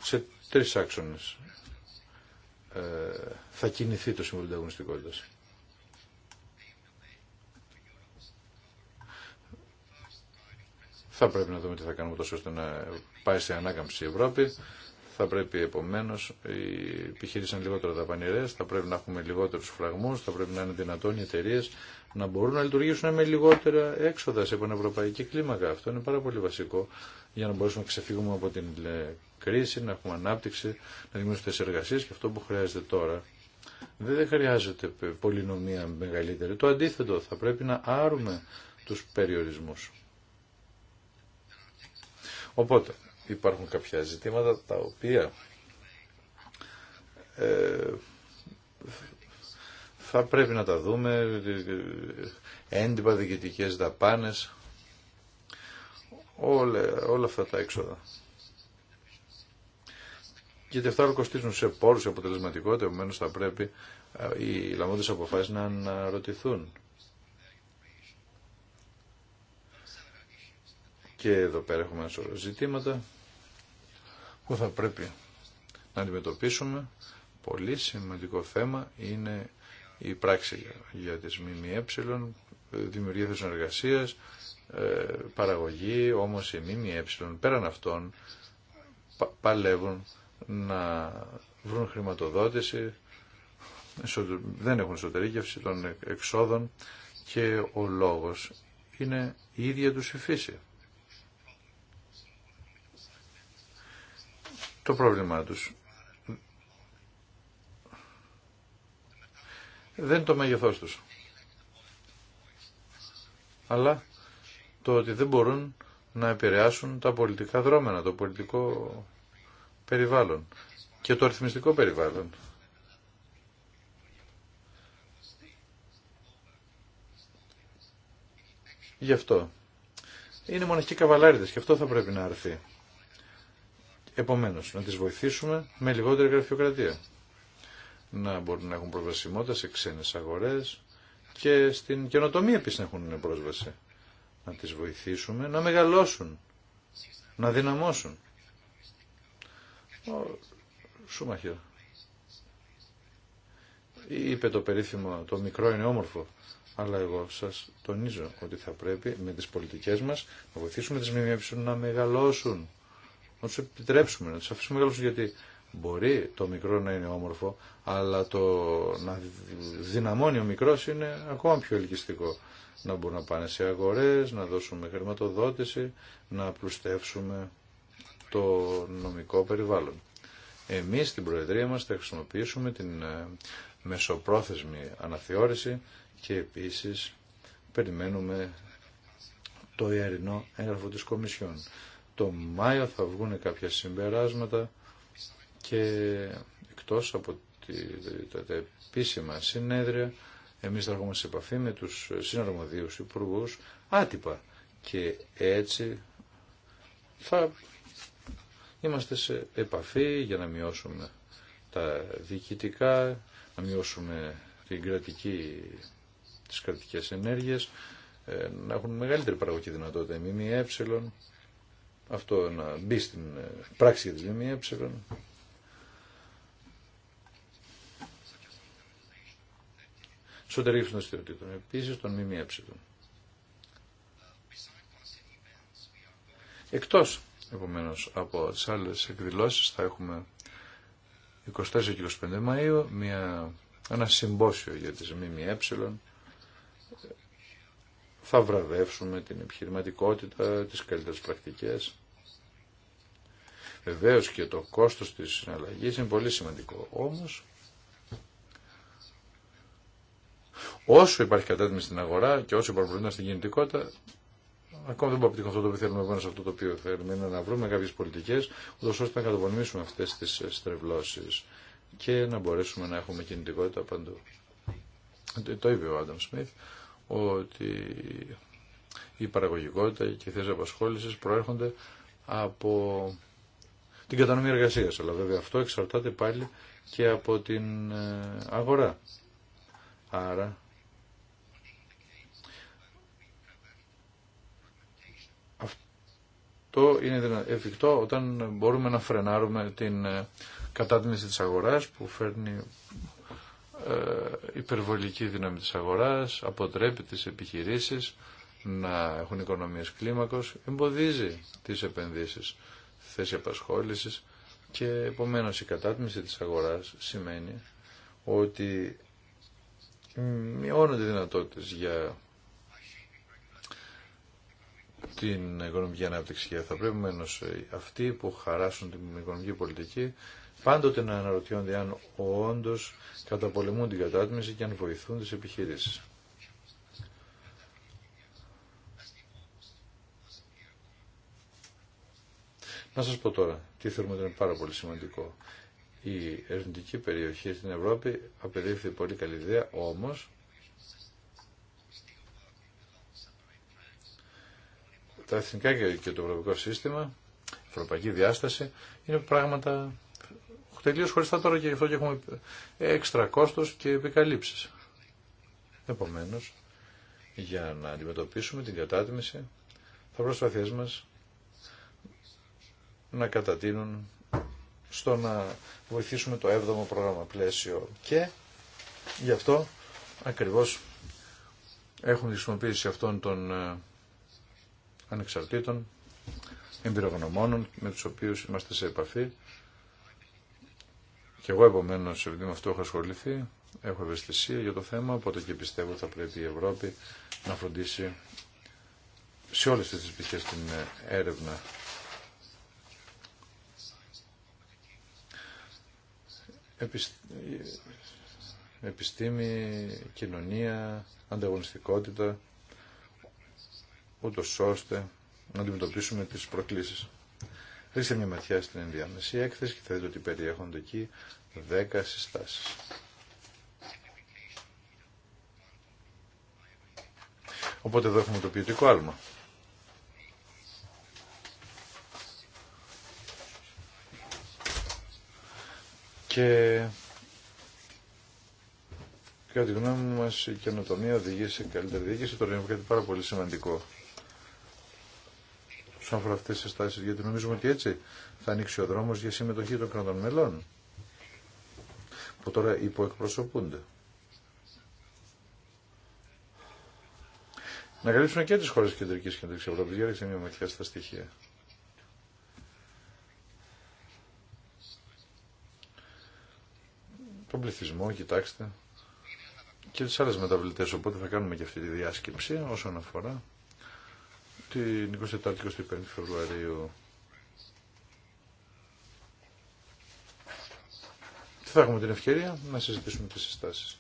Σε τρεις άξονες ε, θα κινηθεί το Συμβουλίο Θα πρέπει να δούμε τι θα κάνουμε τόσο ώστε να πάει σε ανάκαμψη η Ευρώπη. Θα πρέπει επομένω οι επιχειρήσει να είναι λιγότερο θα πρέπει να έχουμε λιγότερου φραγμού, θα πρέπει να είναι δυνατόν οι εταιρείε να μπορούν να λειτουργήσουν με λιγότερα έξοδα σε πανευρωπαϊκή κλίμακα. Αυτό είναι πάρα πολύ βασικό για να μπορέσουμε να ξεφύγουμε από την ε, κρίση, να έχουμε ανάπτυξη, να δημιουργήσουμε θέσει και αυτό που χρειάζεται τώρα δεν χρειάζεται πολυνομία μεγαλύτερη. Το αντίθετο, θα πρέπει να άρουμε του περιορισμού. Οπότε υπάρχουν κάποια ζητήματα τα οποία ε, θα πρέπει να τα δούμε, έντυπα διοικητικές δαπάνες, όλα, όλα αυτά τα έξοδα. Γιατί αυτά όλα κοστίζουν σε πόρους, σε αποτελεσματικότητα, επομένως θα πρέπει ε, οι λαμβάνοντες αποφάσεις να αναρωτηθούν. Και εδώ πέρα έχουμε ένα σωρό ζητήματα που θα πρέπει να αντιμετωπίσουμε. Πολύ σημαντικό θέμα είναι η πράξη για τις ΜΜΕ, δημιουργία θέσεων εργασίας, ε, παραγωγή, όμως οι ΜΜΕ πέραν αυτών παλεύουν να βρουν χρηματοδότηση, δεν έχουν εσωτερήκευση των εξόδων και ο λόγος είναι η ίδια τους η φύση. το πρόβλημά τους. Δεν είναι το μέγεθός τους. Αλλά το ότι δεν μπορούν να επηρεάσουν τα πολιτικά δρόμενα, το πολιτικό περιβάλλον και το αριθμιστικό περιβάλλον. Γι' αυτό. Είναι μοναχικοί καβαλάριδες και αυτό θα πρέπει να έρθει. Επομένως, να τις βοηθήσουμε με λιγότερη γραφειοκρατία. Να μπορούν να έχουν προσβασιμότητα σε ξένε αγορέ και στην καινοτομία επίσης να έχουν πρόσβαση. Να τις βοηθήσουμε να μεγαλώσουν, να δυναμώσουν. Ο Σούμαχερ είπε το περίφημο το μικρό είναι όμορφο αλλά εγώ σας τονίζω ότι θα πρέπει με τις πολιτικές μας να βοηθήσουμε τις ΜΜΕ να μεγαλώσουν να του επιτρέψουμε, να του αφήσουμε μεγάλου γιατί μπορεί το μικρό να είναι όμορφο, αλλά το να δυναμώνει ο μικρό είναι ακόμα πιο ελκυστικό. Να μπορούν να πάνε σε αγορέ, να δώσουμε χρηματοδότηση, να πλουστεύσουμε το νομικό περιβάλλον. Εμείς στην Προεδρία μας θα χρησιμοποιήσουμε την ε, μεσοπρόθεσμη αναθεώρηση και επίσης περιμένουμε το ιερινό έγγραφο της Κομισιόν. Το Μάιο θα βγουν κάποια συμπεράσματα και εκτός από τη, τα, επίσημα συνέδρια εμείς θα έχουμε σε επαφή με τους συναρμοδίους υπουργού άτυπα και έτσι θα είμαστε σε επαφή για να μειώσουμε τα διοικητικά, να μειώσουμε την κρατική, τις κρατικές ενέργειες, ε, να έχουν μεγαλύτερη παραγωγική δυνατότητα οι ΜΜΕ, αυτό να μπει στην ε, πράξη για τη ΜΜΕ. Σωτερή των τον επίσης των ΜΜΕ. Εκτός, επομένως, από τις άλλες εκδηλώσεις θα έχουμε 24 και 25 Μαΐου μια, ένα συμπόσιο για τις ΜΜΕ. Θα βραβεύσουμε την επιχειρηματικότητα, τις καλύτερες πρακτικές. Βεβαίω και το κόστος της συναλλαγής είναι πολύ σημαντικό. Όμως, όσο υπάρχει κατάτιμη στην αγορά και όσο υπάρχει προβλήματα στην κινητικότητα, ακόμα δεν μπορούμε να αυτό το οποίο θέλουμε πάνω αυτό το οποίο θέλουμε. Είναι να βρούμε κάποιες πολιτικές, ούτω ώστε να καταπονημήσουμε αυτές τις στρεβλώσεις και να μπορέσουμε να έχουμε κινητικότητα παντού. Το είπε ο Άνταμ Σμιθ ότι η παραγωγικότητα και οι θέσει απασχόληση προέρχονται από την κατανομή εργασία. Αλλά βέβαια αυτό εξαρτάται πάλι και από την ε, αγορά. Άρα αυτό είναι εφικτό όταν μπορούμε να φρενάρουμε την ε, κατάτμιση της αγοράς που φέρνει ε, υπερβολική δύναμη της αγοράς, αποτρέπει τις επιχειρήσεις να έχουν οικονομίες κλίμακος, εμποδίζει τις επενδύσεις θέση απασχόλησης και επομένως η κατάτμιση της αγοράς σημαίνει ότι μειώνονται δυνατότητες για την οικονομική ανάπτυξη και θα πρέπει μένως αυτοί που χαράσουν την οικονομική πολιτική πάντοτε να αναρωτιόνται αν όντω καταπολεμούν την κατάτμιση και αν βοηθούν τις επιχειρήσεις. Να σας πω τώρα τι θεωρούμε ότι είναι πάρα πολύ σημαντικό. Η ερευνητική περιοχή στην Ευρώπη απεδείχθη πολύ καλή ιδέα, όμως τα εθνικά και το ευρωπαϊκό σύστημα, η ευρωπαϊκή διάσταση, είναι πράγματα τελείως χωριστά τώρα και γι' αυτό και έχουμε έξτρα κόστος και επικαλύψεις. Επομένως, για να αντιμετωπίσουμε την κατάτιμηση, θα προσπαθήσουμε να κατατείνουν στο να βοηθήσουμε το 7ο πρόγραμμα πλαίσιο και γι' αυτό ακριβώς έχουν χρησιμοποιήσει αυτών των ε, ανεξαρτήτων εμπειρογνωμόνων με τους οποίους είμαστε σε επαφή και εγώ επομένως επειδή με αυτό έχω ασχοληθεί έχω ευαισθησία για το θέμα οπότε και πιστεύω θα πρέπει η Ευρώπη να φροντίσει σε όλες τις πτυχές την ε, έρευνα επιστήμη, κοινωνία, ανταγωνιστικότητα, ούτω ώστε να αντιμετωπίσουμε τις προκλήσεις. Ρίξτε μια ματιά στην ενδιάμεση έκθεση και θα δείτε ότι περιέχονται εκεί 10 συστάσεις. Οπότε εδώ έχουμε το ποιοτικό άλμα. Και κατά τη γνώμη μας η καινοτομία οδηγεί σε καλύτερη διοίκηση. Τώρα είναι κάτι πάρα πολύ σημαντικό όσον αφορά αυτές τις στάσεις, γιατί νομίζουμε ότι έτσι θα ανοίξει ο δρόμος για συμμετοχή των κρατών μελών, που τώρα υποεκπροσωπούνται. Να καλύψουμε και τις χώρες κεντρικής και κεντρικής Ευρώπης, για μια ματιά στα στοιχεία. τον πληθυσμό, κοιτάξτε, και τις άλλες μεταβλητές. Οπότε θα κάνουμε και αυτή τη διάσκεψη όσον αφορά την 24η-25η Φεβρουαρίου. Θα έχουμε την ευκαιρία να συζητήσουμε τις συστάσεις.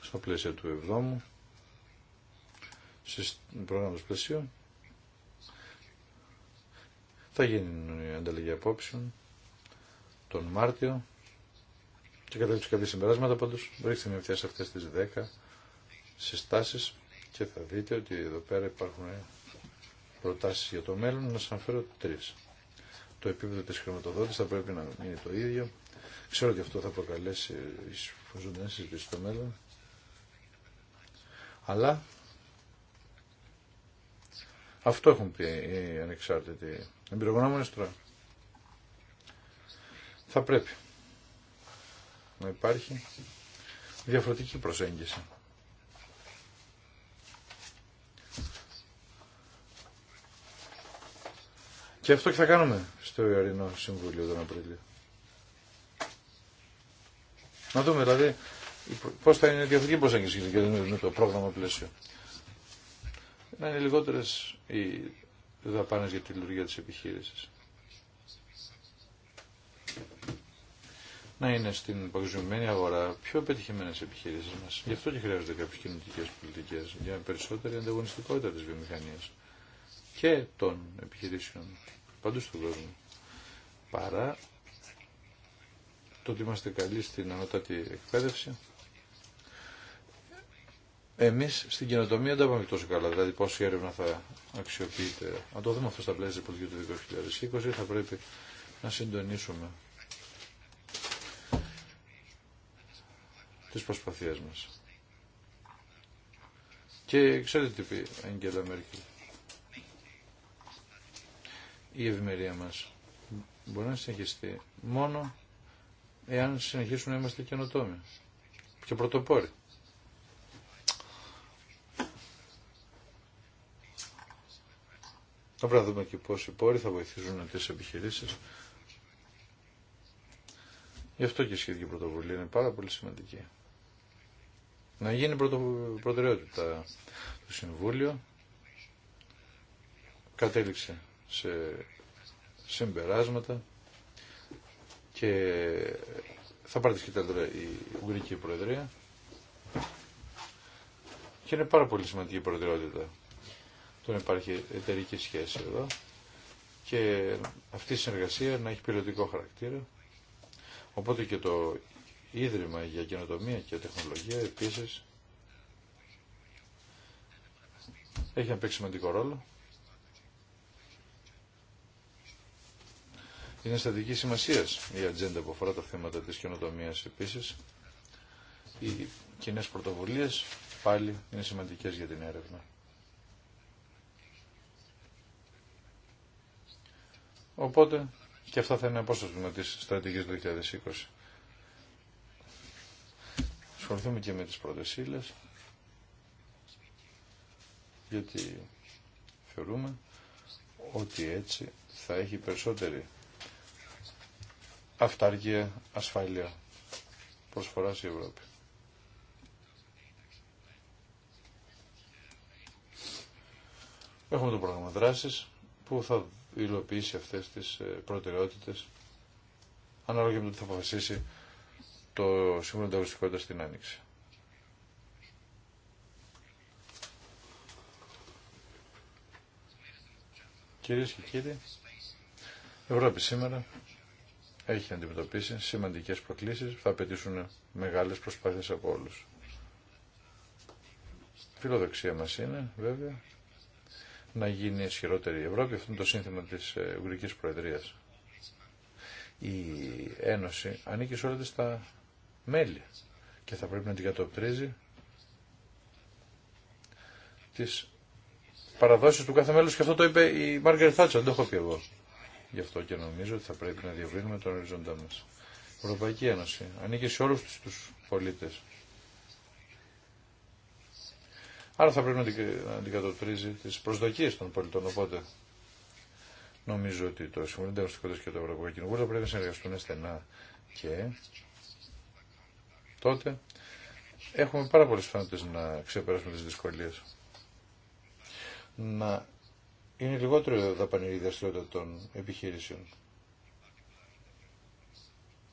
Στο πλαίσιο του εβδόμου, πρόγραμμα προγράμματος πλαίσιου. Θα γίνει η ανταλλαγή απόψεων τον Μάρτιο και καταλήξω κάποια συμπεράσματα πάντως. Ρίξτε μια σε αυτές τις 10 συστάσεις και θα δείτε ότι εδώ πέρα υπάρχουν προτάσεις για το μέλλον. Να σας αναφέρω τρεις. Το επίπεδο της χρηματοδότησης θα πρέπει να είναι το ίδιο. Ξέρω ότι αυτό θα προκαλέσει ζωντανές συζητήσεις στο μέλλον. Αλλά αυτό έχουν πει οι ανεξάρτητοι εμπειρογνώμονες τώρα. Θα πρέπει να υπάρχει διαφορετική προσέγγιση. Και αυτό και θα κάνουμε στο Ιαρινό Συμβούλιο τον Απρίλιο. Να δούμε δηλαδή πώς θα είναι η διαφορετική προσέγγιση για το πρόγραμμα πλαίσιο να είναι λιγότερες οι δαπάνες για τη λειτουργία τη επιχείρηση. Να είναι στην παγκοσμιωμένη αγορά πιο πετυχημένες επιχείρησεις μας. Γι' αυτό και χρειάζονται κάποιες κοινωνικέ πολιτικές για περισσότερη ανταγωνιστικότητα τη βιομηχανία και των επιχειρήσεων παντού στον κόσμο. Παρά το ότι είμαστε καλοί στην ανώτατη εκπαίδευση, εμείς στην καινοτομία δεν τα πάμε τόσο καλά, δηλαδή πόση έρευνα θα αξιοποιείται. Αν το δούμε αυτό στα πλαίσια του 2020 θα πρέπει να συντονίσουμε τις προσπαθίε μας. Και ξέρετε τι πει η Αγγέλα Μέρκελ. Η ευημερία μας μπορεί να συνεχιστεί μόνο εάν συνεχίσουν να είμαστε καινοτόμοι και πρωτοπόροι. Θα πρέπει να δούμε και οι πόροι θα βοηθήσουν τις επιχειρήσεις. Γι' αυτό και η σχετική πρωτοβουλία είναι πάρα πολύ σημαντική. Να γίνει προτεραιότητα το Συμβούλιο. Κατέληξε σε συμπεράσματα και θα πάρει τη τώρα η Ουγγρική Προεδρία και είναι πάρα πολύ σημαντική η προτεραιότητα τώρα υπάρχει εταιρική σχέση εδώ και αυτή η συνεργασία να έχει πιλωτικό χαρακτήρα. Οπότε και το Ίδρυμα για Καινοτομία και Τεχνολογία επίσης έχει να παίξει σημαντικό ρόλο. Είναι στατική σημασία η ατζέντα που αφορά τα θέματα της καινοτομία επίσης. Οι κοινέ πρωτοβουλίε πάλι είναι σημαντικές για την έρευνα. Οπότε και αυτά θα είναι απόσπασμα της στρατηγικής του 2020. Σχοληθούμε και με τις πρώτες ύλε. γιατί θεωρούμε ότι έτσι θα έχει περισσότερη αυταργία ασφάλεια προσφορά η Ευρώπη. Έχουμε το πρόγραμμα δράσης που θα υλοποιήσει αυτές τις ε, προτεραιότητες ανάλογα με το τι θα αποφασίσει το Σύμβουλο Ανταγωνιστικότητας στην Άνοιξη. Κυρίες και κύριοι, η Ευρώπη σήμερα έχει αντιμετωπίσει σημαντικές προκλήσεις, θα απαιτήσουν μεγάλες προσπάθειες από όλους. Η φιλοδοξία μας είναι βέβαια να γίνει ισχυρότερη η Ευρώπη. Αυτό είναι το σύνθημα της ε, Ουγγρικής Προεδρίας. Η Ένωση ανήκει σε όλα τα μέλη και θα πρέπει να την κατοπτρίζει τις παραδόσεις του κάθε μέλους και αυτό το είπε η Μάργαρη Θάτσα, δεν το έχω πει εγώ. Γι' αυτό και νομίζω ότι θα πρέπει να διευρύνουμε τον οριζοντά μας. Η Ευρωπαϊκή Ένωση ανήκει σε όλους τους πολίτες Άρα θα πρέπει να αντικατοπτρίζει τι προσδοκίε των πολιτών. Οπότε νομίζω ότι το Συμβουλίο Κοντές και το Ευρωπαϊκό Κοινοβούλιο πρέπει να συνεργαστούν στενά και τότε έχουμε πάρα πολλέ φάνατες να ξεπεράσουμε τι δυσκολίε. Να είναι λιγότερο δαπανηρή η δραστηριότητα των επιχειρήσεων.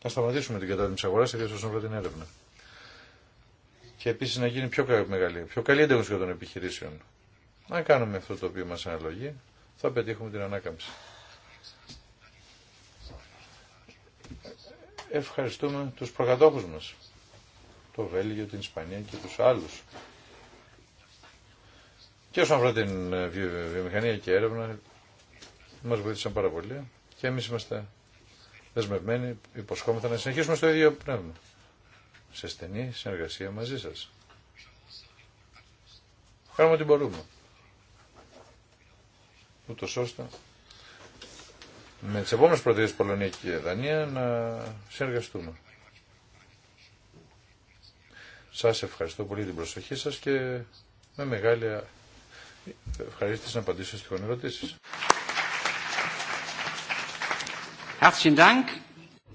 Να σταματήσουμε την κατάρτιση αγορά και όσον αφορά την έρευνα και επίση να γίνει πιο μεγάλη, πιο καλή ένταγωση των επιχειρήσεων. Αν κάνουμε αυτό το οποίο μα αναλογεί, θα πετύχουμε την ανάκαμψη. Ευχαριστούμε του προκατόχου μα, το Βέλγιο, την Ισπανία και του άλλου. Και όσον αφορά την ε, βιομηχανία και έρευνα, μα βοήθησαν πάρα πολύ και εμεί είμαστε δεσμευμένοι, υποσχόμεθα να συνεχίσουμε στο ίδιο πνεύμα σε στενή συνεργασία μαζί σας. Κάνουμε ό,τι μπορούμε. Ούτως ώστε με τις επόμενες πρωτεύουσες Πολωνία και Δανία να συνεργαστούμε. Σας ευχαριστώ πολύ την προσοχή σας και με μεγάλη ευχαρίστηση να απαντήσω στις τυχόν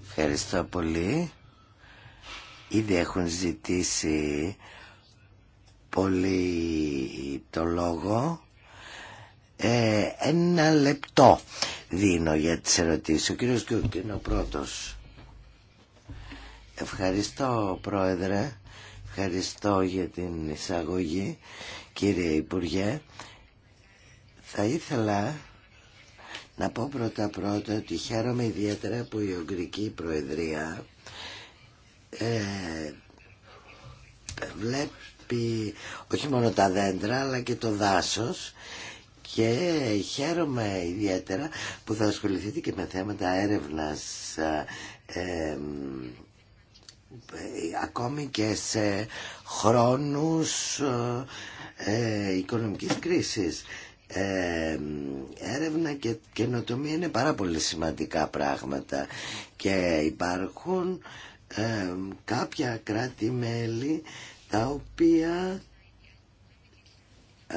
Ευχαριστώ πολύ. Ήδη έχουν ζητήσει πολύ το λόγο. Ε, ένα λεπτό δίνω για τις ερωτήσεις. Ο κύριος Κιούκ είναι ο πρώτος. Ευχαριστώ πρόεδρε, ευχαριστώ για την εισαγωγή κύριε Υπουργέ. Θα ήθελα να πω πρώτα πρώτα ότι χαίρομαι ιδιαίτερα που η Ουγγρική Προεδρία ε, βλέπει όχι μόνο τα δέντρα αλλά και το δάσος και χαίρομαι ιδιαίτερα που θα ασχοληθείτε και με θέματα έρευνας ε, ε, ακόμη και σε χρόνους ε, οικονομικής κρίσης. έρευνα και καινοτομία είναι πάρα πολύ σημαντικά πράγματα και υπάρχουν κάποια κράτη-μέλη τα οποία ε,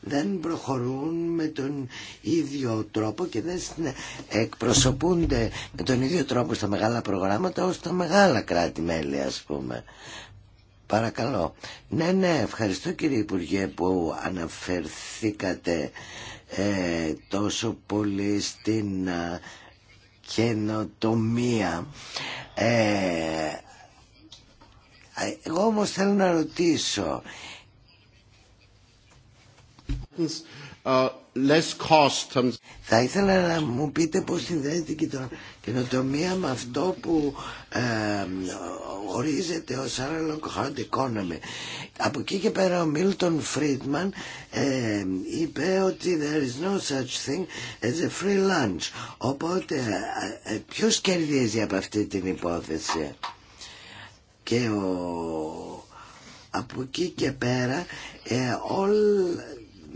δεν προχωρούν με τον ίδιο τρόπο και δεν ναι, εκπροσωπούνται με τον ίδιο τρόπο στα μεγάλα προγράμματα ως τα μεγάλα κράτη-μέλη ας πούμε. Παρακαλώ. Ναι, ναι, ευχαριστώ κύριε Υπουργέ που αναφερθήκατε ε, τόσο πολύ στην ε, καινοτομία. Ε, εγώ όμω θέλω να ρωτήσω... Uh, θα ήθελα να μου πείτε πώς συνδέεται και το καινοτομία με αυτό που ορίζεται ως analog hard economy. Από εκεί και πέρα ο Μίλτον Φρίντμαν είπε ότι there is no such thing as a free lunch. Οπότε ε, ε ποιος κερδίζει από αυτή την υπόθεση. Και από εκεί και πέρα ε, όλοι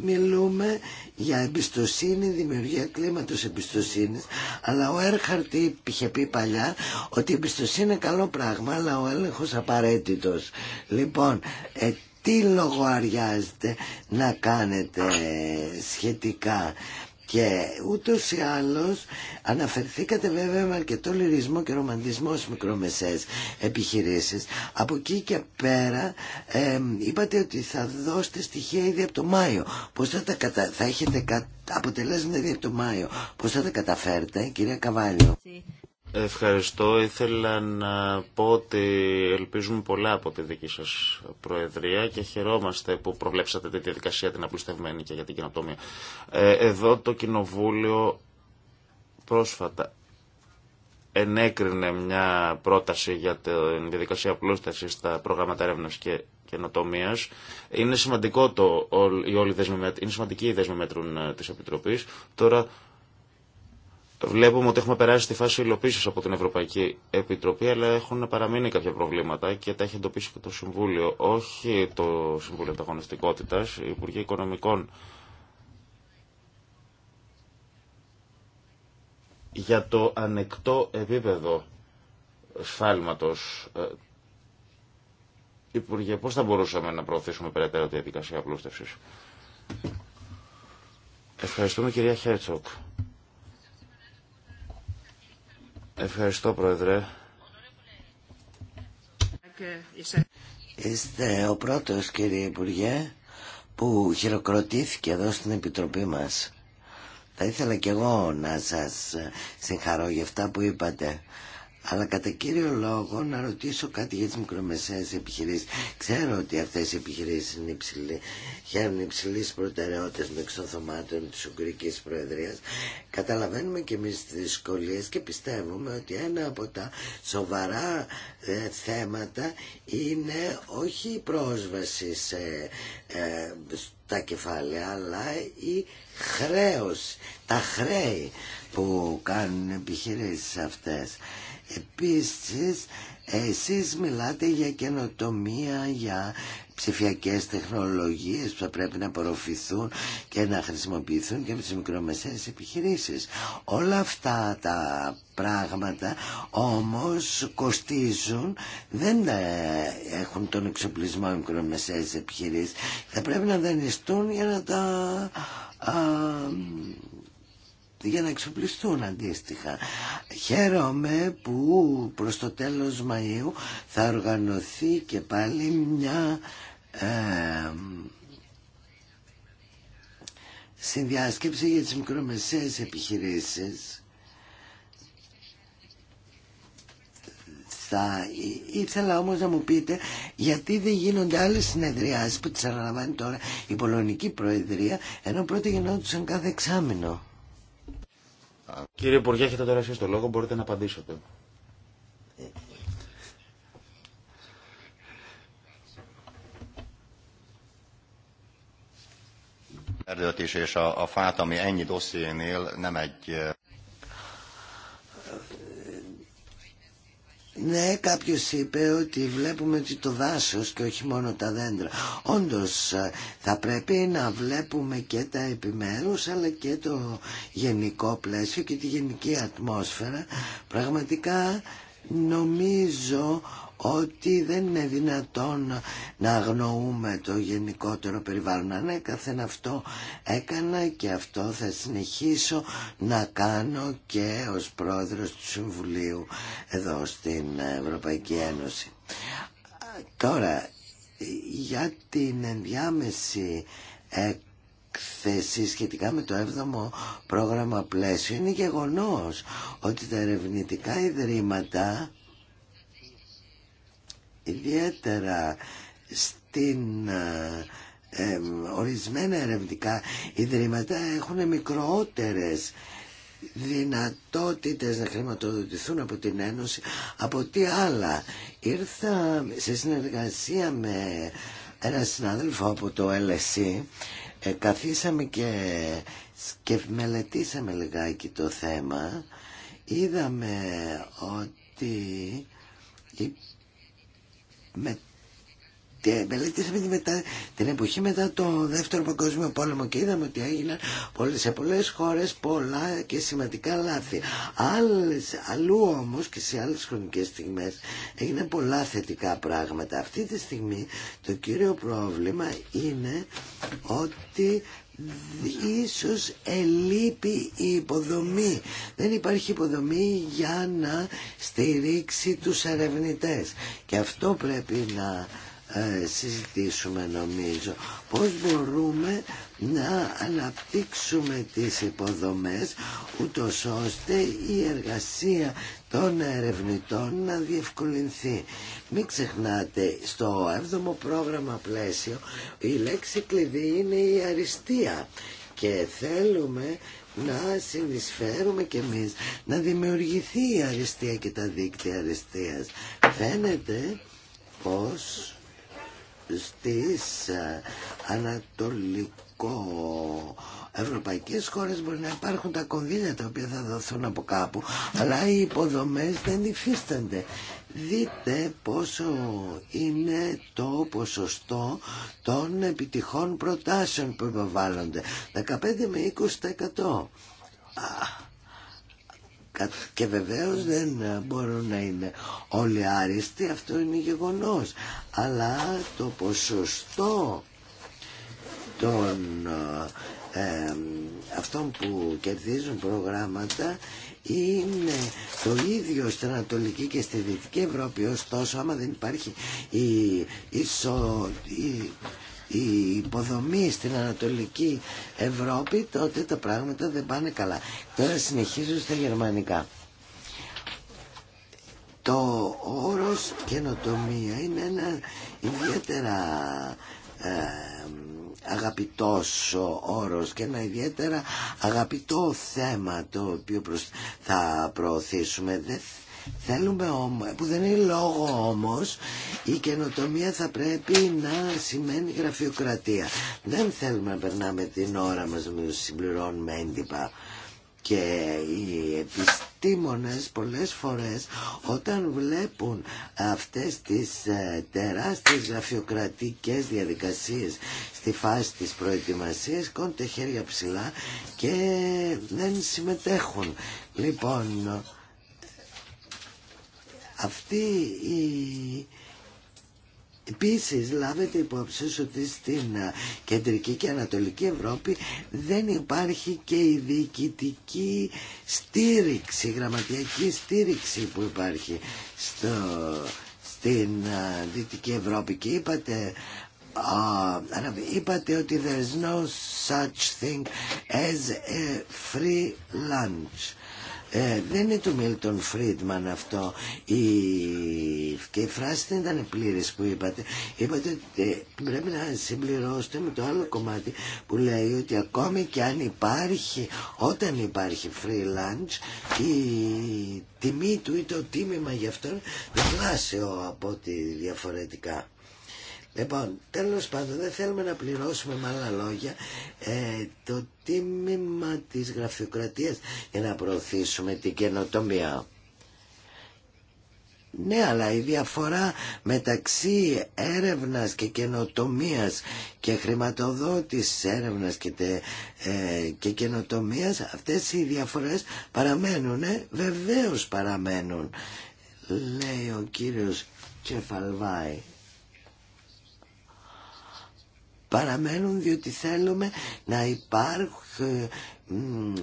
μιλούμε για εμπιστοσύνη, δημιουργία κλίματος εμπιστοσύνης αλλά ο Έρχαρτ είχε πει παλιά ότι η εμπιστοσύνη είναι καλό πράγμα αλλά ο έλεγχος απαραίτητος λοιπόν ε, τι λογοαριάζεται να κάνετε σχετικά και ούτως ή άλλως αναφερθήκατε βέβαια με αρκετό λυρισμό και ρομαντισμό στις μικρομεσαίες επιχειρήσεις. Από εκεί και πέρα ε, είπατε ότι θα δώσετε στοιχεία ήδη από το Μάιο. Πώς θα, τα κατα... έχετε κα... αποτελέσματα ήδη το Μάιο. Πώς θα τα καταφέρετε κυρία Καβάλιο. Ευχαριστώ. Ήθελα να πω ότι ελπίζουμε πολλά από τη δική σας Προεδρία και χαιρόμαστε που προβλέψατε τη διαδικασία την απλουστευμένη και για την κοινοτομία. Ε, εδώ το Κοινοβούλιο πρόσφατα ενέκρινε μια πρόταση για την διαδικασία απλούστευσης στα προγράμματα έρευνα και καινοτομία. Είναι σημαντικό το, είναι σημαντική η δέσμη μέτρων ε, της Επιτροπής. Τώρα Βλέπουμε ότι έχουμε περάσει τη φάση υλοποίηση από την Ευρωπαϊκή Επιτροπή, αλλά έχουν παραμείνει κάποια προβλήματα και τα έχει εντοπίσει και το Συμβούλιο. Όχι το Συμβούλιο Ανταγωνιστικότητα, η Υπουργή Οικονομικών. Για το ανεκτό επίπεδο σφάλματος, ε, Υπουργέ, πώς θα μπορούσαμε να προωθήσουμε περαιτέρω τη διαδικασία απλούστευση. Ευχαριστούμε κυρία Χέρτσοκ. Ευχαριστώ, Πρόεδρε. Είστε ο πρώτος, κύριε Υπουργέ, που χειροκροτήθηκε εδώ στην Επιτροπή μας. Θα ήθελα κι εγώ να σας συγχαρώ για αυτά που είπατε. Αλλά κατά κύριο λόγο να ρωτήσω κάτι για τις μικρομεσαίες επιχειρήσεις. Ξέρω ότι αυτές οι επιχειρήσεις είναι υψηλή, χαίρουν υψηλής προτεραιότητας με εξωθωμάτων της Ουγγρικής Προεδρίας. Καταλαβαίνουμε και εμείς τις δυσκολίες και πιστεύουμε ότι ένα από τα σοβαρά ε, θέματα είναι όχι η πρόσβαση σε, ε, στα κεφάλαια, αλλά η χρέωση, τα χρέη που κάνουν επιχειρήσεις αυτές. Επίσης, εσείς μιλάτε για καινοτομία, για ψηφιακές τεχνολογίες που θα πρέπει να απορροφηθούν και να χρησιμοποιηθούν και από τις μικρομεσαίες επιχειρήσεις. Όλα αυτά τα πράγματα όμως κοστίζουν, δεν ε, έχουν τον εξοπλισμό οι μικρομεσαίες επιχειρήσεις. Θα πρέπει να δανειστούν για να τα για να εξοπλιστούν αντίστοιχα. Χαίρομαι που προς το τέλος Μαΐου θα οργανωθεί και πάλι μια ε, συνδιάσκεψη για τις μικρομεσαίες επιχειρήσεις. Θα ήθελα όμως να μου πείτε γιατί δεν γίνονται άλλες συνεδριάσεις που τις αναλαμβάνει τώρα η Πολωνική Προεδρία ενώ πρώτα γινόντουσαν κάθε εξάμεινο. Κύριε Υπουργέ, έχετε τώρα εσείς το λόγο, μπορείτε να απαντήσετε. és a, a fát, ami ennyi dossziénél nem egy Ναι, κάποιος είπε ότι βλέπουμε ότι το δάσος και όχι μόνο τα δέντρα. Όντως ε, θα πρέπει να βλέπουμε και τα επιμέρους αλλά και το γενικό πλαίσιο και τη γενική ατμόσφαιρα. Πραγματικά νομίζω ότι δεν είναι δυνατόν να αγνοούμε το γενικότερο περιβάλλον. Ανέκαθεν αυτό έκανα και αυτό θα συνεχίσω να κάνω και ως πρόεδρος του Συμβουλίου εδώ στην Ευρωπαϊκή Ένωση. Τώρα, για την ενδιάμεση έκθεση σχετικά με το 7ο πρόγραμμα πλαίσιο είναι γεγονός ότι τα ερευνητικά ιδρύματα ιδιαίτερα στην ε, ορισμένα ερευνητικά ιδρύματα έχουν μικρότερες δυνατότητες να χρηματοδοτηθούν από την Ένωση από τι άλλα ήρθα σε συνεργασία με ένα συνάδελφο από το LSE ε, καθίσαμε και, και μελετήσαμε λιγάκι το θέμα είδαμε ότι με, μελετήσαμε τη μετά, την εποχή μετά το Δεύτερο Παγκόσμιο Πόλεμο και είδαμε ότι έγιναν πολλές, σε πολλές χώρες πολλά και σημαντικά λάθη. Άλλες, αλλού όμως και σε άλλες χρονικές στιγμές έγιναν πολλά θετικά πράγματα. Αυτή τη στιγμή το κύριο πρόβλημα είναι ότι ίσως ελείπει η υποδομή. Δεν υπάρχει υποδομή για να στηρίξει τους ερευνητές. Και αυτό πρέπει να ε, συζητήσουμε νομίζω. Πώς μπορούμε να αναπτύξουμε τις υποδομές ούτως ώστε η εργασία των ερευνητών να διευκολυνθεί. Μην ξεχνάτε, στο 7ο πρόγραμμα πλαίσιο η λέξη κλειδί είναι η αριστεία και θέλουμε να συνεισφέρουμε κι εμείς να δημιουργηθεί η αριστεία και τα δίκτυα αριστείας. Φαίνεται πως στις ε, ανατολικές ευρωπαϊκές χώρες μπορεί να υπάρχουν τα κονδύλια τα οποία θα δοθούν από κάπου αλλά οι υποδομές δεν υφίστανται δείτε πόσο είναι το ποσοστό των επιτυχών προτάσεων που υποβάλλονται 15 με 20% και βεβαίως δεν μπορούν να είναι όλοι άριστοι αυτό είναι γεγονός αλλά το ποσοστό των αυτών που κερδίζουν προγράμματα είναι το ίδιο στην Ανατολική και στη Δυτική Ευρώπη ωστόσο άμα δεν υπάρχει η, σο η, η υποδομή στην Ανατολική Ευρώπη τότε τα πράγματα δεν πάνε καλά τώρα συνεχίζω στα γερμανικά το όρος καινοτομία είναι ένα ιδιαίτερα αγαπητός όρος και ένα ιδιαίτερα αγαπητό θέμα το οποίο θα προωθήσουμε. Δεν Θέλουμε όμως, που δεν είναι λόγο όμως, η καινοτομία θα πρέπει να σημαίνει γραφειοκρατία. Δεν θέλουμε να περνάμε την ώρα μας να συμπληρώνουμε έντυπα και οι επιστήμονες πολλές φορές όταν βλέπουν αυτές τις ε, τεράστιες γραφειοκρατικές διαδικασίες στη φάση της προετοιμασίας κόνουν χέρια ψηλά και δεν συμμετέχουν. Λοιπόν, ε, αυτή Επίσης λάβετε υπόψη ότι στην ε, κεντρική και ανατολική Ευρώπη δεν υπάρχει και η διοικητική στήριξη, η γραμματιακή στήριξη που υπάρχει στο, στην ε, Δυτική Ευρώπη και είπατε είπατε ότι there is no such thing as a free lunch. Ε, δεν είναι του Μίλτον Φρίντμαν αυτό. Η... Και η φράση δεν ήταν πλήρη που είπατε. Είπατε ότι ε, πρέπει να συμπληρώσετε με το άλλο κομμάτι που λέει ότι ακόμη και αν υπάρχει, όταν υπάρχει free lunch, η τιμή του ή το τίμημα γι' αυτόν διπλάσιο από ό,τι διαφορετικά. Λοιπόν, τέλο πάντων, δεν θέλουμε να πληρώσουμε με άλλα λόγια ε, το τίμημα της γραφειοκρατίας για να προωθήσουμε την καινοτομία. Ναι, αλλά η διαφορά μεταξύ έρευνας και καινοτομίας και χρηματοδότησης έρευνας και, τε, ε, και καινοτομίας, αυτές οι διαφορές παραμένουν, ε, βεβαίως παραμένουν, λέει ο κύριος Κεφαλβάη παραμένουν διότι θέλουμε να υπάρχουν ε,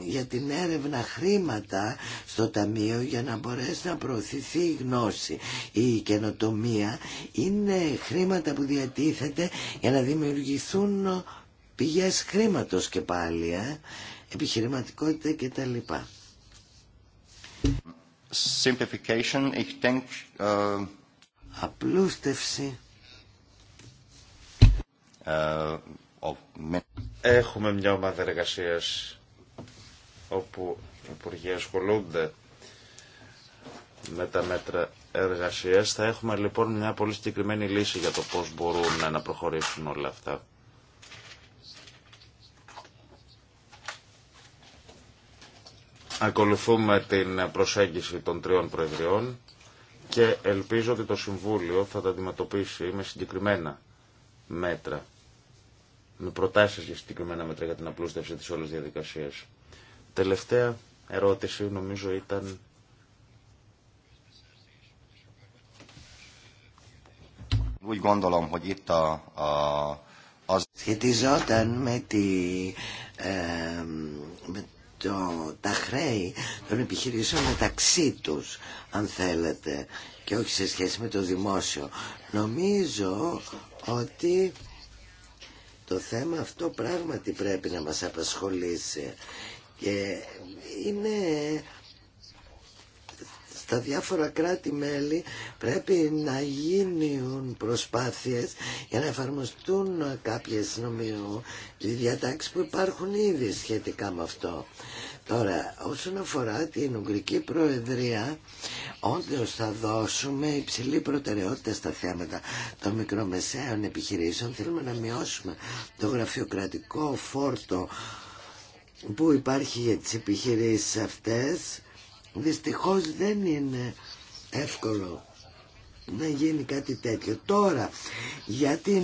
για την έρευνα χρήματα στο Ταμείο για να μπορέσει να προωθηθεί η γνώση. Η καινοτομία είναι χρήματα που διατίθεται για να δημιουργηθούν πηγές χρήματος και πάλι, ε, επιχειρηματικότητα κτλ. Simplification, ich uh... Απλούστευση. Ε, έχουμε μια ομάδα εργασία όπου οι υπουργοί ασχολούνται με τα μέτρα εργασία. Θα έχουμε λοιπόν μια πολύ συγκεκριμένη λύση για το πώ μπορούν να προχωρήσουν όλα αυτά. Ακολουθούμε την προσέγγιση των τριών προεδριών και ελπίζω ότι το Συμβούλιο θα τα αντιμετωπίσει με συγκεκριμένα μέτρα, με προτάσεις για συγκεκριμένα μέτρα για την απλούστευση της όλης διαδικασίας. Τελευταία ερώτηση νομίζω ήταν Σχετιζόταν με, τη, το, τα χρέη των επιχειρήσεων μεταξύ τους, αν θέλετε, και όχι σε σχέση με το δημόσιο. Νομίζω ότι το θέμα αυτό πράγματι πρέπει να μας απασχολήσει και είναι στα διάφορα κράτη-μέλη πρέπει να γίνουν προσπάθειες για να εφαρμοστούν κάποιες νομιού διατάξεις που υπάρχουν ήδη σχετικά με αυτό. Τώρα, όσον αφορά την Ουγγρική Προεδρία, όντω θα δώσουμε υψηλή προτεραιότητα στα θέματα των μικρομεσαίων επιχειρήσεων. Θέλουμε να μειώσουμε το γραφειοκρατικό φόρτο που υπάρχει για τις επιχειρήσεις αυτές. Δυστυχώς δεν είναι εύκολο να γίνει κάτι τέτοιο. Τώρα, για την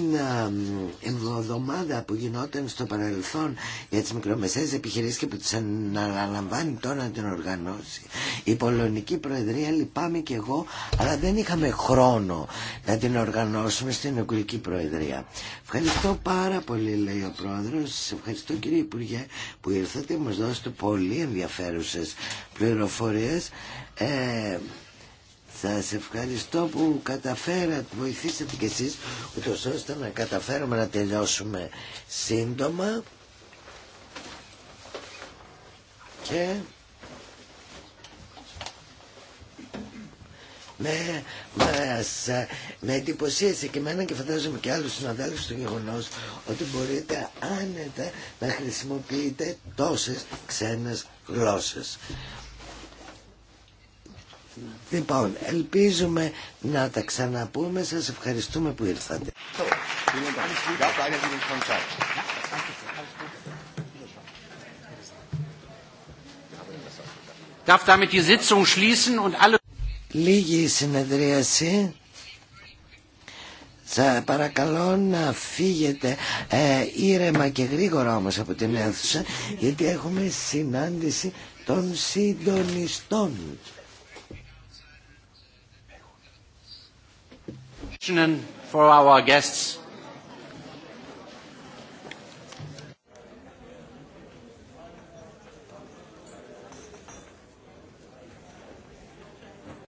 εβδομάδα που γινόταν στο παρελθόν για τις μικρομεσαίες επιχειρήσεις και που τις αναλαμβάνει τώρα να την οργανώσει, η Πολωνική Προεδρία λυπάμαι και εγώ, αλλά δεν είχαμε χρόνο να την οργανώσουμε στην Εκλογική Προεδρία. Ευχαριστώ πάρα πολύ, λέει ο Πρόεδρος. Ευχαριστώ κύριε Υπουργέ που ήρθατε, μας δώσετε πολύ ενδιαφέρουσες πληροφορίες. Ε, σας ευχαριστώ που καταφέρατε, βοηθήσατε κι εσείς, ούτω ώστε να καταφέρουμε να τελειώσουμε σύντομα. Και... με, μας, με εντυπωσίασε και εμένα και φαντάζομαι και άλλους συναδέλφους στο γεγονός ότι μπορείτε άνετα να χρησιμοποιείτε τόσες ξένες γλώσσες. Λοιπόν, ελπίζουμε να τα ξαναπούμε. Σα ευχαριστούμε που ήρθατε. Λίγη συνεδρίαση. Σα παρακαλώ να φύγετε ε, ήρεμα και γρήγορα όμως από την αίθουσα γιατί έχουμε συνάντηση των συντονιστών. For our guests.